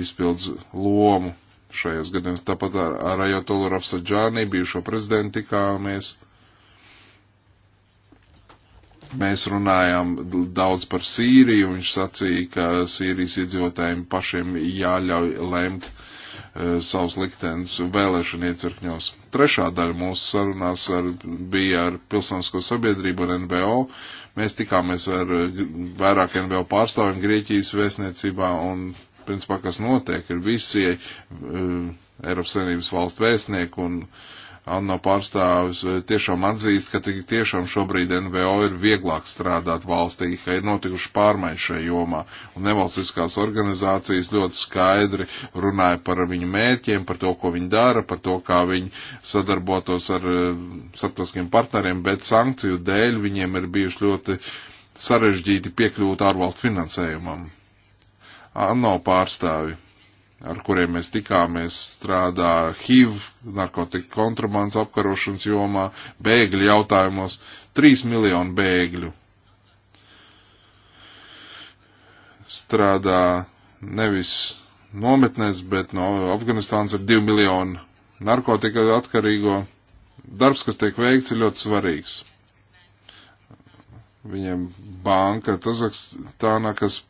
izpildz lomu šajos gadījumos. Tāpat ar, ar Ajatolu Rafsaģāni, bijušo prezidentu, tikāmies. Mēs runājām daudz par Sīriju, viņš sacīja, ka Sīrijas iedzīvotājiem pašiem jāļauj lemt uh, E, savus liktenes vēlēšana iecirkņos. Trešā daļa mūsu sarunās ar, bija ar pilsonisko sabiedrību un NVO. Mēs tikāmies ar e, vairāk NVO pārstāvjiem Grieķijas vēstniecībā un, principā, kas notiek, ir visi uh, Eiropas Savienības valstu vēstnieki un uh, Anno pārstāvis eh, tiešām atzīst, ka tiešām šobrīd NVO ir vieglāk strādāt valstī, ka ir notikuši pārmaiņas šajā jomā. Un nevalstiskās organizācijas ļoti skaidri runāja par viņu mērķiem, par to, ko viņi dara, par to, kā viņi sadarbotos ar eh, starptautiskiem partneriem, bet sankciju dēļ viņiem ir bijuši ļoti sarežģīti piekļūt ārvalstu finansējumam. ANO pārstāvi ar kuriem mēs tikāmies, strādā HIV, narkotika kontrabandas apkarošanas jomā, bēgļu jautājumos - 3 miljonu bēgļu. Strādā nevis nometnēs, bet no Afganistānas ir 2 miljoni narkotika atkarīgo. Darbs, kas tiek veikts, ir ļoti svarīgs. Viņiem banka Kazahstānā, kas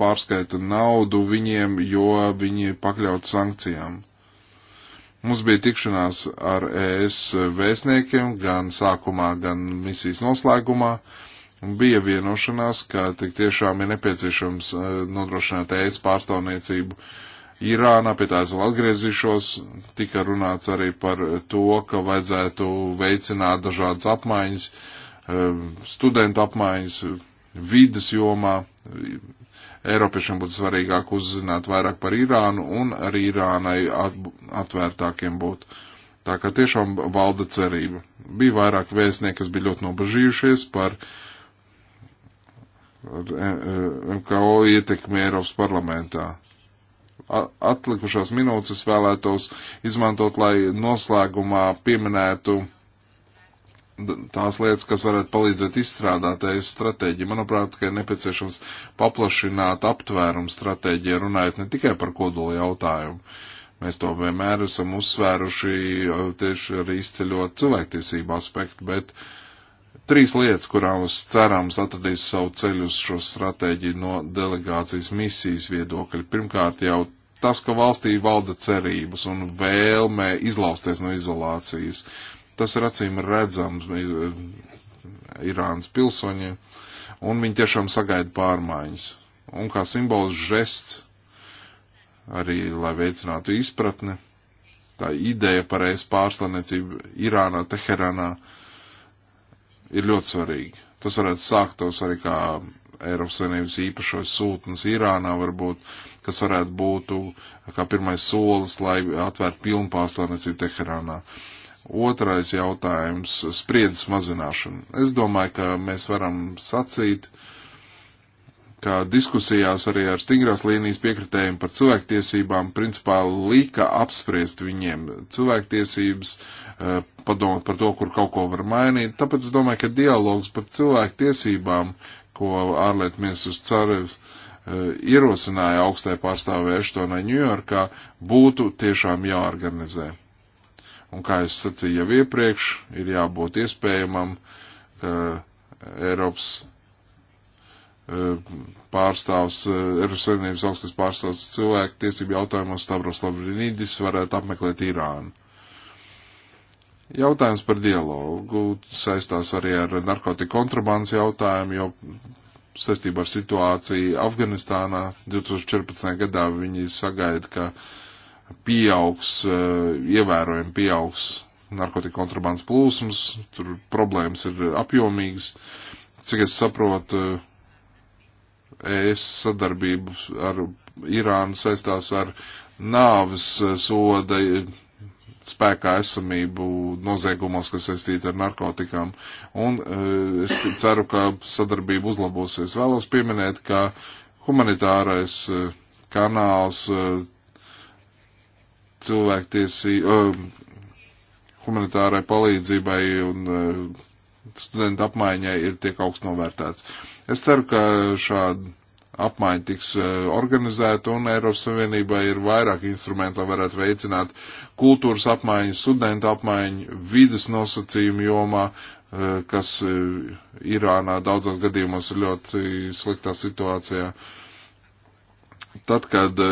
pārskaita naudu viņiem, jo viņi pakļaut sankcijām. Mums bija tikšanās ar ES vēstniekiem gan sākumā, gan misijas noslēgumā. Bija vienošanās, ka tik tiešām ir nepieciešams eh, nodrošināt ES pārstāvniecību Irānā, pie tā es vēl atgriezīšos. Tika runāts arī par to, ka vajadzētu veicināt dažādas apmaiņas, eh, studentu apmaiņas, vidas jomā, Eiropiešiem būtu svarīgāk uzzināt vairāk par Irānu un arī Irānai atvērtākiem būt. Tā kā tiešām valda cerība. Bija vairāk vēstnieki, kas bija ļoti nobažījušies par MKO ietekmi Eiropas parlamentā. Atlikušās minūtes vēlētos izmantot, lai noslēgumā pieminētu tās lietas, kas varētu palīdzēt izstrādāt ES stratēģiju. Manuprāt, ka ir nepieciešams paplašināt aptvērumu stratēģiju, runājot ne tikai par kodolu jautājumu. Mēs to vienmēr esam uzsvēruši, tieši arī izceļot cilvēktiesību aspektu, bet trīs lietas, kurās cerams atradīs savu ceļu uz šo stratēģiju no delegācijas misijas viedokļa. Pirmkārt jau tas, ka valstī valda cerības un vēlme izlausties no izolācijas. Uh, Tas ir acīm redzams e, Irānas pilsoņiem, un viņi tiešām sagaida pārmaiņas. Un kā simbols žests, arī lai veicinātu izpratni, tā ideja par es pārstāvniecību Irānā, Teherānā ir ļoti svarīga. Tas varētu sāktos arī kā Eiropas Savienības īpašais sūtnis Irānā varbūt, kas varētu būt kā pirmais solis, lai atvērtu pilnu pārstāvniecību Teherānā. Uh, Otrais jautājums - spriedzes mazināšana. Es domāju, ka mēs varam sacīt, ka diskusijās arī ar stingrās līnijas piekritējiem par cilvēktiesībām principā lika apspriest viņiem cilvēktiesības, eh, padomāt par to, kur kaut ko var mainīt. Tāpēc es domāju, ka dialogs par cilvēktiesībām, ko ārlietu ministrs Carevs eh, ierosināja augstai pārstāvē Eštonai Ņujorkā, būtu tiešām jāorganizē. Un kā es sacīju jau iepriekš, ir jābūt iespējamam, ka eh, Eiropas eh, pārstāvs, eh, Eiropas Savienības augstais pārstāvs cilvēku tiesību jautājumos Stavros Labrinīdis varētu apmeklēt Irānu. Jautājums par dialogu saistās arī ar narkotiku kontrabandas jautājumu, jo saistībā ar situāciju Afganistānā 2014. gadā viņi sagaida, ka pieaugs, eh, ievērojami pieaugs narkotika kontrabandas plūsmas, tur problēmas ir apjomīgas. Cik es saprotu, ES eh, e sadarbību ar Irānu saistās ar nāves eh, soda spēkā esamību noziegumos, kas saistīti ar narkotikām. Un es ceru, ka sadarbība uzlabosies. Vēlos pieminēt, ka humanitārais kanāls cilvēktiesību, uh, um, humanitārai palīdzībai un uh, studentu apmaiņai ir tiek augsts novērtēts. Es ceru, ka šāda apmaiņa tiks uh, organizēta un Eiropas Savienībā ir vairāk instrumentu, lai varētu veicināt kultūras apmaiņu, studentu apmaiņu, vidas nosacījumu jomā, uh, kas uh, Irānā daudzos gadījumos ir ļoti sliktā situācijā. Uh, Tad, kad e,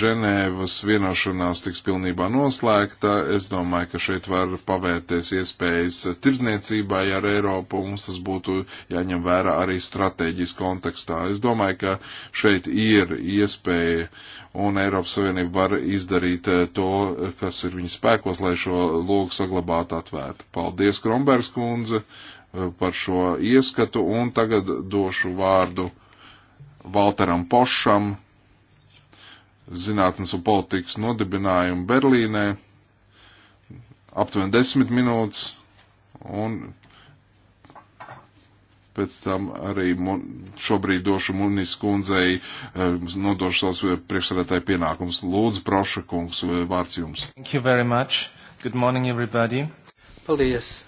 Ženēvas vienošanās tiks pilnībā noslēgta, es domāju, ka šeit var pavērties iespējas tirzniecībai ar Eiropu, un mums tas būtu jāņem vērā arī strateģiski kontekstā. Es domāju, ka šeit ir iespēja, un Eiropas Savienība var izdarīt e, to, kas ir viņa spēkos, lai šo logu saglabātu atvērtu. Paldies, Krombergs kundze, e, par šo ieskatu, un tagad došu vārdu Valteram Pošam zinātnes un politikas nodibinājumu Berlīnē, aptuveni desmit minūtes, un pēc tam arī šobrīd došu Munis kundzei, eh, nodošu savus priekšsarētāju pienākums. Lūdzu, Proša kungs, vārds jums. Thank you very much. Good morning, everybody. Paldies.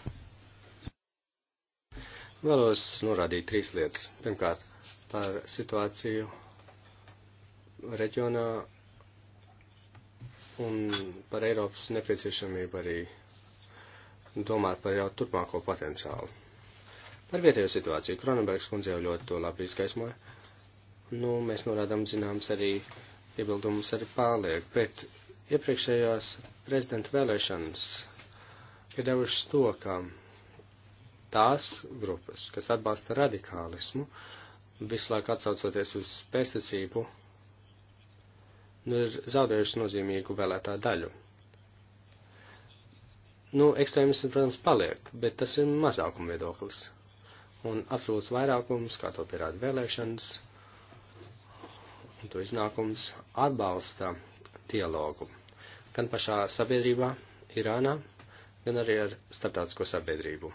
Vēlos norādīt trīs lietas. Pirmkārt, par situāciju reģionā un par Eiropas nepieciešamību arī domāt par jau turpmāko potenciālu. Par vietējo situāciju Kronenbergs kundze jau ļoti to labi izgaismoja. Nu, mēs norādām zināms arī iebildumus arī pārliek, bet iepriekšējās prezidenta vēlēšanas ir devušas to, ka tās grupas, kas atbalsta radikālismu, visu laiku atsaucoties uz pēstacību nu, ir zaudējušas nozīmīgu vēlētā daļu. Nu, ekstrēmisms, protams, paliek, bet tas ir mazākuma viedoklis. Un absolūts vairākums, kā to pierāda vēlēšanas, un to iznākums atbalsta dialogu. Gan pašā sabiedrībā, Irānā, gan arī ar starptautisko sabiedrību.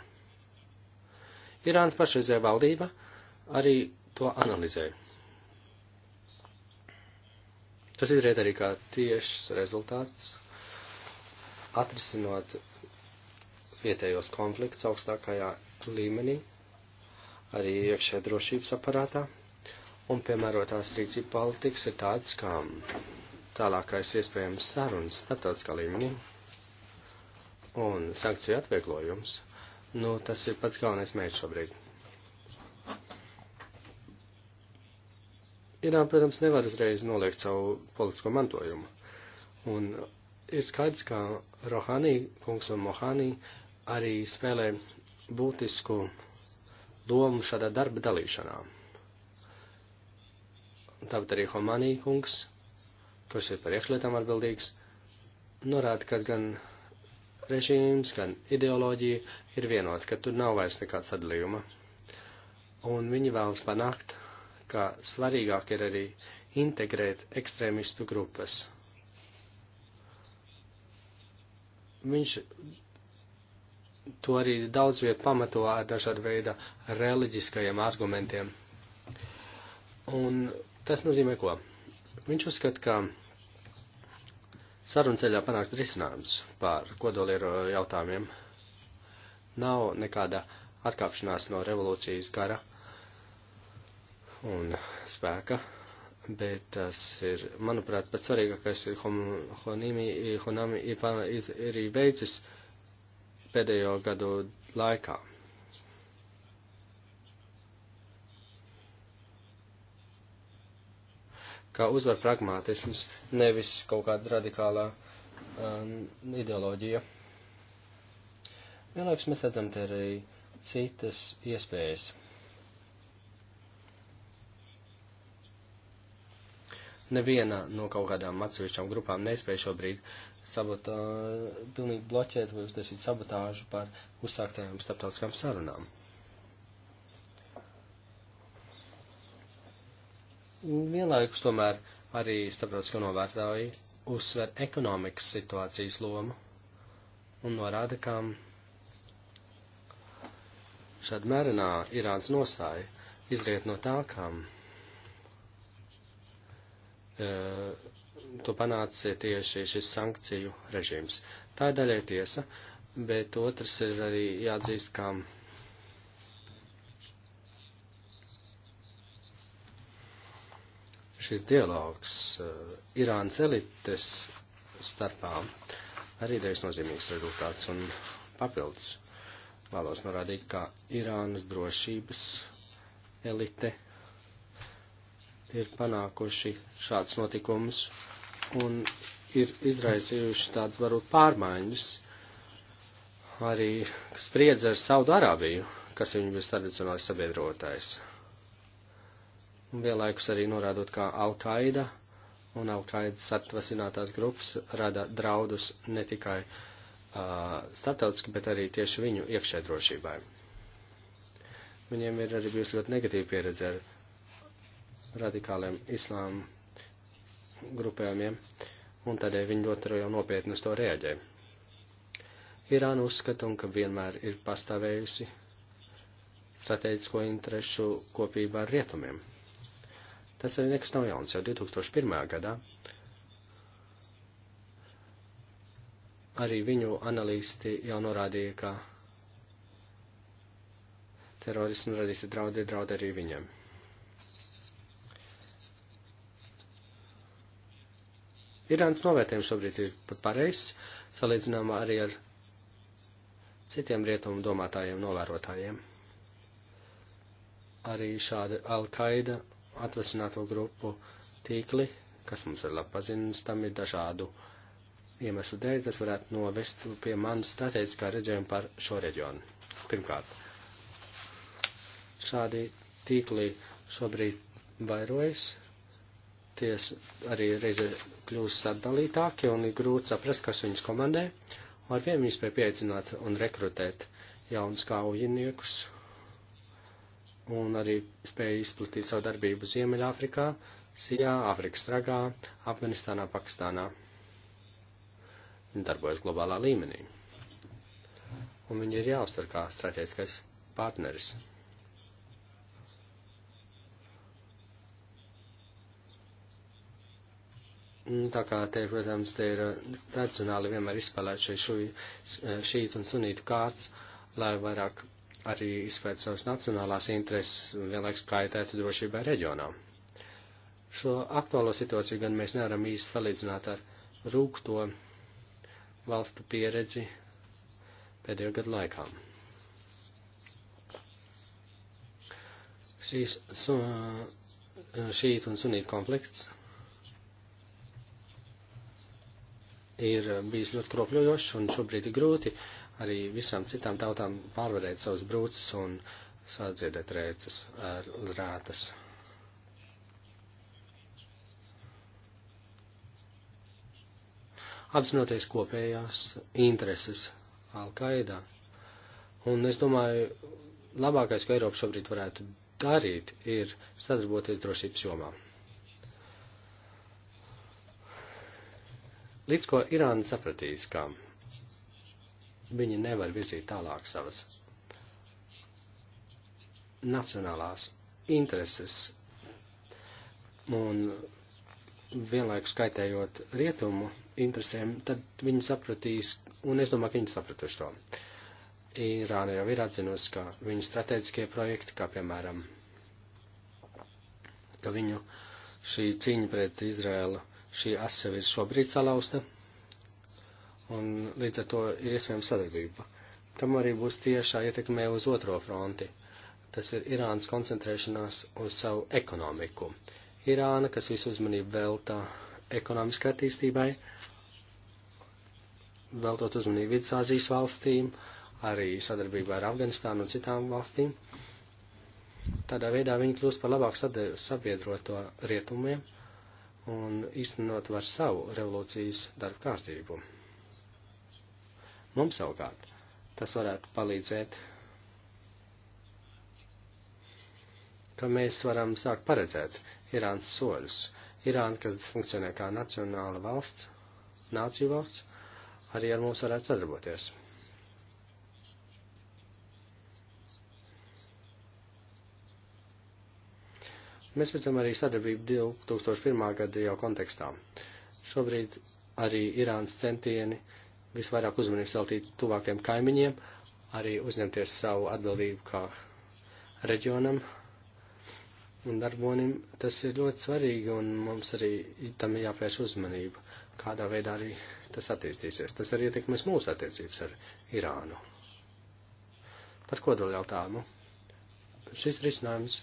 Irānas pašreizējā valdība arī to analizēja Tas izriet arī kā tiešs rezultāts, atrisinot vietējos konflikts augstākajā līmenī, arī iekšē drošības aparātā, un piemērotās rīcība politikas ir tāds, kā tālākais iespējams sarunas starptautiskā līmenī un sankciju atvieglojums. Nu, tas ir pats galvenais mērķis šobrīd. Irāna, protams, nevar uzreiz noliegt savu politisko mantojumu. Un ir skaidrs, ka Rohani, kungs un Mohani arī spēlē būtisku lomu šādā darba dalīšanā. Tāpat arī Homanī kungs, kurš ir par iekšlietām atbildīgs, norāda, ka gan režīms, gan ideoloģija ir vienot, ka tur nav vairs nekāds sadalījuma. Un viņi vēlas panākt ka svarīgāk ir arī integrēt ekstrēmistu grupas. Viņš to arī daudz viet pamato ar dažādu veidu reliģiskajiem argumentiem. Un tas nozīmē ko? Viņš uzskata, ka sarunceļā panākt risinājums par kodolieru jautājumiem nav nekāda atkāpšanās no revolūcijas gara un spēka, bet tas ir, manuprāt, pats svarīgākais ir Honami, Honami ir, ir, ir beidzis pēdējo gadu laikā. Kā uzvar pragmātisms, nevis kaut kāda radikālā um, ideoloģija. Vienlaikus mēs redzam te arī citas iespējas. neviena no kaut kādām atsevišķām grupām nespēja šobrīd sabotā, pilnīgi bloķēt vai uztaisīt sabotāžu par uzsāktajām starptautiskām sarunām. Vienlaikus tomēr arī starptautiskā novērtāji uzsver ekonomikas situācijas lomu un norāda, ka šāda mērenā Irāns nostāja izriet no tā, ka E, to panāca tieši šis sankciju režīms. Tā ir daļai tiesa, bet otrs ir arī jāatzīst, ka šis dialogs e, Irānas elites starpā arī devis nozīmīgs rezultāts un papildus. Vēlos norādīt, ka Irānas drošības elite ir panākuši šāds notikums un ir izraisījuši tāds varbūt pārmaiņas arī spriedze ar Saudārābiju, kas viņu bija tradicionāli sabiedrotais. Un vienlaikus arī norādot, kā Al-Qaida un Al-Qaidas atvasinātās grupas rada draudus ne tikai uh, starptautiski, bet arī tieši viņu iekšē drošībai. Viņiem ir arī bijusi ļoti negatīva pieredze ar radikāliem islāma grupējumiem, un tādēļ viņi ļoti jau nopietni uz to reaģē. Irāna uzskata, un ka vienmēr ir pastāvējusi strateģisko interesu kopībā ar rietumiem. Tas arī nekas nav jauns, jau 2001. gadā arī viņu analīsti jau norādīja, ka terorismu radīs draudi, draudi arī viņiem. Irānas novērtējums šobrīd ir pat pareizs, salīdzināmā arī ar citiem rietumu domātājiem, novērotājiem. Arī šāda Al-Qaida atvasināto grupu tīkli, kas mums ir labi pazīstams, tam ir dažādu iemeslu dēļ, tas varētu novest pie manas strateģiskā redzējuma par šo reģionu. Pirmkārt, šādi tīkli šobrīd vairojas, tie arī reizē kļūst atdalītāki un ir grūti saprast, kas viņus komandē. Ar vienu viņus spēja pieaicināt un rekrutēt jaunus kaujiniekus un arī spēja izplatīt savu darbību Ziemeļāfrikā, Sijā, Āfrikas tragā, Afganistānā, Pakistānā. Viņi darbojas globālā līmenī. Un viņi ir jāuztver kā strateģiskais partneris. Mm, tā kā te, protams, te ir uh, tradicionāli vienmēr izspēlēt šeit uh, šīt un sunītu kārts, lai vairāk arī izspēt savas nacionālās intereses un vienlaikus kaitētu drošībai reģionā. Šo aktuālo situāciju gan mēs nevaram īsti salīdzināt ar rūkto valstu pieredzi pēdējo gadu laikā. Šīs, su, uh, šīt un sunīt konflikts ir bijis ļoti kropļojošs un šobrīd ir grūti arī visām citām tautām pārvarēt savus brūces un sadziedēt rēces ar rētas. Apzinoties kopējās intereses Al-Qaidā. Un es domāju, labākais, ko Eiropa šobrīd varētu darīt, ir sadarboties drošības jomā. Līdz ko Irāna sapratīs, ka viņi nevar virzīt tālāk savas nacionālās intereses un vienlaikus kaitējot rietumu interesēm, tad viņi sapratīs, un es domāju, ka viņi sapratuši to. Irāna jau ir atzinusi, ka viņu strateģiskie projekti, kā piemēram, ka viņu šī cīņa pret Izrēlu šī asa ir šobrīd salausta, un līdz ar to ir iespējama sadarbība. Tam arī būs tiešā ietekmē uz otro fronti. Tas ir Irānas koncentrēšanās uz savu ekonomiku. Irāna, kas visu uzmanību velta ekonomiskai attīstībai, veltot uzmanību Vidusāzijas valstīm, arī sadarbībā ar Afganistānu un citām valstīm. Tādā veidā viņi kļūst par labāk sabiedroto rietumiem un īstenot var savu revolūcijas darbu kārtību. Mums savukārt tas varētu palīdzēt, ka mēs varam sākt paredzēt Irānas soļus. Irāna, kas funkcionē kā nacionāla valsts, nāciju valsts, arī ar mums varētu sadarboties. Mēs redzam arī sadarbību 2001. gada jau kontekstā. Šobrīd arī Irānas centieni visvairāk uzmanības veltīt tuvākiem kaimiņiem, arī uzņemties savu atbildību kā reģionam un darbonim. Tas ir ļoti svarīgi un mums arī tam ir jāpievērš uzmanība, kādā veidā arī tas attīstīsies. Tas arī ietekmēs mūsu attiecības ar Irānu. Par kodolu jautājumu. Šis risinājums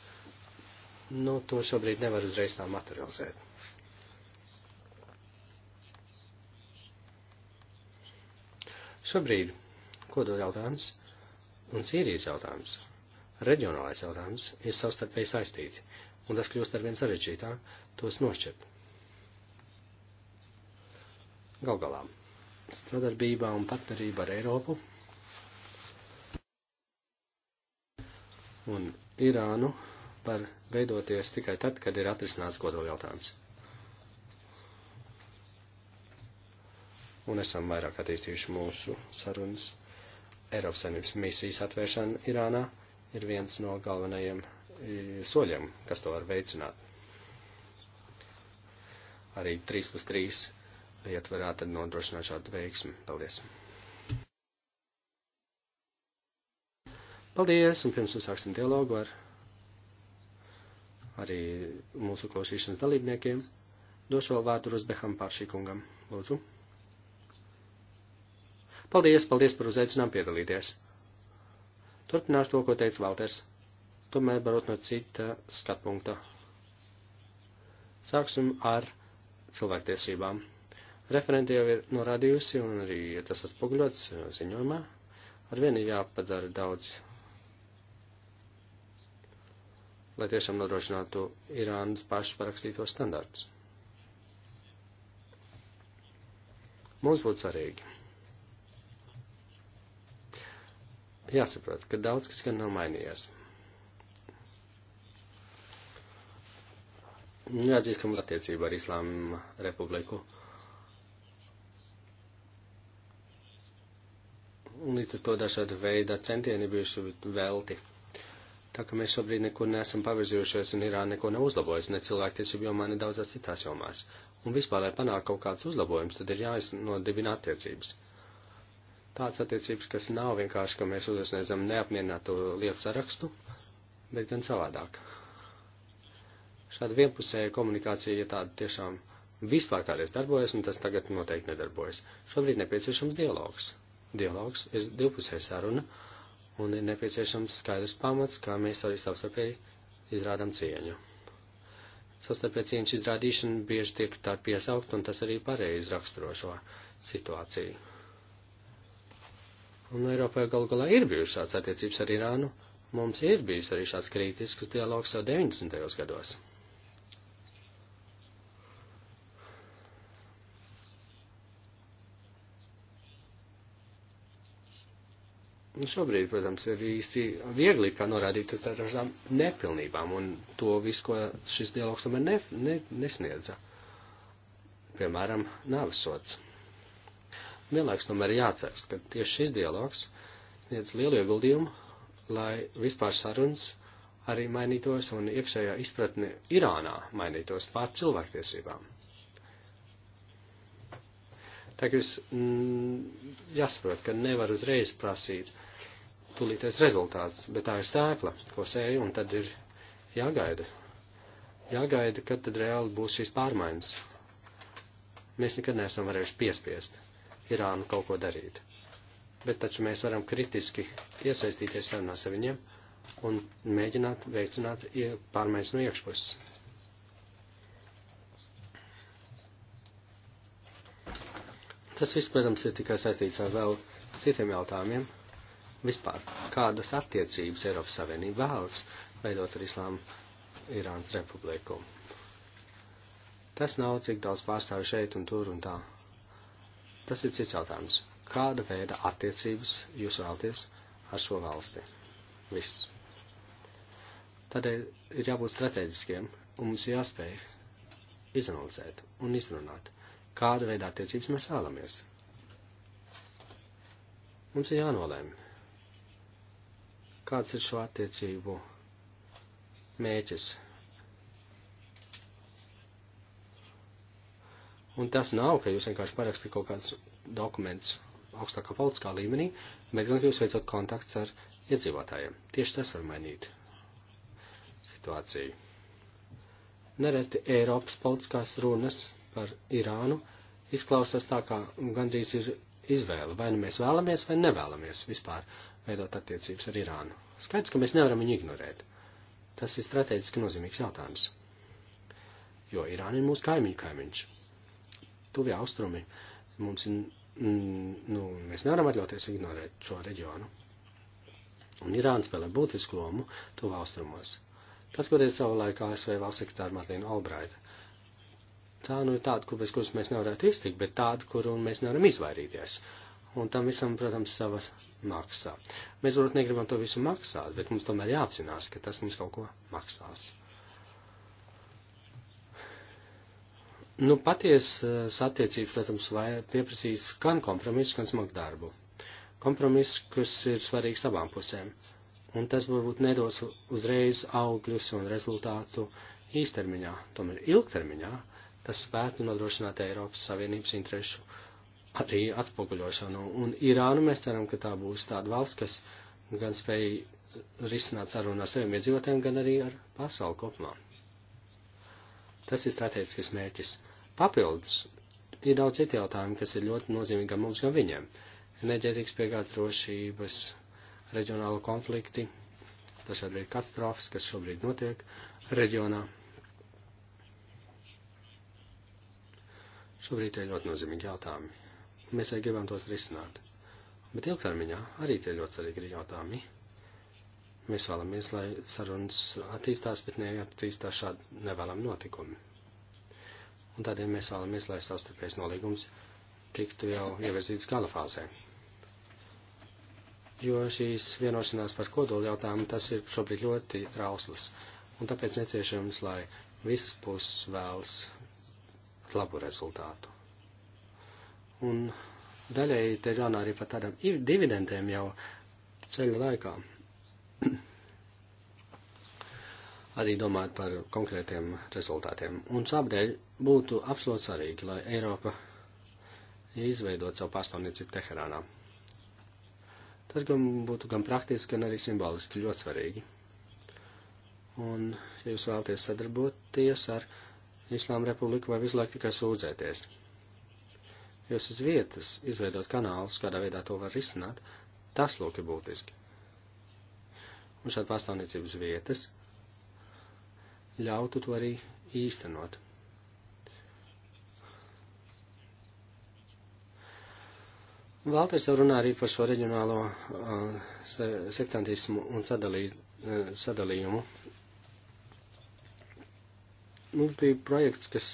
nu, to šobrīd nevar uzreiz tā materializēt. Šobrīd kodola jautājums un Sīrijas jautājums, reģionālais jautājums, ir savstarpēji saistīti, un tas kļūst arvien sarežģītāk tos nošķirt. Gal galā, sadarbībā un partnerība ar Eiropu un Irānu var veidoties tikai tad, kad ir atrisināts kodola jautājums. Un esam vairāk attīstījuši mūsu sarunas. Eiropas Savienības misijas atvēršana Irānā ir viens no galvenajiem e, soļiem, kas to var veicināt. Arī 3 plus 3 ietverā tad nodrošināt šādu veiksmu. Paldies! Paldies, un pirms uzsāksim dialogu ar arī mūsu klausīšanas dalībniekiem. Došu vēl vārdu Rusbeham Pāršīkungam. Lūdzu. Paldies, paldies par uzaicinājumu piedalīties. Turpināšu to, ko teica Valters. Tomēr varot no cita skatpunkta. Sāksim ar cilvēktiesībām. Referenti jau ir norādījusi, un arī tas atspoguļots ziņojumā, ar vienu jāpadara daudz lai tiešām nodrošinātu Irānas pašu parakstītos standarts. Mums būtu svarīgi. Jāsaprot, ka daudz kas gan nav mainījies. Jāatzīst, ka mums attiecība ar Islāma republiku. Līdz ar to dažādi veidi centieni bijuši velti. Tā ka mēs šobrīd nekur neesam pavirzījušies un Irāna neko nav uzlabojusi, ne cilvēktiesību jomā, ne daudzās citās jomās. Un vispār, lai panāktu kaut kāds uzlabojums, tad ir jāiznodibina attiecības. Tāds attiecības, kas nav vienkārši, ka mēs uzsniedzam neapmierinātu lietu sarakstu, bet gan savādāk. Šāda vienpusēja komunikācija, ja tāda tiešām vispār kādreiz darbojas, un tas tagad noteikti nedarbojas. Šobrīd nepieciešams dialogs. Dialogs ir divpusēja saruna un ir nepieciešams skaidrs pamats, kā mēs arī savstarpēji izrādām cieņu. Savstarpēji cieņas izrādīšana bieži tiek tā piesaukt, un tas arī pareizi raksturo šo situāciju. Un Eiropā galu galā ir bijušas šāds attiecības ar Irānu, mums ir bijis arī šāds kritisks dialogs jau 90. gados. Un nu, šobrīd, protams, ir īsti viegli kā norādīt uz tādām nepilnībām un to visu, ko šis dialogs tomēr ne, ne, nesniedza. Piemēram, nāvesots. Vienlaiks tomēr jāatceras, ka tieši šis dialogs sniedz lielu ieguldījumu, lai vispār sarunas arī mainītos un iekšējā izpratne Irānā mainītos pār cilvēktiesībām. Tā kā jūs mm, jāsaprot, ka nevar uzreiz prasīt, uh, tulītais rezultāts, bet tā ir sēkla, ko sēju, un tad ir jāgaida. Jāgaida, kad tad reāli būs šīs pārmaiņas. Mēs nekad neesam varējuši piespiest Irānu kaut ko darīt. Bet taču mēs varam kritiski iesaistīties sarunās ar viņiem un mēģināt veicināt pārmaiņas no iekšpuses. Tas viss, protams, ir tikai saistīts ar vēl citiem jautājumiem vispār kādas attiecības Eiropas Savienība vēlas veidot ar Islāmu Irānas republiku. Tas nav cik daudz pārstāvi šeit un tur un tā. Tas ir cits jautājums. Kāda veida attiecības jūs vēlties ar šo valsti? Viss. Tādēļ ir jābūt strateģiskiem, un mums jāspēj izanalizēt un izrunāt, kāda veida attiecības mēs vēlamies. Mums ir jānolēma, Kāds ir šo attiecību mēķis? Un tas nav, ka jūs vienkārši parakstat kaut kādus dokumentus augstākā politiskā līmenī, bet gan, ka jūs veicat kontakts ar iedzīvotājiem. Tieši tas var mainīt situāciju. Nereti Eiropas politiskās runas par Irānu izklausās tā, kā gandrīz ir izvēle, vai nu mēs vēlamies, vai nevēlamies vispār veidot attiecības ar Irānu. Skaidrs, ka mēs nevaram viņu ignorēt. Tas ir strateģiski nozīmīgs jautājums. Jo Irāna ir mūsu kaimiņu kaimiņš. Tuvie austrumi mums ir, mm, nu, mēs nevaram atļauties ignorēt šo reģionu. Un Irāna spēlē būtisku lomu tuvā austrumos. Tas, ko teica savu laiku ASV valsts sekretāra Marlīna Albraita, tā nu ir tāda, kur bez kuras mēs nevarētu iztikt, bet tāda, kuru mēs nevaram izvairīties. Uh, un tam visam, protams, savas maksā. Mēs varbūt negribam to visu maksāt, bet mums tomēr jāapzinās, ka tas mums kaut ko maksās. Nu, patiesas attiecības, protams, vai pieprasīs gan kompromisu, gan smagu darbu. Kompromiss, kas ir svarīgs abām pusēm, un tas varbūt nedos uzreiz augļus un rezultātu īstermiņā, tomēr ilgtermiņā tas spētu nodrošināt Eiropas Savienības interesu uh, arī atspoguļošanu. Un Irānu mēs ceram, ka tā būs tāda valsts, kas gan spēj risināt sarunu ar saviem iedzīvotājiem, gan arī ar pasauli kopumā. Tas ir strateģisks mērķis. Papildus ir daudz citu jautājumu, kas ir ļoti nozīmīgi gan mums, gan viņiem. Enerģētikas piegādes drošības, reģionāla konflikti, dažādi veidi katastrofas, kas šobrīd notiek reģionā. Šobrīd ir ļoti nozīmīgi jautājumi. Mēs arī gribam tos risināt. Bet ilgtermiņā arī tie ļoti svarīgi jautājumi. Mēs vēlamies, lai sarunas attīstās, bet neattīstās šādi nevēlam notikumi. Un tādēļ mēs vēlamies, lai savstarpējs nolīgums tiktu jau ievirzīts gala fāzē. Jo šīs vienošanās par kodoli jautājumu tas ir šobrīd ļoti trausls, un tāpēc nepieciešams, lai visas puses vēlas labu rezultātu. Un daļēji te runā arī par tādām dividendēm jau ceļa laikā. arī domājot par konkrētiem rezultātiem. Un šāpdēļ būtu absolūti svarīgi, lai Eiropa izveidot savu pastāvniecību Teherānā. Tas gan būtu gan praktiski, gan arī simboliski ļoti svarīgi. Un, ja jūs vēlaties sadarboties ar Islāma republiku, vai visu laiku tikai sūdzēties? Jūs uz vietas izveidot kanālus, kādā veidā to var risināt, tas lūk ir būtiski. Un šāda pārstāvniecības vietas ļautu to arī īstenot. Valters jau runā arī par šo reģionālo uh, se sektantismu un sadalī, uh, sadalījumu. Mums nu, bija projekts, kas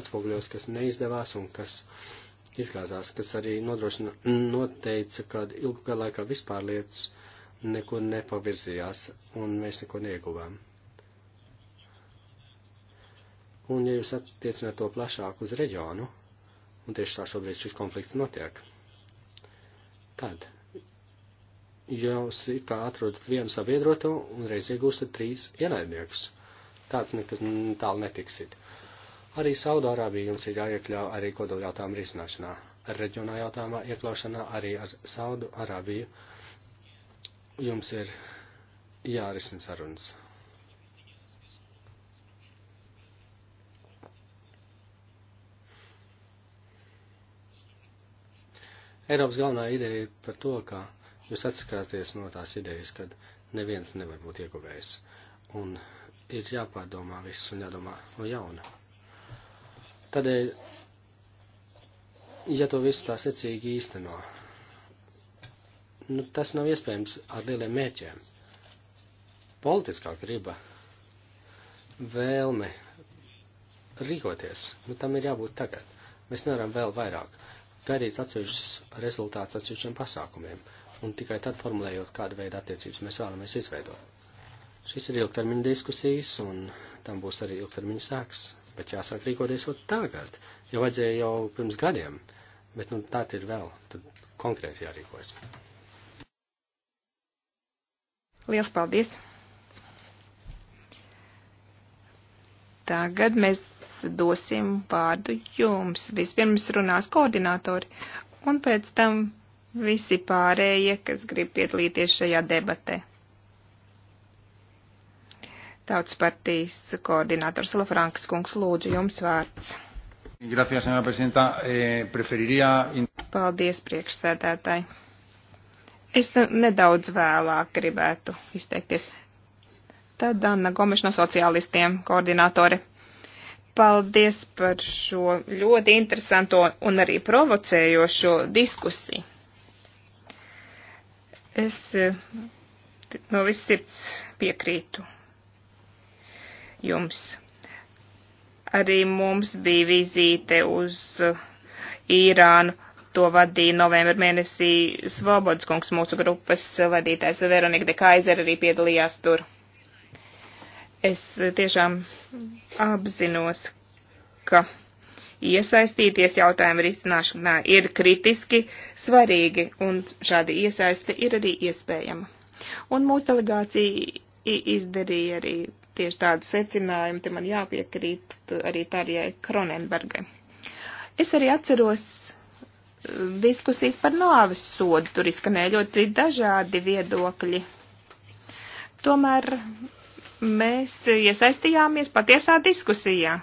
atspoguļos, kas neizdevās un kas uh, izgāzās, kas arī nodrošina, noteica, ka ilgā laikā vispār lietas neko nepavirzījās un mēs neko neieguvām. Un ja jūs attiecināt to plašāk uz reģionu, un tieši tā šobrīd šis konflikts notiek, tad jūs it kā atrodat vienu sabiedroto un reiz iegūstat trīs ienaidniekus. Tāds nekas tālu netiksit. Uh, Arī Saudārābija jums ir jāiekļauj arī kodola jautājuma risināšanā. Ar reģionā jautājumā iekļaušanā arī ar Saudu Arābiju jums ir jārisina sarunas. Eiropas galvenā ideja ir par to, ka jūs atsakāties no tās idejas, kad neviens nevar būt ieguvējis. Un ir jāpārdomā viss un jādomā no jauna. Tādēļ, ja to visu tā secīgi īsteno, nu, tas nav iespējams ar lieliem mērķiem. Politiskā griba, vēlme rīkoties, nu, tam ir jābūt tagad. Mēs nevaram vēl vairāk gaidīt atsevišķus rezultātus atsevišķiem pasākumiem un tikai tad formulējot, kādu veidu attiecības mēs vēlamies izveidot. Šis ir ilgtermiņa diskusijas, un tam būs arī ilgtermiņa sāks bet jāsāk rīkoties jau tagad, jau vajadzēja jau pirms gadiem, bet nu tā ir vēl, tad konkrēti jārīkojas. Liels paldies! Tagad mēs dosim vārdu jums. Vispirms runās koordinātori, un pēc tam visi pārējie, kas grib piedalīties šajā debatē. Tautas partijas koordinators Lafrankas kungs, lūdzu jums vārds. Gracias, señora presidenta. Eh, preferiría... Paldies, priekšsēdētāji. Es nedaudz vēlāk gribētu izteikties. Tad Anna Gomeša no sociālistiem koordinātore. Paldies par šo ļoti interesanto un arī provocējošo diskusiju. Es eh, no viss sirds piekrītu jums. Arī mums bija vizīte uz Īrānu. Uh, to vadīja novembra mēnesī Svobodas kungs, mūsu grupas vadītājs Veronika de Kaiser arī piedalījās tur. Es uh, tiešām apzinos, ka iesaistīties jautājumu risināšanā ir kritiski svarīgi, un šāda iesaiste ir arī iespējama. Un mūsu delegācija izdarīja arī Tieši tādu secinājumu te man jāpiekrīt arī Tārijai Kronenbergai. Es arī atceros eh, diskusijas par nāves sodu, tur izskanēja ļoti dažādi viedokļi. Tomēr mēs iesaistījāmies patiesā diskusijā.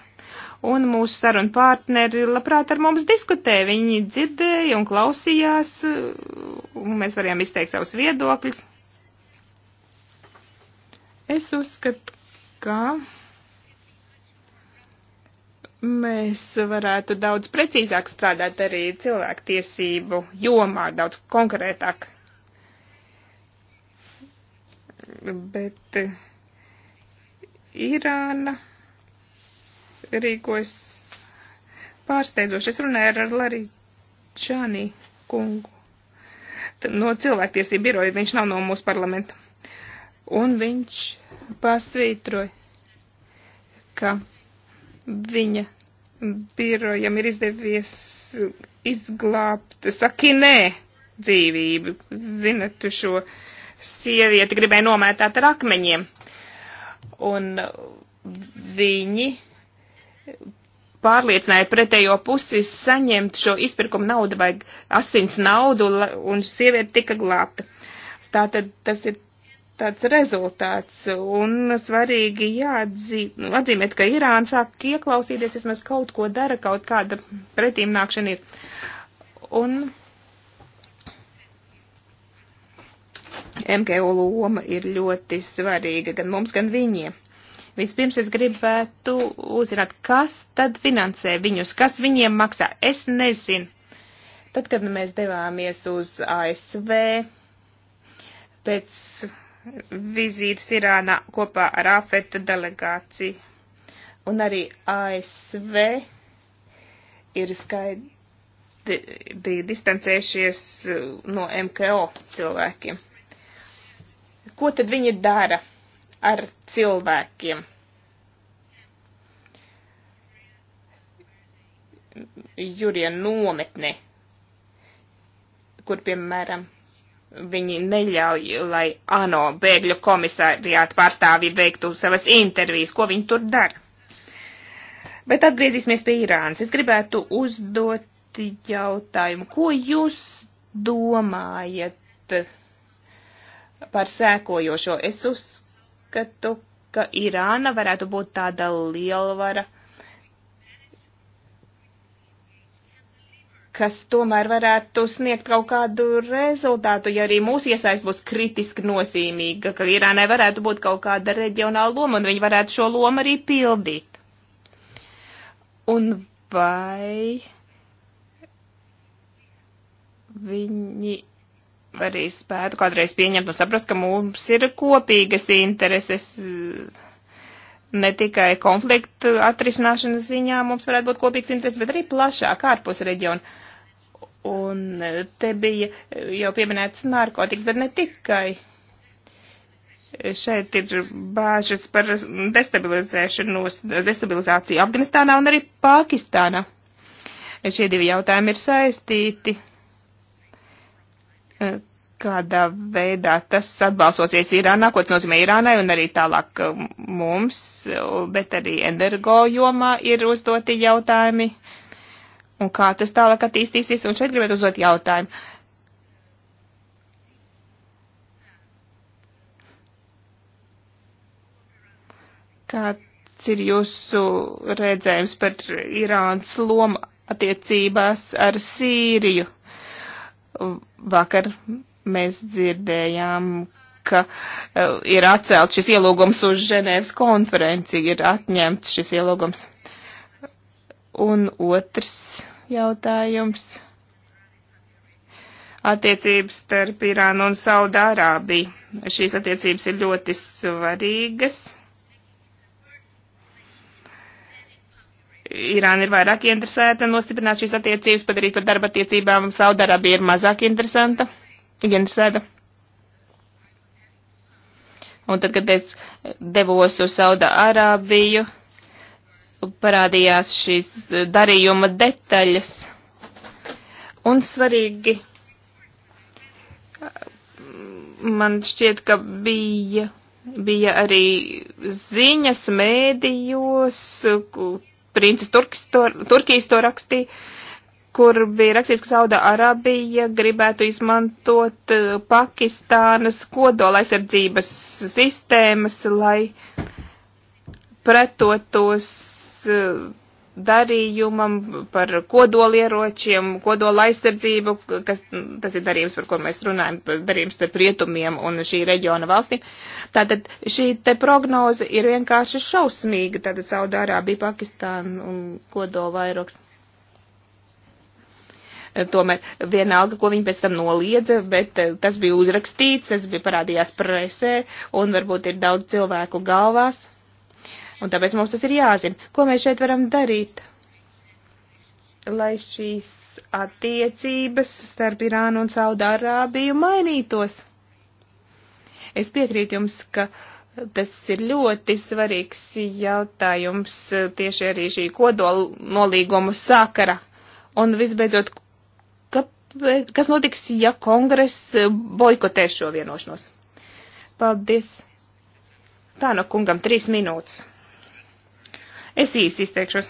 Un mūsu sarunu partneri labprāt ar mums diskutēja, viņi dzirdēja un klausījās, eh, un mēs varējām izteikt savus viedokļus. Es uzskatu, ka mēs varētu daudz precīzāk strādāt arī cilvēktiesību jomā, daudz konkrētāk. Bet Irāna rīkojas pārsteidzoši. Es runāju ar Larī Čānī kungu no cilvēktiesību biroja, viņš nav no mūsu parlamenta. Un viņš pasvītroja, ka viņa birojam ir izdevies izglābt sakinē dzīvību. Zinat, šo sievieti gribēja nomētāt ar akmeņiem. Un viņi pārliecināja pretējo pusi saņemt šo izpirkumu naudu vai asins naudu, un sieviete tika glābta. Tātad tas ir tāds rezultāts. Un svarīgi jāatzīmēt, nu, ka Irāna sāk ieklausīties, vismaz kaut ko dara, kaut kāda pretīm nākšana ir. Un MKU loma ir ļoti svarīga gan mums, gan viņiem. Vispirms es gribētu uzzināt, kas tad finansē viņus, kas viņiem maksā. Es nezinu. Tad, kad mēs devāmies uz ASV, pēc vizītes Irānā kopā ar AFETA delegāciju. Un arī ASV ir skaidri distancējušies uh, no MKO cilvēkiem. Ko tad viņi dara ar cilvēkiem? Jurija nometne, kur piemēram viņi neļauj, lai ANO bēgļu komisariāta pārstāvji veiktu savas intervijas, ko viņi tur dara. Bet atgriezīsimies pie Irānas. Es gribētu uzdot jautājumu, ko jūs domājat par sēkojošo? Es uzskatu, ka Irāna varētu būt tāda lielvara kas tomēr varētu sniegt kaut kādu rezultātu, ja arī mūsu iesaist būs kritiski nozīmīga, ka Irānai varētu būt kaut kāda reģionāla loma un viņi varētu šo lomu arī pildīt. Un vai viņi arī spētu kādreiz pieņemt un saprast, ka mums ir kopīgas intereses ne tikai konfliktu atrisināšanas ziņā mums varētu būt kopīgs interesi, bet arī plašāk ārpus reģiona. Un te bija jau pieminēts narkotikas, bet ne tikai. Šeit ir bāžas par destabilizēšanos, destabilizāciju Afganistānā un arī Pakistānā. Šie divi jautājumi ir saistīti. Kādā veidā tas atbalsosies Irānā, ko tas nozīmē Irānai un arī tālāk mums, bet arī energo jomā ir uzdoti jautājumi. Uh, un kā tas tālāk attīstīsies, un šeit gribētu uzdot jautājumu. Kāds ir jūsu redzējums par Irānas lomu attiecībās ar Sīriju? Vakar mēs dzirdējām, ka uh, ir atcelt šis ielūgums uz Ženēvas konferenci, ir atņemts šis ielūgums. Un otrs jautājums attiecības starp Irānu un Saudārābiju. Šīs attiecības ir ļoti svarīgas. Irāna ir vairāk interesēta nostiprināt šīs attiecības, padarīt par darba attiecībām. Saudārābija ir mazāk interesanta, interesēta. Un tad, kad es devos uz Saudārābiju, parādījās šīs darījuma detaļas. Un svarīgi man šķiet, ka bija, bija arī ziņas mēdījos, princis Turkis to, Turkijas to rakstīja, kur bija rakstīts, ka Sauda Arabija gribētu izmantot eh, Pakistānas kodolaizsardzības sistēmas, lai pretotos Eh, darījumam par kodolieročiem, kodola aizsardzību, kas tas ir darījums, par ko mēs runājam, darījums starp rietumiem un šī reģiona valstīm. Tātad šī te prognoze ir vienkārši šausmīga, tātad Saudārābija, Pakistāna un kodola vairoks. Eh, tomēr vienalga, ko viņi pēc tam noliedza, bet eh, tas bija uzrakstīts, tas bija parādījās presē, un varbūt ir daudz cilvēku galvās. Un tāpēc mums tas ir jāzina. Ko mēs šeit varam darīt, lai šīs attiecības starp Irānu un Saudārābiju mainītos? Es piekrītu jums, ka tas ir ļoti svarīgs jautājums eh, tieši arī šī kodola nolīguma sākara. Un visbeidzot, ka, kas notiks, ja kongress eh, boikotēs šo vienošanos? Paldies. Tā no kungam trīs minūtes. Es īsi izteikšos.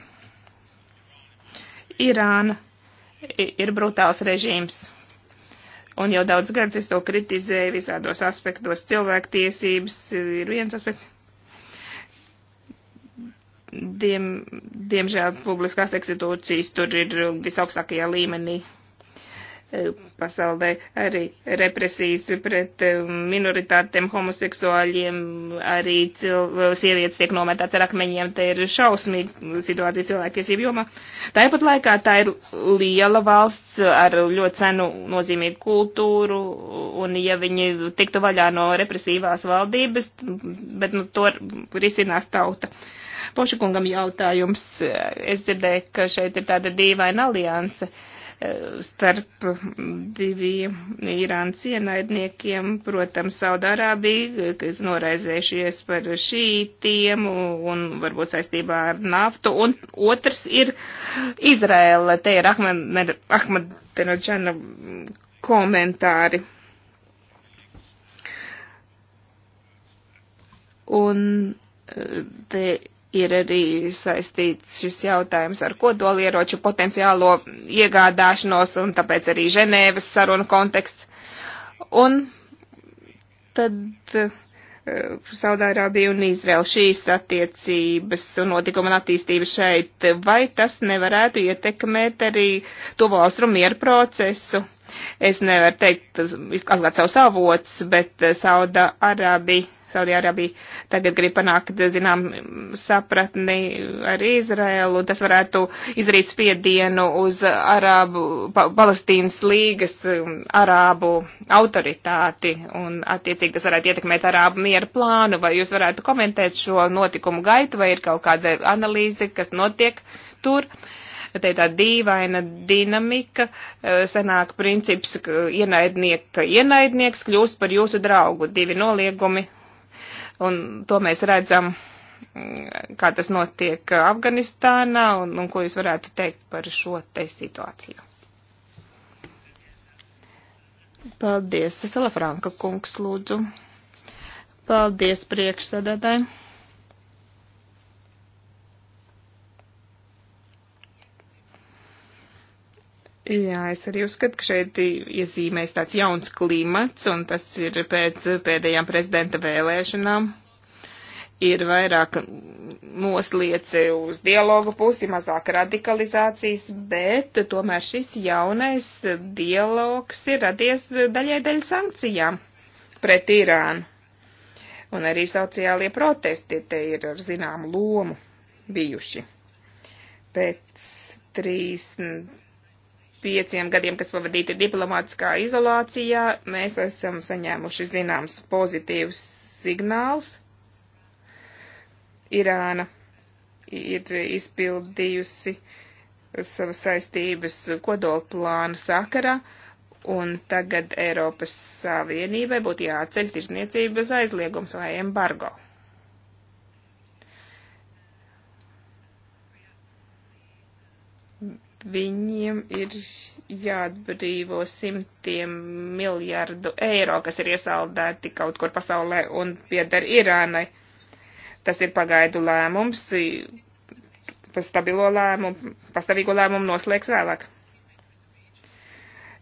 Irāna ir brutāls režīms. Un jau daudz gadus es to kritizēju visādos aspektos. Cilvēktiesības ir viens aspekts. Diem, diemžēl publiskās ekstitūcijas tur ir visaugstākajā līmenī pasaulē arī represijas pret um, minoritātiem, homoseksuāļiem, arī cil, sievietes tiek nometāts ar akmeņiem, te ir šausmīga situācija cilvēktiesību jomā. Tāpat laikā tā ir liela valsts ar ļoti cenu nozīmīgu kultūru, un ja viņi tiktu vaļā no represīvās valdības, bet nu, to risinās tauta. Pošakungam jautājums. Es dzirdēju, ka šeit ir tāda dīvaina alianse. Uh, starp diviem Irānas ienaidniekiem, protams, Saudārābija, kas noraizējušies par šītiem un varbūt saistībā ar naftu, un otrs ir Izraela. Te ir Ahmadinodžana komentāri. Un eh, te ir arī saistīts šis jautājums ar kodolieroču potenciālo iegādāšanos, un tāpēc arī Ženēvas saruna konteksts. Un tad uh, Saudārābija un Izraela šīs attiecības un notikuma un attīstība šeit, vai tas nevarētu ietekmēt arī tuvo austrumu mieru procesu? Es nevaru teikt, atklāt savu savots, bet eh, Saudārābija Saudijārābija tagad grib panākt, zinām, sapratni ar Izraēlu, tas varētu izdarīt spiedienu uz Arābu, Palestīnas līgas um, Arābu autoritāti, un attiecīgi tas varētu ietekmēt Arābu mieru plānu, vai jūs varētu komentēt šo notikumu gaitu, vai ir kaut kāda analīze, kas notiek tur. Te ir tā dīvaina dinamika, eh, sanāk princips, ka ienaidnieka ienaidnieks kļūst par jūsu draugu, divi noliegumi Un to mēs redzam, mm, kā tas notiek Afganistānā, un, un ko jūs varētu teikt par šo te situāciju. Paldies, Salafranka kungs, lūdzu. Paldies priekšsēdētāji. Jā, es arī uzskatu, ka šeit iezīmēs tāds jauns klimats, un tas ir pēc pēdējām prezidenta vēlēšanām. Ir vairāk nosliece uz dialogu pusi, mazāk radikalizācijas, bet tomēr šis jaunais dialogs ir radies daļai daļai sankcijām pret Irānu. Un arī sociālie protesti te ir ar zināmu lomu bijuši. Pēc trīs pieciem gadiem, kas pavadīti diplomātiskā izolācijā, mēs esam saņēmuši zināms pozitīvs signāls. Irāna ir izpildījusi savas saistības kodola plāna sakarā, un tagad Eiropas Savienībai būtu jāceļ tirzniecības aizliegums vai embargo. viņiem ir jāatbrīvo simtiem miljardu eiro, kas ir iesaldēti kaut kur pasaulē un pieder Irānai. Tas ir pagaidu lēmums, pa stabilo lēmumu, pastāvīgo lēmumu noslēgs vēlāk.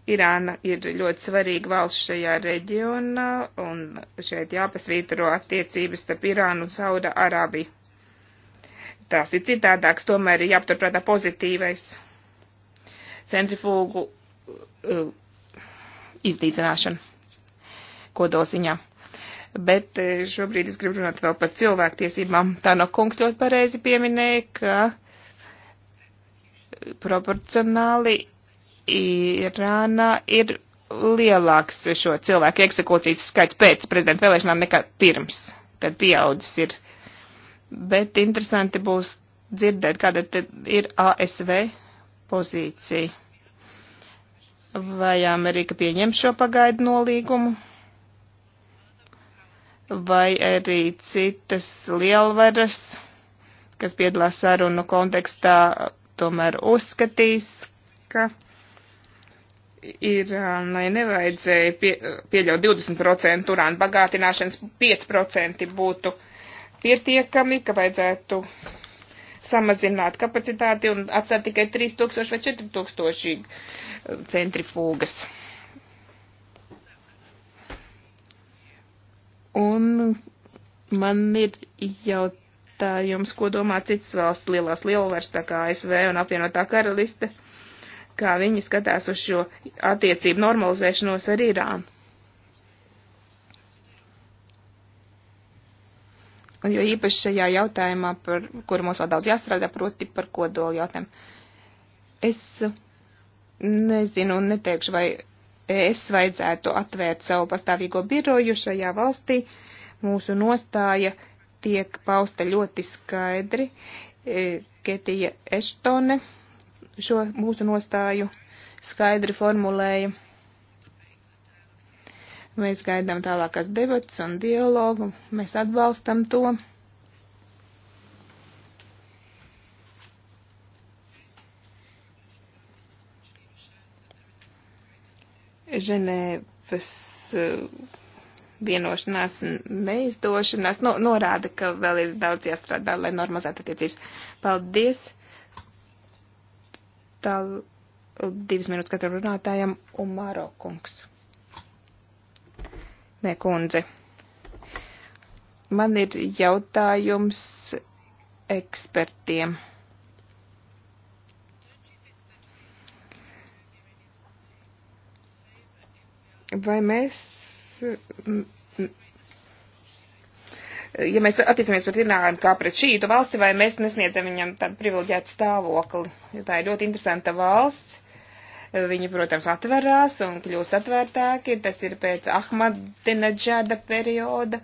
Irāna ir ļoti svarīga valsts šajā reģionā, un šeit jāpasvītro attiecības starp Irānu un Sauda Arābiju. Tās ir citādāks, tomēr ir jāpaturprātā pozitīvais centrifūgu eh, izdīdzināšanu kodolziņā. Bet eh, šobrīd es gribu runāt vēl par cilvēktiesībām. Tā no kungs ļoti pareizi pieminēja, ka eh, proporcionāli Irānā ir lielāks šo cilvēku eksekūcijas skaits pēc prezidenta vēlēšanām nekā pirms, kad pieaudzis ir. Bet interesanti būs dzirdēt, kāda ir ASV pozīcija. Vai Amerika pieņem šo pagaidu nolīgumu? Vai arī citas lielvaras, kas piedalās sarunu kontekstā, tomēr uzskatīs, ka ir, um, lai nevajadzēja pie, pieļaut 20% urāna bagātināšanas, 5% būtu pietiekami, ka vajadzētu samazināt kapacitāti un atstāt tikai 3000 vai 4000 eh, centrifūgas. Un man ir jautājums, ko domā citas valsts lielās lielvaras, tā kā ASV un apvienotā karaliste, kā viņi skatās uz šo attiecību normalizēšanos ar Irānu Un jo īpaši šajā jautājumā, par kuru mums vēl daudz jāstrādā, proti par kodolu jautājumu. Es nezinu un neteikšu, vai es vajadzētu atvērt savu pastāvīgo biroju šajā valstī. Mūsu nostāja tiek pausta ļoti skaidri. E, Ketija Eštone šo mūsu nostāju skaidri formulēja. Mēs gaidām tālākās debatas un dialogu. Mēs atbalstam to. Ženēvas uh, vienošanās neizdošanās nu, norāda, ka vēl ir daudz jāstrādā, lai normalizētu attiecības. Paldies! Tā divas minūtes katram runātājam un Māro kungs. Nē, kundze. Man ir jautājums ekspertiem. Vai mēs ja mēs attiecamies pret Irānu kā pret šītu valsti, vai mēs nesniedzam viņam tādu privileģētu stāvokli. Ja tā ir ļoti interesanta valsts, Viņi, protams, atverās un kļūst atvērtāki. Tas ir pēc Ahmadinečāda perioda.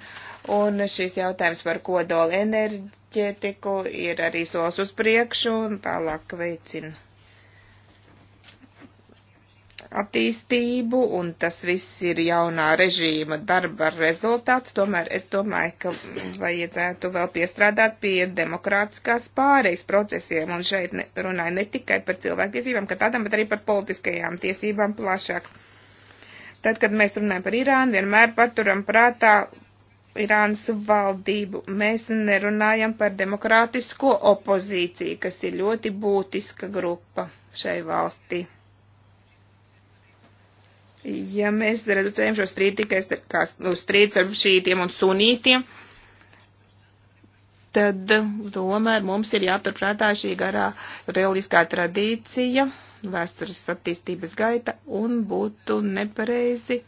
Un šis jautājums par kodolu enerģētiku ir arī solis uz priekšu un tālāk veicina attīstību, un tas viss ir jaunā režīma darba rezultāts. Tomēr es domāju, ka vajadzētu vēl piestrādāt pie demokrātiskās pārejas procesiem, un šeit ne, runāju ne tikai par cilvēktiesībām, ka tādām, bet arī par politiskajām tiesībām plašāk. Tad, kad mēs runājam par Irānu, vienmēr paturam prātā Irānas valdību. Mēs nerunājam par demokrātisko opozīciju, kas ir ļoti būtiska grupa šai valstī ja mēs reducējam šo strīdu tikai kā nu, strīds ar šītiem un sunītiem, tad tomēr mums ir jāpaturprātā šī garā reliģiskā tradīcija, vēstures attīstības gaita un būtu nepareizi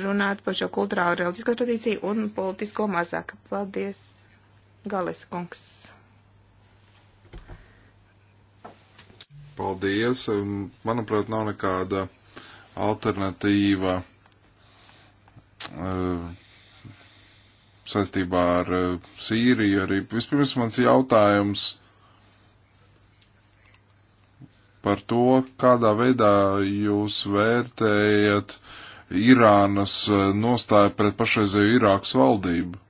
runāt par šo kultūrālu reliģisko tradīciju un politisko mazāk. Paldies, Gales kungs. Paldies. Manuprāt, nav nekāda alternatīva eh, saistībā ar eh, Sīriju. Arī vispirms mans jautājums par to, kādā veidā jūs vērtējat Irānas eh, nostāju pret pašreizēju Irākas valdību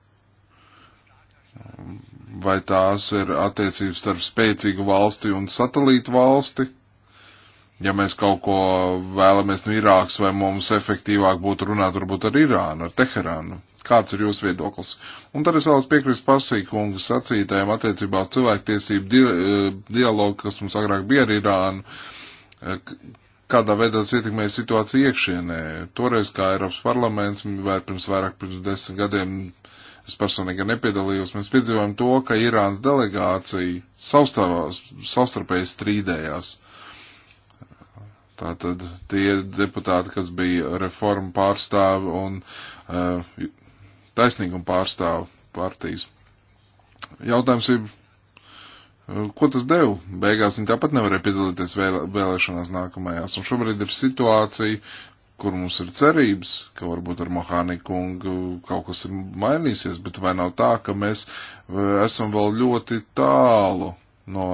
vai tās ir attiecības starp spēcīgu valsti un satelītu valsti. Ja mēs kaut ko vēlamies no Irākas, vai mums efektīvāk būtu runāt varbūt ar Irānu, ar Teherānu? Kāds ir jūsu viedoklis? Un tad es vēlos piekrist pasīkungu sacītājiem attiecībā uz cilvēktiesību di eh, dialogu, kas mums agrāk bija ar Irānu, eh, kādā veidā tas ietekmē situāciju iekšienē. Toreiz, kā Eiropas parlaments, vai pirms vairāk pirms desmit gadiem, uh, es personīgi nepiedalījos, mēs piedzīvojam to, ka Irānas delegācija savstarpēji strīdējās. Tātad tie deputāti, kas bija reformu pārstāvi un uh, eh, taisnīgumu pārstāvi partijas. Jautājums ir, eh, ko tas deva? Beigās viņi tāpat nevarēja piedalīties vēlēšanās nākamajās. Un šobrīd ir situācija, kur mums ir cerības, ka varbūt ar mehānikungu kaut kas ir mainīsies, bet vai nav tā, ka mēs e, esam vēl ļoti tālu no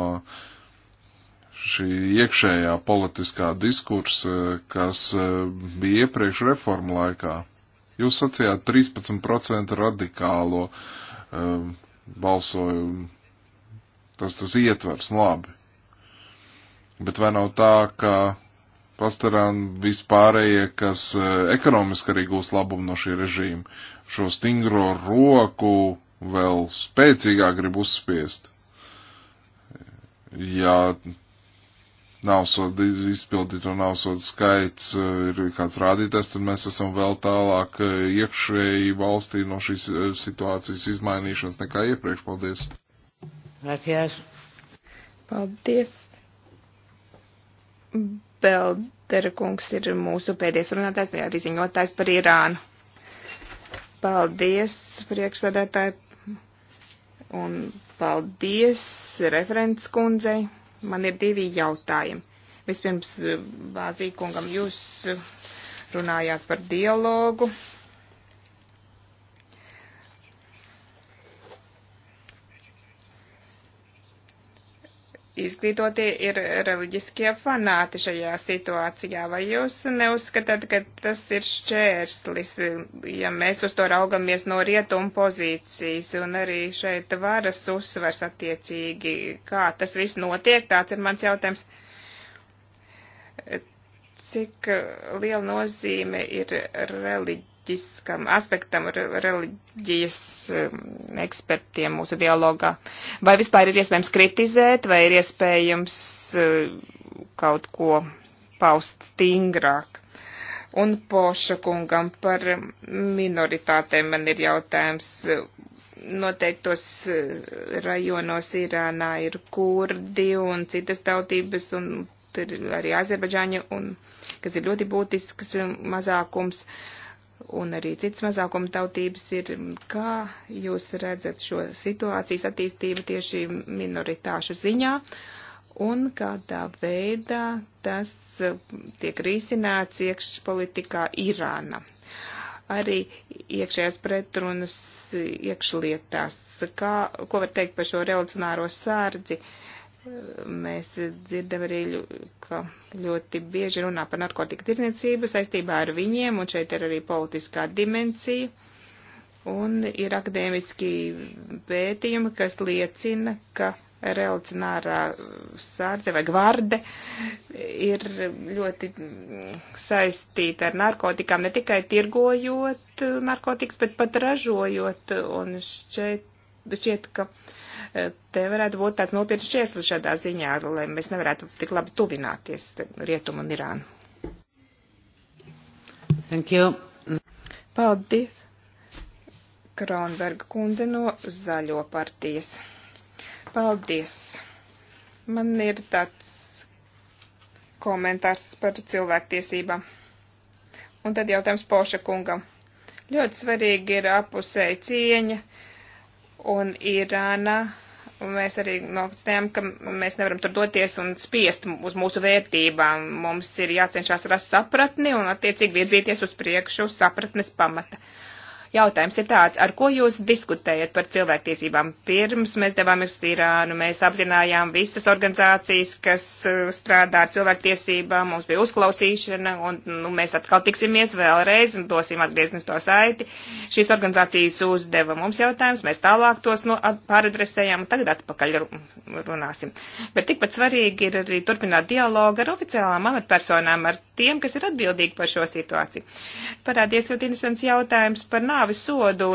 šī iekšējā politiskā diskursa, kas e, bija iepriekš reformu laikā. Jūs sacījāt 13% radikālo um, balsojumu. Tas tas ietvers labi. Bet vai nav tā, ka pastarām vispārējie, kas e, ekonomiski arī gūs labumu no šī režīma. Šo stingro roku vēl spēcīgāk grib uzspiest. Ja nav sodu izpildīto nav sodu skaits, e, ir kāds rādītājs, tad mēs esam vēl tālāk e, iekšēji valstī no šīs situācijas izmainīšanas nekā iepriekš. Paldies! Gracias. Paldies! Beldera kungs ir mūsu pēdējais runātājs, arī ziņotājs par Irānu. Paldies, priekšsādātāji, un paldies referents kundzei. Man ir divi jautājumi. Vispirms, Vāzī kungam, jūs runājāt par dialogu izglītotie ir reliģiskie fanāti šajā situācijā. Vai jūs neuzskatāt, ka tas ir šķērslis, ja mēs uz to raugamies no rietuma pozīcijas un arī šeit varas uzsvers attiecīgi? Kā tas viss notiek? Tāds ir mans jautājums. Cik liela nozīme ir reliģija? reliģiskam aspektam, reliģijas um, ekspertiem mūsu dialogā? Vai vispār ir iespējams kritizēt, vai ir iespējams uh, kaut ko paust stingrāk? Un Poša kungam par minoritātēm man ir jautājums. Noteiktos uh, rajonos Irānā ir kurdi un citas tautības, un tur ir arī azerbaidžāņi, un, kas ir ļoti būtisks mazākums. Uh, un arī citas mazākuma tautības ir. Kā jūs redzat šo situācijas attīstību tieši minoritāšu ziņā un kādā veidā tas tiek risināts iekšpolitikā Irāna? Arī iekšējās pretrunas iekšlietās. Kā, ko var teikt par šo revolucionāro sārdzi? Uh, Mēs dzirdam arī, ka ļoti bieži runā par narkotika tirdzniecību saistībā ar viņiem, un šeit ir arī politiskā dimensija. Un ir akadēmiski pētījumi, kas liecina, ka revolucionārā sārdze vai gvarde ir ļoti saistīta ar narkotikām, ne tikai tirgojot narkotikas, bet pat ražojot. Un šeit, šķiet, ka. Uh, Eh, te varētu būt tāds nopietns šķērslis šādā ziņā, lai mēs nevarētu tik labi tuvināties Rietumu un Irānu. Thank you. Paldies. Kronberga kundze no Zaļo partijas. Paldies. Man ir tāds komentārs par cilvēktiesībām. Un tad jautājums Poša kungam. Ļoti svarīgi ir apusēji cieņa un Irāna. Un mēs arī nokstējām, ka mēs nevaram tur doties un spiest uz mūsu vērtībām. Mums ir jācenšas rast sapratni un attiecīgi virzīties uz priekšu sapratnes pamata. Uh, Jautājums ir tāds, ar ko jūs diskutējat par cilvēktiesībām? Pirms mēs devāmies uz Irānu, mēs apzinājām visas organizācijas, kas uh, strādā ar cilvēktiesībām, mums bija uzklausīšana, un nu, mēs atkal tiksimies vēlreiz un dosim atgrieznisko saiti. Šīs organizācijas uzdeva mums jautājumus, mēs tālāk tos nu, pāradresējām, un tagad atpakaļ runāsim. Bet tikpat svarīgi ir arī turpināt dialogu ar oficiālām amatpersonām, ar tiem, kas ir atbildīgi par šo situāciju. Parādies ļoti interesants jautājums par nāvi nāvis sodu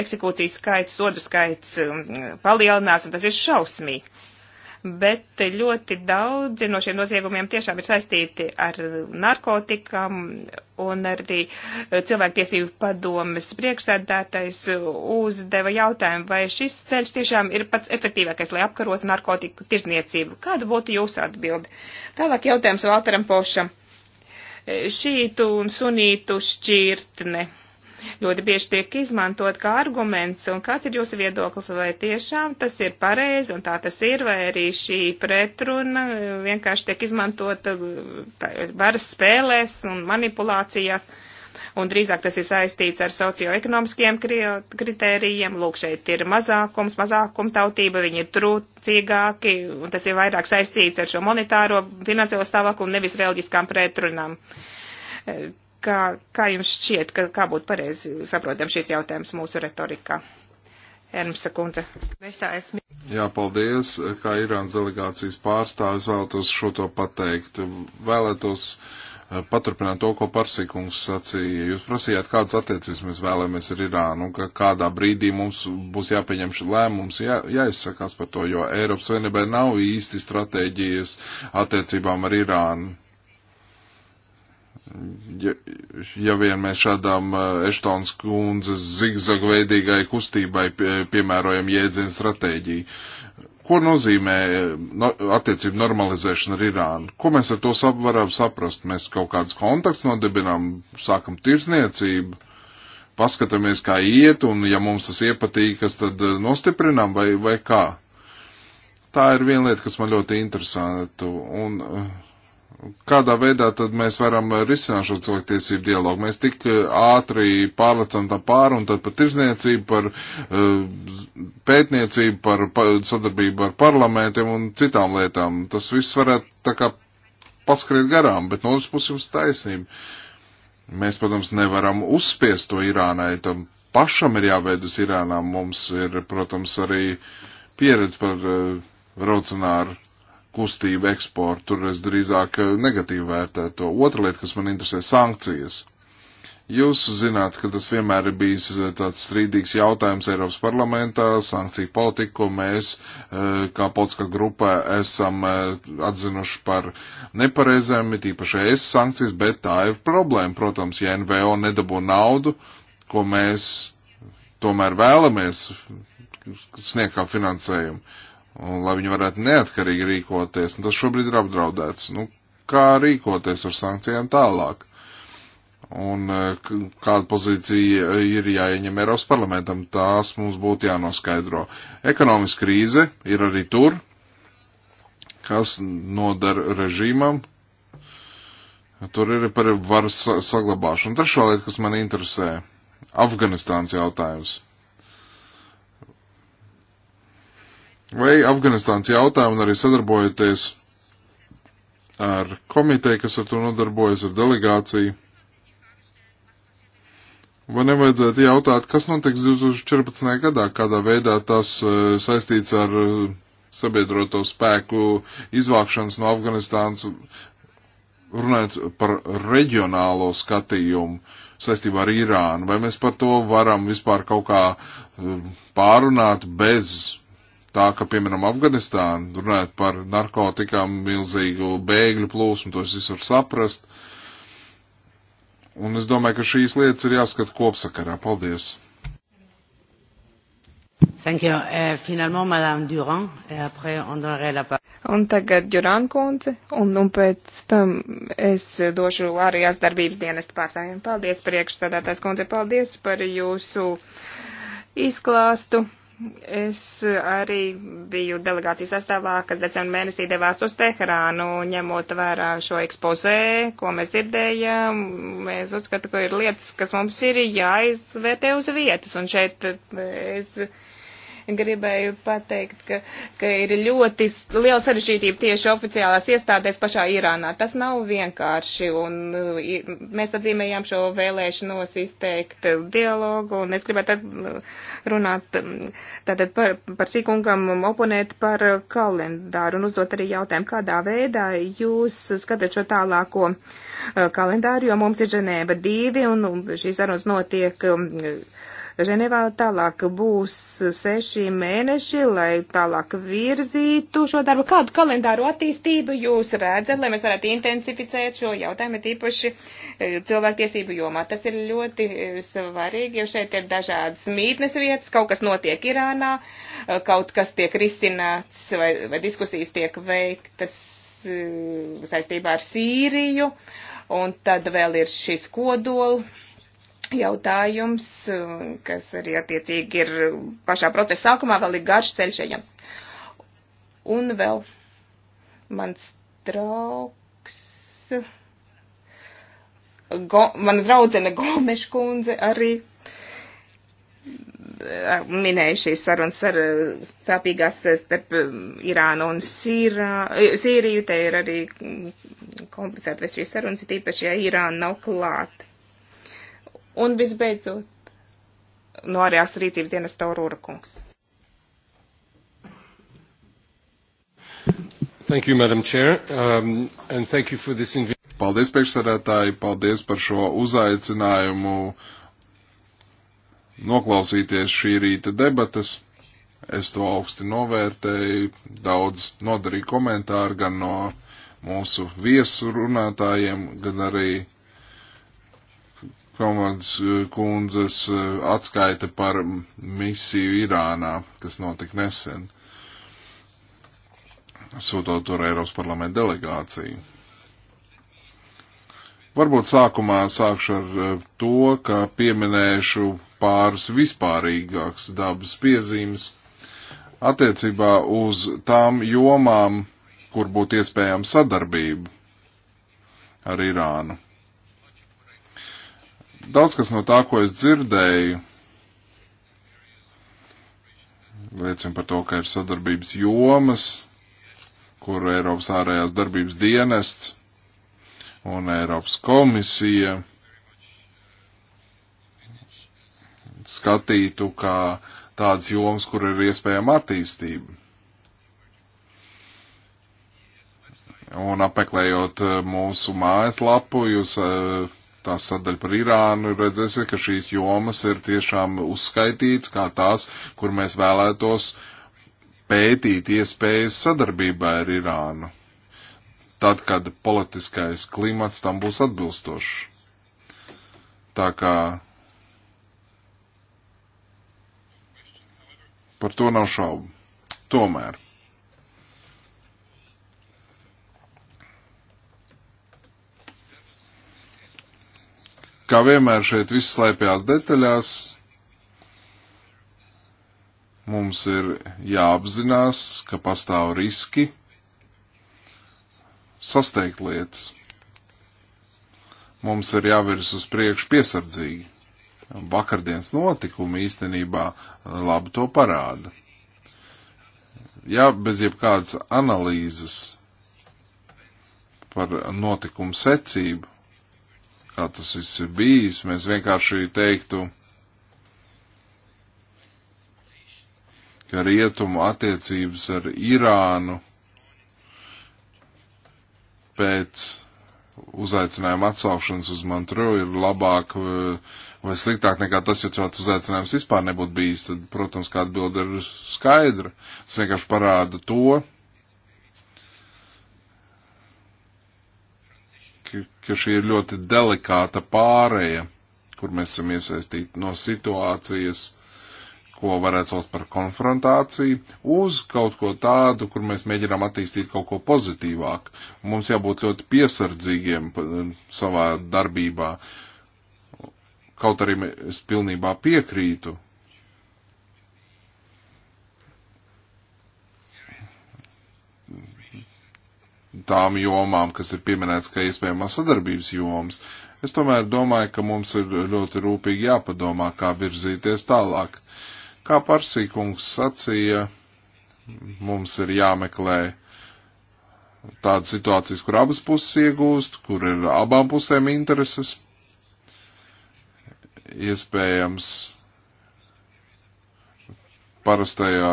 eksekūcijas skaits, sodu skaits um, palielinās, un tas ir šausmīgi. Bet ļoti daudzi no šiem noziegumiem tiešām ir saistīti ar narkotikām, un arī uh, cilvēktiesību padomes priekšsēdētais uh, uzdeva jautājumu, vai šis ceļš tiešām ir pats efektīvākais, lai apkarotu narkotiku tirzniecību. Kāda būtu jūsu atbildi? Tālāk jautājums Valteram Pošam šītu un sunītu šķirtne ļoti bieži tiek izmantot kā arguments, un kāds ir jūsu viedoklis, vai tiešām tas ir pareizi, un tā tas ir, vai arī šī pretruna e, vienkārši tiek izmantota e, varas spēlēs un manipulācijās un drīzāk tas ir saistīts ar socioekonomiskiem kritērijiem. Lūk, šeit ir mazākums, mazākuma tautība, viņi ir trūcīgāki, un tas ir vairāk saistīts ar šo monetāro finansiālo stāvokli un nevis reliģiskām pretrunām. E, Kā, kā jums šķiet, ka, kā būtu pareizi saprotam šis jautājums mūsu retorikā? Ernsta kundze. Jā, paldies. Kā Irānas delegācijas pārstāvis vēlētos šo to pateikt. Vēlētos eh, paturpināt to, ko Parsīkungs sacīja. Jūs prasījāt, kādas attiecības mēs vēlamies ar Irānu, ka kādā brīdī mums būs jāpieņem šī lēmums, jā, jāizsakās par to, jo Eiropas Savienībai nav īsti stratēģijas attiecībām ar Irānu ja, ja vien mēs šādām Eštons kundzes zigzagveidīgai kustībai pie, piemērojam jēdzienu stratēģiju. Ko nozīmē no, attiecību normalizēšana ar Irānu? Ko mēs ar to sap, varam saprast? Mēs kaut kādus kontaktus nodibinām, sākam tirsniecību, paskatāmies, kā iet, un ja mums tas iepatīkas, tad nostiprinām vai, vai kā? Tā ir viena lieta, kas man ļoti interesanta. Un, uh, Kādā veidā tad mēs varam risināt šo cilvēktiesību dialogu? Mēs tik eh, ātri pārlecam tā pāri un tad par tirzniecību, par eh, pētniecību, par sadarbību ar parlamentiem un citām lietām. Tas viss varētu tā kā paskriet garām, bet no otras puses jums taisnība. Mēs, protams, nevaram uzspiest to Irānai, tam pašam ir jāveidas Irānā. Mums ir, protams, arī pieredze par uh, eh, raucināru kustību eksportu, tur es drīzāk eh, negatīvi vērtētu to. Otra lieta, kas man interesē, sankcijas. Jūs zināt, ka tas vienmēr ir bijis eh, tāds strīdīgs jautājums Eiropas parlamentā, sankciju politika, ko mēs eh, kā politiskā grupa esam atzinuši par nepareizēm, ir tīpaši es sankcijas, bet tā ir problēma, protams, ja NVO nedabū naudu, ko mēs tomēr vēlamies sniegt kā finansējumu un lai viņi varētu neatkarīgi rīkoties, un tas šobrīd ir apdraudēts. Nu, kā rīkoties ar sankcijām tālāk? Un e, kāda pozīcija ir jāieņem Eiropas parlamentam, tās mums būtu jānoskaidro. Ekonomiska krīze ir arī tur, kas nodara režīmam. Tur ir par varas saglabāšanu. Trešā lieta, kas man interesē - Afganistāns jautājums vai Afganistāns jautājumu un arī sadarbojoties ar komiteju, kas ar to nodarbojas, ar delegāciju. Vai nevajadzētu jautāt, kas notiks 2014. gadā, kādā veidā tas e, saistīts ar e, sabiedroto spēku izvākšanas no Afganistānas, runājot par reģionālo skatījumu saistībā ar Irānu, vai mēs par to varam vispār kaut kā e, pārunāt bez tā, ka, piemēram, Afganistāna, runājot par narkotikām, milzīgu bēgļu plūsmu, to es visu varu saprast. Un es domāju, ka šīs lietas ir jāskat kopsakarā. Paldies! Thank you. Uh, eh, finalement, Madame Durand, et après on donnerait la parole. Un tagad Durand kundze, un, un pēc tam es došu Lārijas darbības dienestu pārstāvjiem. Paldies, priekšsādātājs kundze, paldies par jūsu izklāstu. Es arī biju delegācijas sastāvā, kas decembrī mēnesī devās uz Teherānu, ņemot vērā šo ekspozē, ko mēs dzirdējām. Es uzskatu, ka ir lietas, kas mums ir jāizvērtē uz vietas, un šeit es. Uh, gribēju pateikt, ka, ka ir ļoti liela sarežģītība tieši oficiālās iestādēs pašā Irānā. Tas nav vienkārši, un uh, mēs atzīmējām šo vēlēšanos izteikt uh, dialogu, un es gribētu uh, runāt um, tātad par, par sīkungam um, oponēt par kalendāru un uzdot arī jautājumu, kādā veidā jūs skatāt šo tālāko kalendāru, jo mums ir Ženēba divi, un šīs sarunas notiek um, Ženevā. Tālāk būs seši mēneši, lai tālāk virzītu šo darbu. Kādu kalendāru attīstību jūs redzat, lai mēs varētu intensificēt šo jautājumu, tīpaši e, cilvēktiesību jomā? Tas ir ļoti e, svarīgi, jo šeit ir dažādas mītnes vietas, kaut kas notiek Irānā, e, kaut kas tiek risināts vai, vai diskusijas tiek veiktas saistībā ar Sīriju, un tad vēl ir šis kodola jautājums, kas arī attiecīgi ir pašā procesa sākumā, vēl ir garš ceļš ejam. Un vēl mans draugs, go, man draudzene Gomeša kundze arī eh, minēja šīs sarunas ar eh, sāpīgās eh, starp Irānu un Sīrā, Sīriju. Te ir arī mm, komplicēti vēl šīs sarunas, tīpaši, ja Irāna nav klāta. Un visbeidzot, no nu, ārējās rīcības dienas Taurūra kungs. Thank you, Madam Chair, um, and thank you for this invitation. Paldies, priekšsēdētāji, paldies par šo uzaicinājumu noklausīties šī rīta debatas. Es to augsti novērtēju, daudz nodarīju komentāru gan no mūsu viesu runātājiem, gan arī Komandas eh, kundzes eh, atskaita par misiju Irānā, kas notika nesen, sūtot tur Eiropas parlamenta delegāciju. Varbūt sākumā sākšu ar eh, to, ka pieminēšu pāris vispārīgākas dabas piezīmes attiecībā uz tām jomām, kur būtu iespējama sadarbība ar Irānu. Daudz kas no tā, ko es dzirdēju, liecina par to, ka ir sadarbības jomas, kur Eiropas ārējās darbības dienests un Eiropas komisija skatītu kā tāds joms, kur ir iespējama attīstība. Un apmeklējot eh, mūsu mājaslapu, jūs uh, tā sadaļa par Irānu, redzēsiet, ka šīs jomas ir tiešām uzskaitīts kā tās, kur mēs vēlētos pētīt iespējas sadarbībā ar Irānu. Tad, kad politiskais klimats tam būs atbilstošs. Tā kā par to nav šaubu. Tomēr. Kā vienmēr šeit viss slēpjas detaļās. Mums ir jāapzinās, ka pastāv riski sasteigt lietas. Mums ir jāvirs uz priekšu piesardzīgi. Vakardienas notikumi īstenībā eh, labi to parāda. Ja bez jebkādas analīzes par notikumu secību kā tas viss ir bijis, mēs vienkārši teiktu, ka rietumu attiecības ar Irānu pēc uzaicinājuma atsaukšanas uz Mantru ir labāk eh, vai sliktāk nekā tas, ja tāds uzaicinājums vispār nebūtu bijis, tad, protams, kā atbilde ir skaidra. Tas vienkārši parāda to, ka šī ir ļoti delikāta pārēja, kur mēs esam iesaistīti no situācijas, ko varētu saukt par konfrontāciju, uz kaut ko tādu, kur mēs mēģinām attīstīt kaut ko pozitīvāku. Mums jābūt ļoti piesardzīgiem savā darbībā. Kaut arī es pilnībā piekrītu tām jomām, kas ir pieminēts kā iespējamā sadarbības jomas. Es tomēr domāju, ka mums ir ļoti rūpīgi jāpadomā, kā virzīties tālāk. Kā Parsīkungs sacīja, mums ir jāmeklē tādas situācijas, kur abas puses iegūst, kur ir abām pusēm intereses. Iespējams, parastajā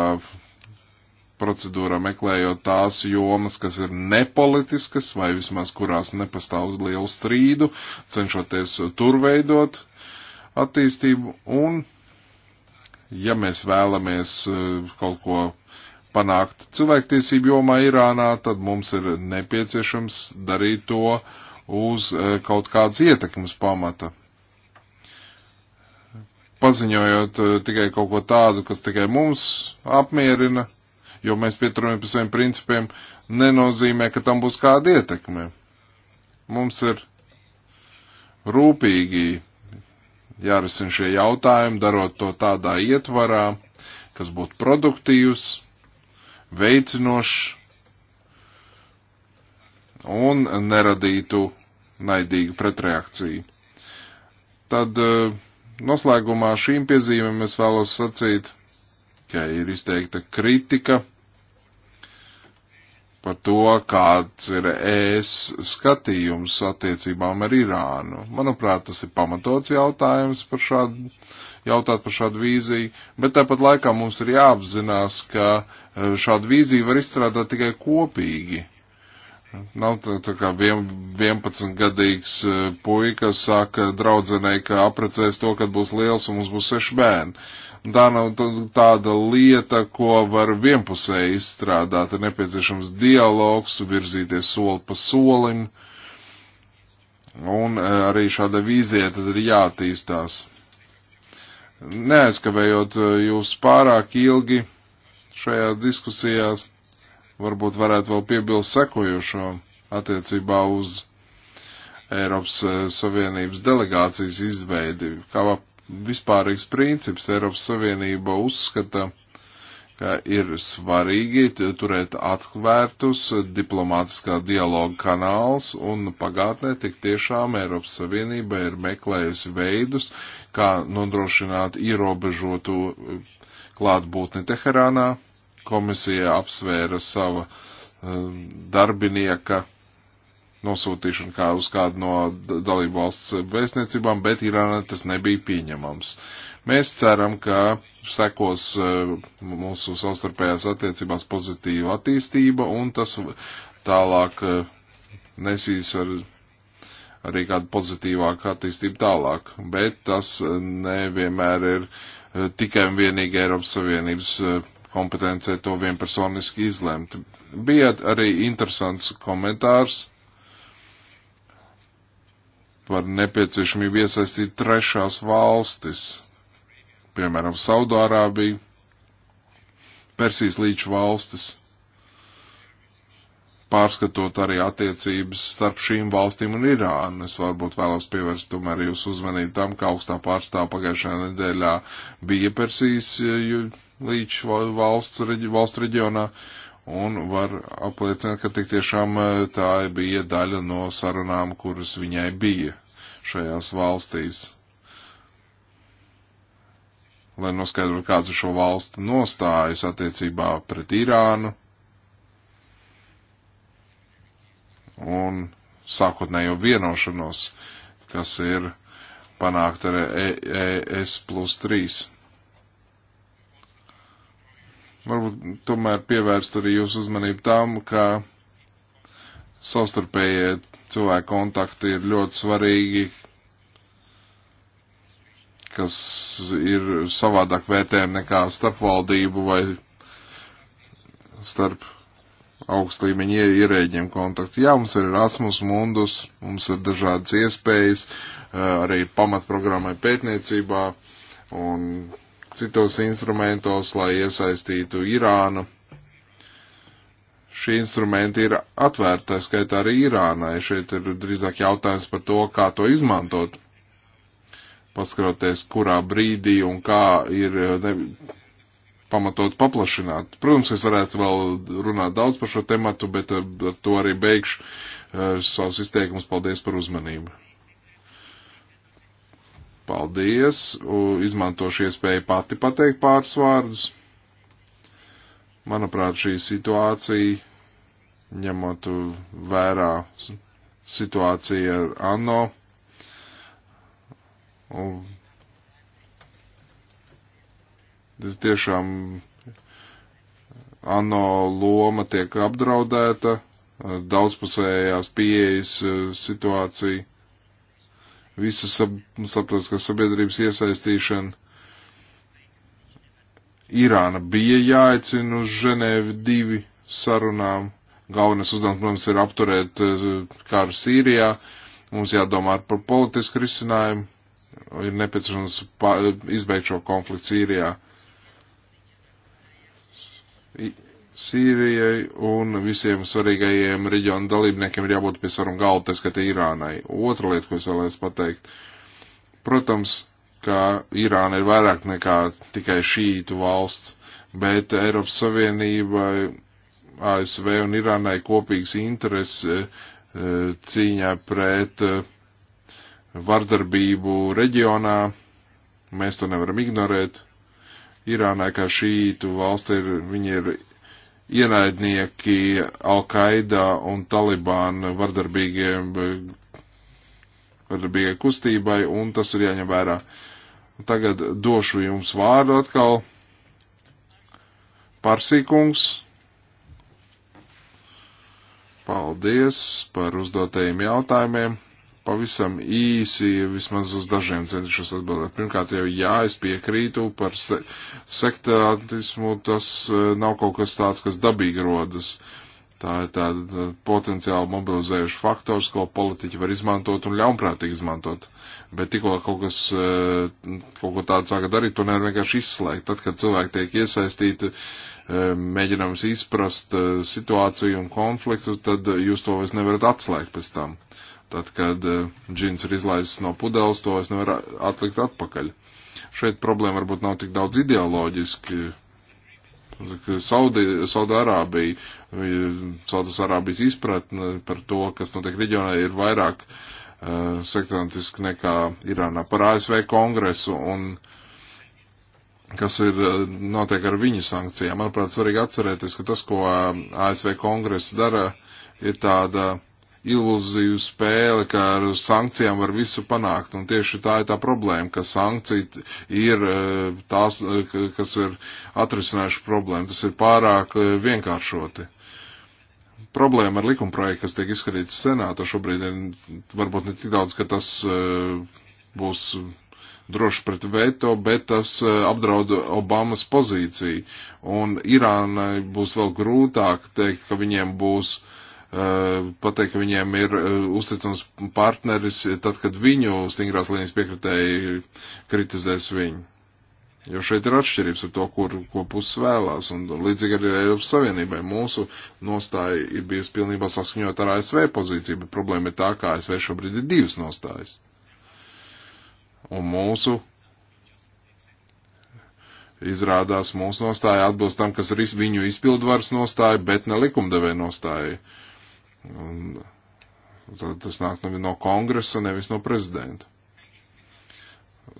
procedūrā meklējot tās jomas, kas ir nepolitiskas vai vismaz kurās nepastāv lielu strīdu, cenšoties tur veidot attīstību un, ja mēs vēlamies eh, kaut ko panākt cilvēktiesību jomā Irānā, tad mums ir nepieciešams darīt to uz eh, kaut kādas ietekmes pamata paziņojot eh, tikai kaut ko tādu, kas tikai mums apmierina, jo mēs pieturamies pie saviem principiem, nenozīmē, ka tam būs kāda ietekme. Mums ir rūpīgi jārisina šie jautājumi, darot to tādā ietvarā, kas būtu produktīvs, veicinošs un neradītu naidīgu pretreakciju. Tad eh, noslēgumā šīm piezīmēm es vēlos sacīt, ka ir izteikta kritika par to, kāds ir ES skatījums attiecībām ar Irānu. Manuprāt, tas ir pamatots jautājums par šādu, jautāt par šādu vīziju, bet tāpat laikā mums ir jāapzinās, ka eh, šādu vīziju var izstrādāt tikai kopīgi Nav tā, tā kā 11-gadīgs e, puika saka draudzenei, ka aprecēs to, kad būs liels un mums būs seši bērni. Tā nav tāda lieta, ko var vienpusēji izstrādāt. Ir nepieciešams dialogs, virzīties soli pa solim. Un e, arī šāda vīzija tad ir jātīstās. Neaizkavējot e, jūs pārāk ilgi šajās diskusijās varbūt varētu vēl piebilst sekojošo attiecībā uz Eiropas eh, Savienības delegācijas izveidi. Kā vispārīgs princips Eiropas Savienība uzskata, ka ir svarīgi turēt atvērtus diplomātiskā dialoga kanāls, un pagātnē tik tiešām Eiropas Savienība ir meklējusi veidus, kā nodrošināt ierobežotu eh, klātbūtni Teherānā, komisija apsvēra sava um, darbinieka nosūtīšanu kā uz kādu no dalību valsts vēstniecībām, bet Irānā tas nebija pieņemams. Mēs ceram, ka sekos uh, mūsu savstarpējās attiecībās pozitīva attīstība un tas tālāk uh, nesīs ar, arī kādu pozitīvāku attīstību tālāk, bet tas uh, nevienmēr ir tikai un vienīgi Eiropas Savienības kompetencē to vienpersoniski izlemt. Bija arī interesants komentārs par nepieciešamību iesaistīt trešās valstis, piemēram, Saudārābiju, Persijas līča valstis, pārskatot arī attiecības starp šīm valstīm un Irānu. Es varbūt vēlos pievērst tomēr jūsu uzmanību tam, ka augstā pārstāv pagājušajā nedēļā bija Persijas eh, līdz valsts, valstu reģionā un var apliecināt, ka tik tiešām e, tā bija daļa no sarunām, kuras viņai bija šajās valstīs. Lai noskaidrotu, kāds ir šo valstu nostājas attiecībā pret Irānu un sākotnējo vienošanos, kas ir panākt ar ES e, e plus 3 varbūt tomēr pievērst arī jūsu uzmanību tam, ka savstarpējie cilvēku kontakti ir ļoti svarīgi, kas ir savādāk vērtējumi nekā starpvaldību vai starp augstlīmeņa ierēģiem kontakts. Jā, mums ir Erasmus mundus, mums ir dažādas iespējas eh, arī pamatprogrammai pētniecībā un citos instrumentos, lai iesaistītu Irānu. Šie instrumenti ir atvērti, tā skaitā arī Irānai. Šeit ir drīzāk jautājums par to, kā to izmantot. Paskaroties, kurā brīdī un kā ir ne, pamatot paplašināt. Protams, es varētu vēl runāt daudz par šo tematu, bet eh, ar to arī beigšu eh, savus izteikumus. Paldies par uzmanību! Paldies. Izmantošu iespēju pati pateikt pāris vārdus. Manuprāt, šī situācija, ņemot vērā situāciju ar ANO, un tiešām ANO loma tiek apdraudēta, daudzpusējās pieejas situācija visu starptautiskās sabiedrības iesaistīšanu. Irāna bija jāicina uz Ženēvi divi sarunām. Galvenais uzdevums, protams, ir apturēt eh, karu Sīrijā. Mums jādomā par politisku risinājumu. Ir nepieciešams izbeigt šo konfliktu Sīrijā. Sīrijai un visiem svarīgajiem reģionu dalībniekiem ir jābūt pie sarunu galda, tā skatā Irānai. Otra lieta, ko es vēlēs pateikt, protams, ka Irāna ir vairāk nekā tikai šītu valsts, bet Eiropas Savienībai, ASV un Irānai kopīgs interesi e, cīņā pret e, vardarbību reģionā. Mēs to nevaram ignorēt. Irānai kā šītu valsts ir, viņi ir ienaidnieki Al-Qaida un Talibāna vardarbīgiem, vardarbīgai kustībai, un tas ir jāņem vērā. Tagad došu jums vārdu atkal. Parsīkungs. Paldies par uzdotajiem jautājumiem pavisam īsi, vismaz uz dažiem centīšos atbildēt. Pirmkārt, jau jā, es piekrītu par se sektātismu, tas e, nav kaut kas tāds, kas dabīgi rodas. Tā ir tāda potenciāli mobilizējuša faktors, ko politiķi var izmantot un ļaunprātīgi izmantot. Bet tikko kaut kas, e, kaut ko tādu sāka darīt, to nevar vienkārši izslēgt. Tad, kad cilvēki tiek iesaistīti, e, mēģinams izprast situāciju un konfliktu, tad jūs to vairs nevarat atslēgt pēc tam. Tad, kad eh, džins ir izlaists no pudeles, to es nevaru atlikt atpakaļ. Šeit problēma varbūt nav tik daudz ideoloģiski. Saudi, Saudārābija, eh, Saudārābijas izpratne par to, kas notiek reģionā, ir vairāk uh, eh, sektantiski nekā Irānā. Par ASV kongresu un kas ir notiek ar viņu sankcijām. Manuprāt, svarīgi atcerēties, ka tas, ko ASV kongress dara, ir tāda ilūziju spēle, ka ar sankcijām var visu panākt. Un tieši tā ir tā problēma, ka sankcija ir e, tās, e, kas ir atrisinājuši problēmu. Tas ir pārāk e, vienkāršoti. Problēma ar likumprojektu, kas tiek izskatīts senāta šobrīd, ir varbūt ne tik daudz, ka tas būs droši pret veto, bet tas apdraud Obamas pozīciju. Un Irānai būs vēl grūtāk teikt, ka viņiem būs uh, Eh, pateikt, ka viņiem ir eh, uzticams partneris tad, kad viņu stingrās līnijas piekritēji kritizēs viņu. Jo šeit ir atšķirības ar to, kur, ko puses vēlās, un līdzīgi arī Eiropas Savienībai mūsu nostāja ir bijusi pilnībā saskaņot ar ASV pozīciju, bet problēma ir tā, ka ASV šobrīd ir divas nostājas. Un mūsu izrādās mūsu nostāja atbilst tam, kas ir viņu izpildvaras nostāja, bet ne likumdevēja nostāja. Uh, Un tas nāk no kongresa, nevis no prezidenta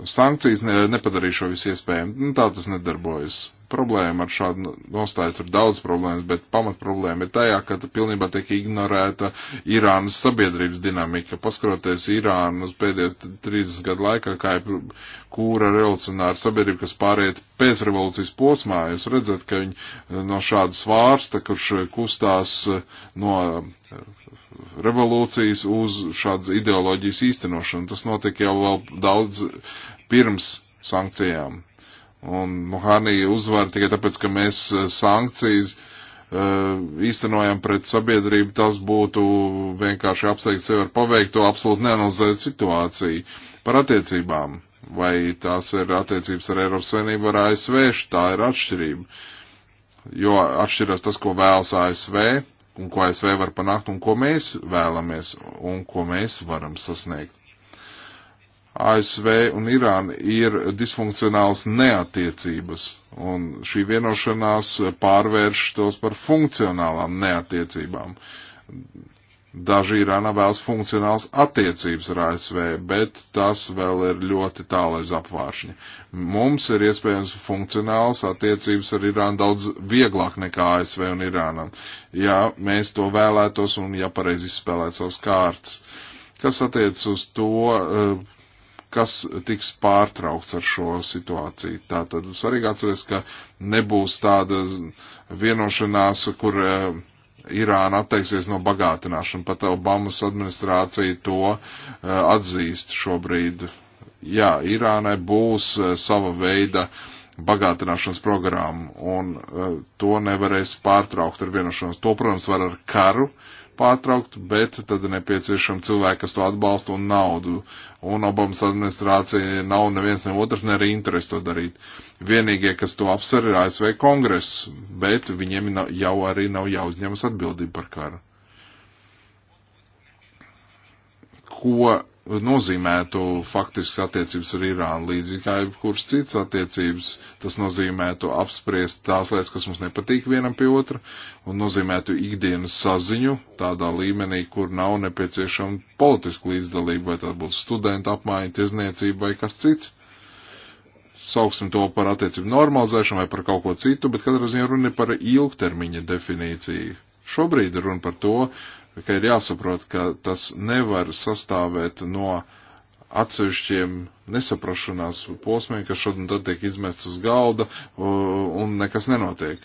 sankcijas ne, nepadarīšu šo visu iespējamu. Nu, tā tas nedarbojas. Problēma ar šādu nostāju tur daudz problēmas, bet pamat problēma ir tajā, ka pilnībā tiek ignorēta Irānas sabiedrības dinamika. Paskaroties Irānu uz pēdējo 30 gadu laikā, kā ir kūra revolucionāra sabiedrība, kas pāriet pēc revolūcijas posmā, jūs redzat, ka viņi no šāda svārsta, kurš kustās no revolūcijas uz šādas ideoloģijas īstenošanu. Tas notika jau vēl daudz pirms sankcijām. Un Mohānija uzvar tikai tāpēc, ka mēs eh, sankcijas uh, īstenojam pret sabiedrību, tas būtu vienkārši apsteigt sevi ar paveikto, absolūti neanalizēt situāciju par attiecībām. Vai tās ir attiecības ar Eiropas Savienību, ar ASV, tā ir atšķirība. Jo atšķiras tas, ko vēlas ASV, un ko ASV var panākt un ko mēs vēlamies un ko mēs varam sasniegt. ASV un Irāna ir disfunkcionāls neatiecības, un šī vienošanās pārvērš tos par funkcionālām neatiecībām. Daži Irāna vēlas funkcionāls attiecības ar ASV, bet tas vēl ir ļoti tālais apvāršņi. Mums ir iespējams funkcionāls attiecības ar Irānu daudz vieglāk nekā ASV un Irānam, ja mēs to vēlētos un ja pareizi izspēlēt savus kārtas. Kas attiec uz to, eh, kas tiks pārtraukts ar šo situāciju. Tātad svarīgi atcerēties, ka nebūs tāda vienošanās, kur eh, Irāna atteiksies no bagātināšana. Pat Obamas administrācija to eh, atzīst šobrīd. Jā, Irānai būs eh, sava veida bagātināšanas programma, un eh, to nevarēs pārtraukt ar vienošanos. To, protams, var ar karu, uh, pārtraukt, bet tad ir nepieciešama cilvēki, kas to atbalsta un naudu. Un Obamas administrācija nav neviens ne otrs, ne arī interesi to darīt. Vienīgie, kas to apsver, ir ASV kongress, bet viņiem jau arī nav jāuzņemas atbildība par karu. Ko nozīmētu faktisks attiecības ar Irānu, līdzīgi kā jebkuras cits attiecības, tas nozīmētu apspriest tās lietas, kas mums nepatīk vienam pie otra, un nozīmētu ikdienas saziņu tādā līmenī, kur nav nepieciešama politiska līdzdalība, vai tā būtu studenta apmaiņa, tiesniecība vai kas cits. Sauksim to par attiecību normalizēšanu vai par kaut ko citu, bet katrā ziņā runa ir par ilgtermiņa definīciju. Šobrīd runa par to, ka ir jāsaprot, ka tas nevar sastāvēt no atsevišķiem nesaprašanās posmiem, kas šodien tad tiek izmests uz galda un nekas nenotiek.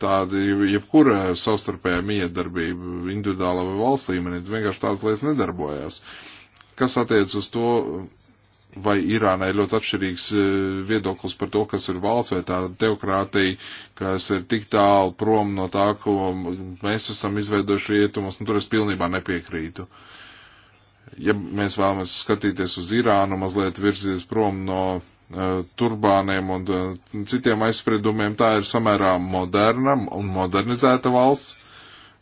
Tāda jebkura savstarpējā miedarbība, individuāla vai valsts līmenī, vienkārši tās lietas nedarbojās. Kas attiec uz to, vai Irānai ir ļoti atšķirīgs e, viedoklis par to, kas ir valsts vai tāda teokrātija, kas ir tik tālu prom no tā, ko mēs esam izveidojuši rietumos, nu tur es pilnībā nepiekrītu. Ja mēs vēlamies skatīties uz Irānu, mazliet virzīties prom no uh, turbāniem un uh, citiem aizspriedumiem, tā ir samērā moderna un modernizēta valsts.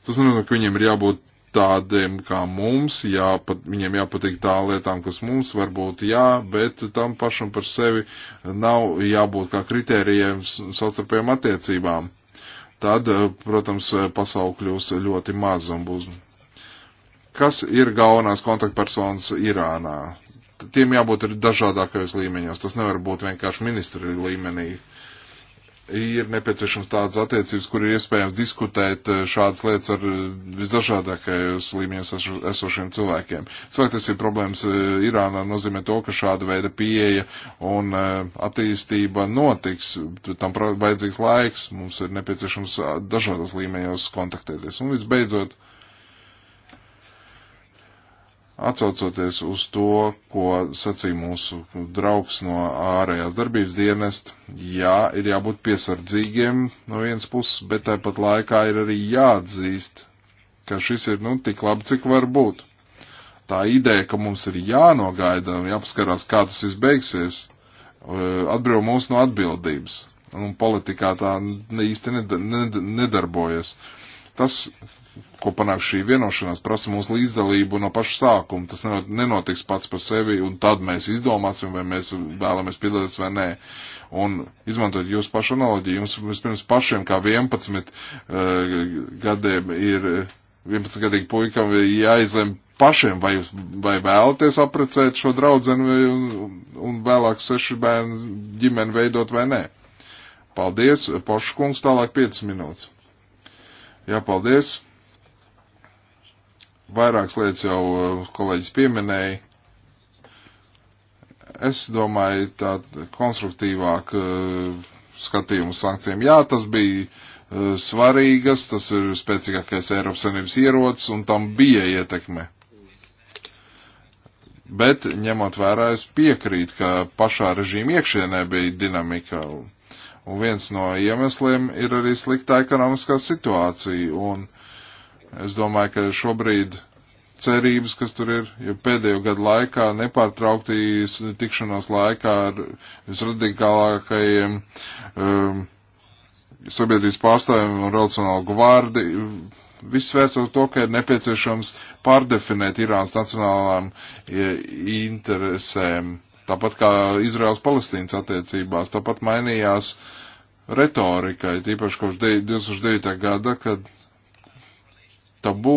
Tas nenozīmē, ka viņiem ir jābūt tādiem kā mums, jāpat, viņiem jāpatīk tā lietām, kas mums varbūt jā, bet tam pašam par sevi nav jābūt kā kritērijiem sastarpējām attiecībām. Tad, eh, protams, eh, pasauli kļūs ļoti maz un būs. Kas ir galvenās kontaktpersonas Irānā? Tiem jābūt ir dažādākajos līmeņos. Tas nevar būt vienkārši ministri līmenī. Uh, ir nepieciešams tādas attiecības, kur ir iespējams diskutēt eh, šādas lietas ar eh, visdažādākajos līmeņos esošiem cilvēkiem. Cilvēktiesība problēmas eh, Irānā nozīmē to, ka šāda veida pieeja un attīstība notiks. Tam vajadzīgs laiks, mums ir nepieciešams dažādos līmeņos kontaktēties. Un visbeidzot, Atcaucoties uz to, ko sacīja mūsu draugs no ārējās darbības dienesta, jā, ir jābūt piesardzīgiem no vienas puses, bet tāpat laikā ir arī jāatzīst, ka šis ir nu tik labi, cik var būt. Tā ideja, ka mums ir jānogaida, jāpaskarās, kā tas viss beigsies, eh, atbrīvo mūs no atbildības. Un politikā tā īsti nedarbojas. Tas ko panāk šī vienošanās, prasa mūsu līdzdalību no paša sākuma. Tas nenotiks pats par sevi, un tad mēs izdomāsim, vai mēs vēlamies piedalīties vai nē. Un izmantojot jūsu pašu analoģiju, jums vispirms pašiem kā 11 uh, eh, gadiem ir 11 gadīgi puikam jāizlem pašiem, vai, vai vēlaties aprecēt šo draudzeni vai, un, un vēlāk sešu bērnu ģimeni veidot vai nē. Paldies, Poškungs, tālāk 5 minūtes. Jā, paldies. Vairākas lietas jau eh, kolēģis pieminēja. Es domāju, tā konstruktīvāk eh, skatījumu sankcijiem. Jā, tas bija eh, svarīgas, tas ir spēcīgākais Eiropas Savienības ierocis, un tam bija ietekme. Bet, ņemot vērā, es piekrītu, ka pašā režīma iekšienē bija dinamika. Un viens no iemesliem ir arī sliktā ekonomiskā situācija. Un Es domāju, ka šobrīd cerības, kas tur ir, jo pēdējo gadu laikā nepārtrauktīs tikšanās laikā ar visradikālākajiem um, sabiedrības pārstāvjiem un relacionālu gvārdi, viss vērts uz to, ka ir nepieciešams pārdefinēt Irānas nacionālām interesēm, tāpat kā Izraels-Palestīnas attiecībās, tāpat mainījās retorika, tīpaši kopš 2009. gada, kad tabū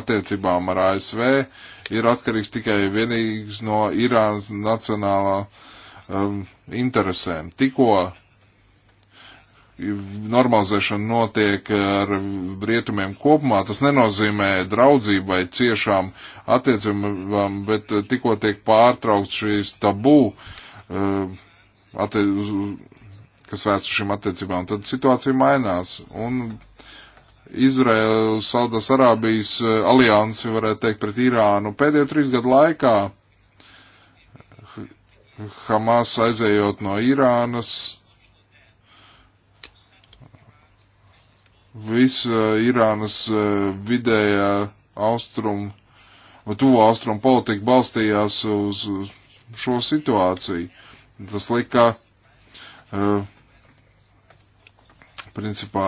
attiecībām ar ASV ir atkarīgs tikai vienīgs no Irānas nacionālā um, interesēm. Tikko normalizēšana notiek ar rietumiem kopumā, tas nenozīmē draudzību vai ciešām attiecībām, bet tikko tiek pārtraukt šīs tabū, um, atte, uz, kas vērts uz šīm attiecībām, tad situācija mainās. Un Izraēlu, Saudas Arābijas eh, aliansi, varētu teikt, pret Irānu. Pēdējo trīs gadu laikā Hamas aizējot no Irānas, visa eh, Irānas eh, vidējā austrumu un tuvo austrumu politika balstījās uz šo situāciju. Tas lika, uh, principā,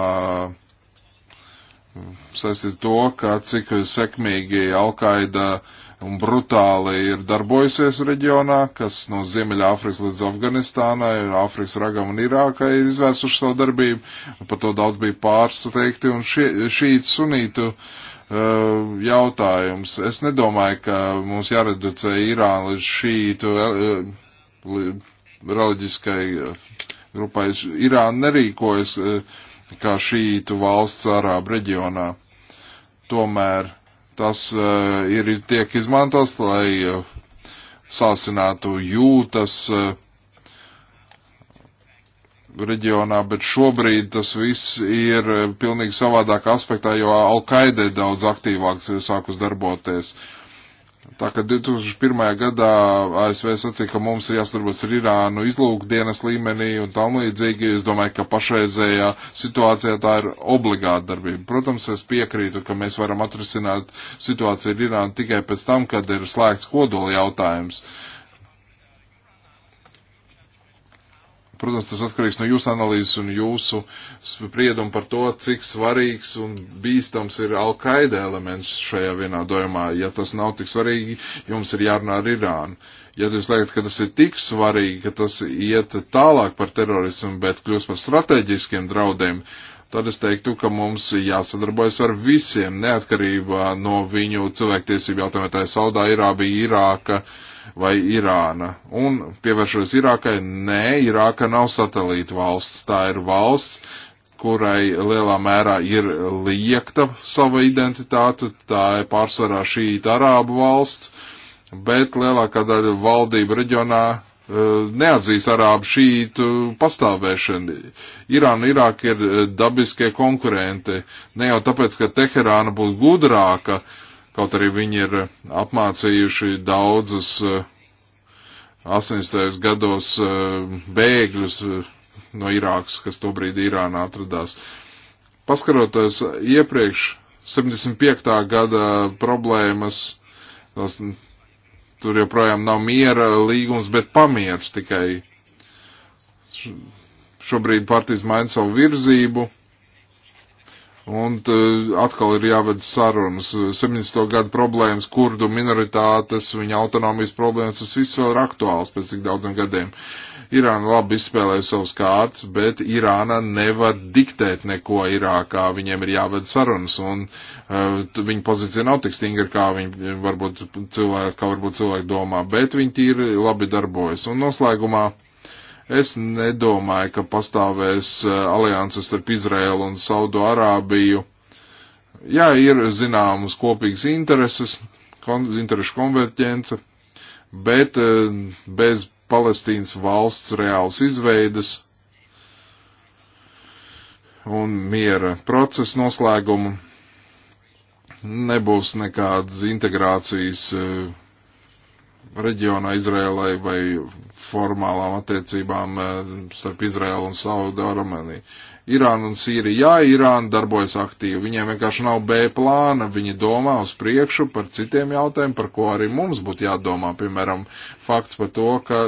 saistīt to, ka cik sekmīgi Alkaida un brutāli ir darbojusies reģionā, kas no Ziemeļāfrikas līdz Afganistānai, Āfrikas ragam un Irākai ir izvērsuši savu darbību, par to daudz bija pārsteigti, un šīt sunītu uh, jautājums. Es nedomāju, ka mums jāreducē Irāna līdz šītu uh, reliģiskai eh, grupai. Irāna nerīkojas uh, kā šītu valsts arābu reģionā. Tomēr tas uh, ir, tiek izmantots, lai uh, sāsinātu jūtas uh, reģionā, bet šobrīd tas viss ir uh, pilnīgi savādāk aspektā, jo Alkaide daudz aktīvāk sākus darboties. Uh, Tā kā 2001. gadā ASV sacīja, ka mums ir jāsadarbojas ar Irānu izlūkdienas līmenī un tam līdzīgi, es domāju, ka pašreizējā situācijā tā ir obligāta darbība. Protams, es piekrītu, ka mēs varam atrisināt situāciju ar Irānu tikai pēc tam, kad ir slēgts kodola jautājums. Uh, Protams, tas atkarīgs no jūsu analīzes un jūsu sprieduma par to, cik svarīgs un bīstams ir Al-Qaida elements šajā vienādojumā. Ja tas nav tik svarīgi, jums ir jārunā ar Irānu. Ja jūs liekat, ka tas ir tik svarīgi, ka tas iet tālāk par terorismu, bet kļūst par strateģiskiem draudiem, tad es teiktu, ka mums jāsadarbojas ar visiem, neatkarībā no viņu cilvēktiesību jautājumiem, tā ir Saudā, Irābija, Irāka. Irāka vai Irāna. Un pievēršos Irākai, nē, Irāka nav satelīta valsts, tā ir valsts, kurai lielā mērā ir liekta sava identitāte, tā ir pārsvarā šī arābu valsts, bet lielākā daļa valdība reģionā eh, neatzīst arābu šītu pastāvēšanu. Irāna, Irāka ir eh, dabiskie konkurenti, ne jau tāpēc, ka Teherāna būs gudrāka, uh, Kaut arī viņi ir apmācījuši daudzus 80. Eh, gados eh, bēgļus eh, no Irākas, kas tobrīd Irānā atradās. Paskaroties iepriekš 75. gada problēmas, tas, tur joprojām nav miera līgums, bet pamieris tikai. Šobrīd partijas maina savu virzību, Un atkal ir jāved sarunas. 70. gadu problēmas, kurdu minoritātes, viņa autonomijas problēmas, tas viss vēl ir aktuāls pēc tik daudziem gadiem. Irāna labi izspēlēja savus kārtas, bet Irāna nevar diktēt neko Irākā. Viņiem ir jāved sarunas, un uh, viņa pozīcija nav tik stingra, kā viņi varbūt cilvēki, kā varbūt cilvēki domā, bet viņi tīri labi darbojas. Un noslēgumā. Es nedomāju, ka pastāvēs eh, alianses starp Izraēlu un Saudu Arābiju. Jā, ir zināmas kopīgas intereses, kon, interešu konverģence, bet eh, bez Palestīnas valsts reāls izveidas un miera procesa noslēgumu nebūs nekādas integrācijas eh, reģionā Izrēlai vai formālām attiecībām eh, starp Izrēlu un Saudu Arāmeniju. Irāna un Sīrija, jā, Irāna darbojas aktīvi, viņiem vienkārši nav B plāna, viņi domā uz priekšu par citiem jautājumiem, par ko arī mums būtu jādomā, piemēram, fakts par to, ka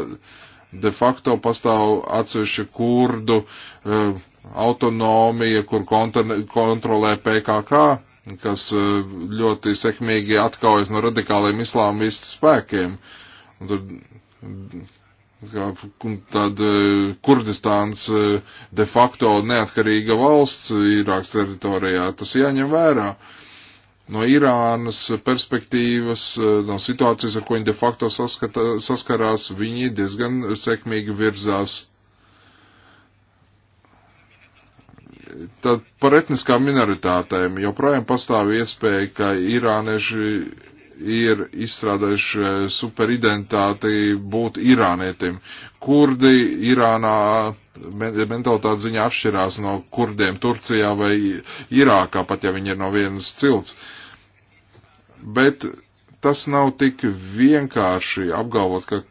de facto pastāv atsevišķi kurdu uh, autonomija, kur kontrolē PKK, kas e, ļoti sekmīgi atkaujas no radikāliem islāmistu spēkiem. Un tur, kā, tāda e, Kurdistāns e, de facto neatkarīga valsts Irāks teritorijā, tas jāņem vērā. No Irānas perspektīvas, no situācijas, ar ko viņi de facto saskata, saskarās, viņi diezgan sekmīgi virzās Tad par etniskām minoritātēm joprojām pastāv iespēja, ka irānieši ir izstrādājuši eh, superidentāti būt irānietim. Kurdi Irānā mentalitāte ziņā atšķirās no kurdiem Turcijā vai Irākā, pat ja viņi ir no vienas cilts. Bet tas nav tik vienkārši apgalvot, ka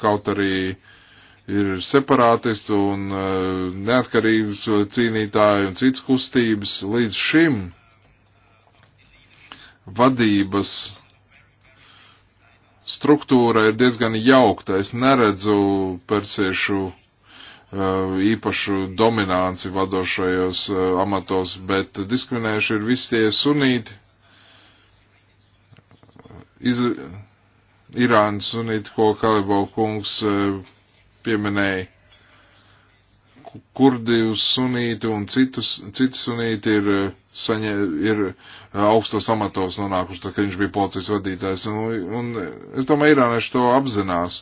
kaut arī uh, ir separātisti un e, neatkarības cīnītāji un citas kustības. Līdz šim vadības struktūra ir diezgan jaukta. Es neredzu persiešu e, īpašu dominanci vadošajos e, amatos, bet diskriminējuši ir visi tie sunīti, iz, Irānas sunīti, ko Kalibau kungs pieminēja, kurdi uz sunīti un citus, citi sunīti ir, eh, saņē, ir eh, augstos amatos nonākuši, tad, kad viņš bija policijas vadītājs. Un, un es domāju, irānieši to apzinās.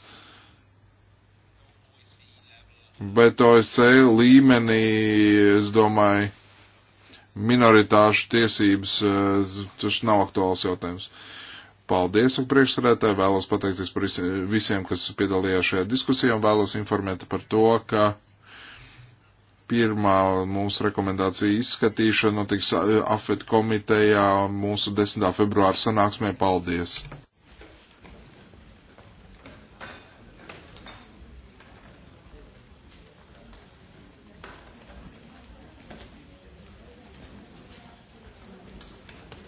Bet OSC līmenī, es domāju, minoritāšu tiesības, eh, tas nav aktuāls jautājums. Uh, Paldies, un priekšsarētāji vēlos pateikties par visiem, kas piedalījās šajā diskusijā, un vēlos informēt par to, ka pirmā mūsu rekomendācija izskatīšana notiks eh, AFET komitejā mūsu 10. februāra sanāksmē. Paldies!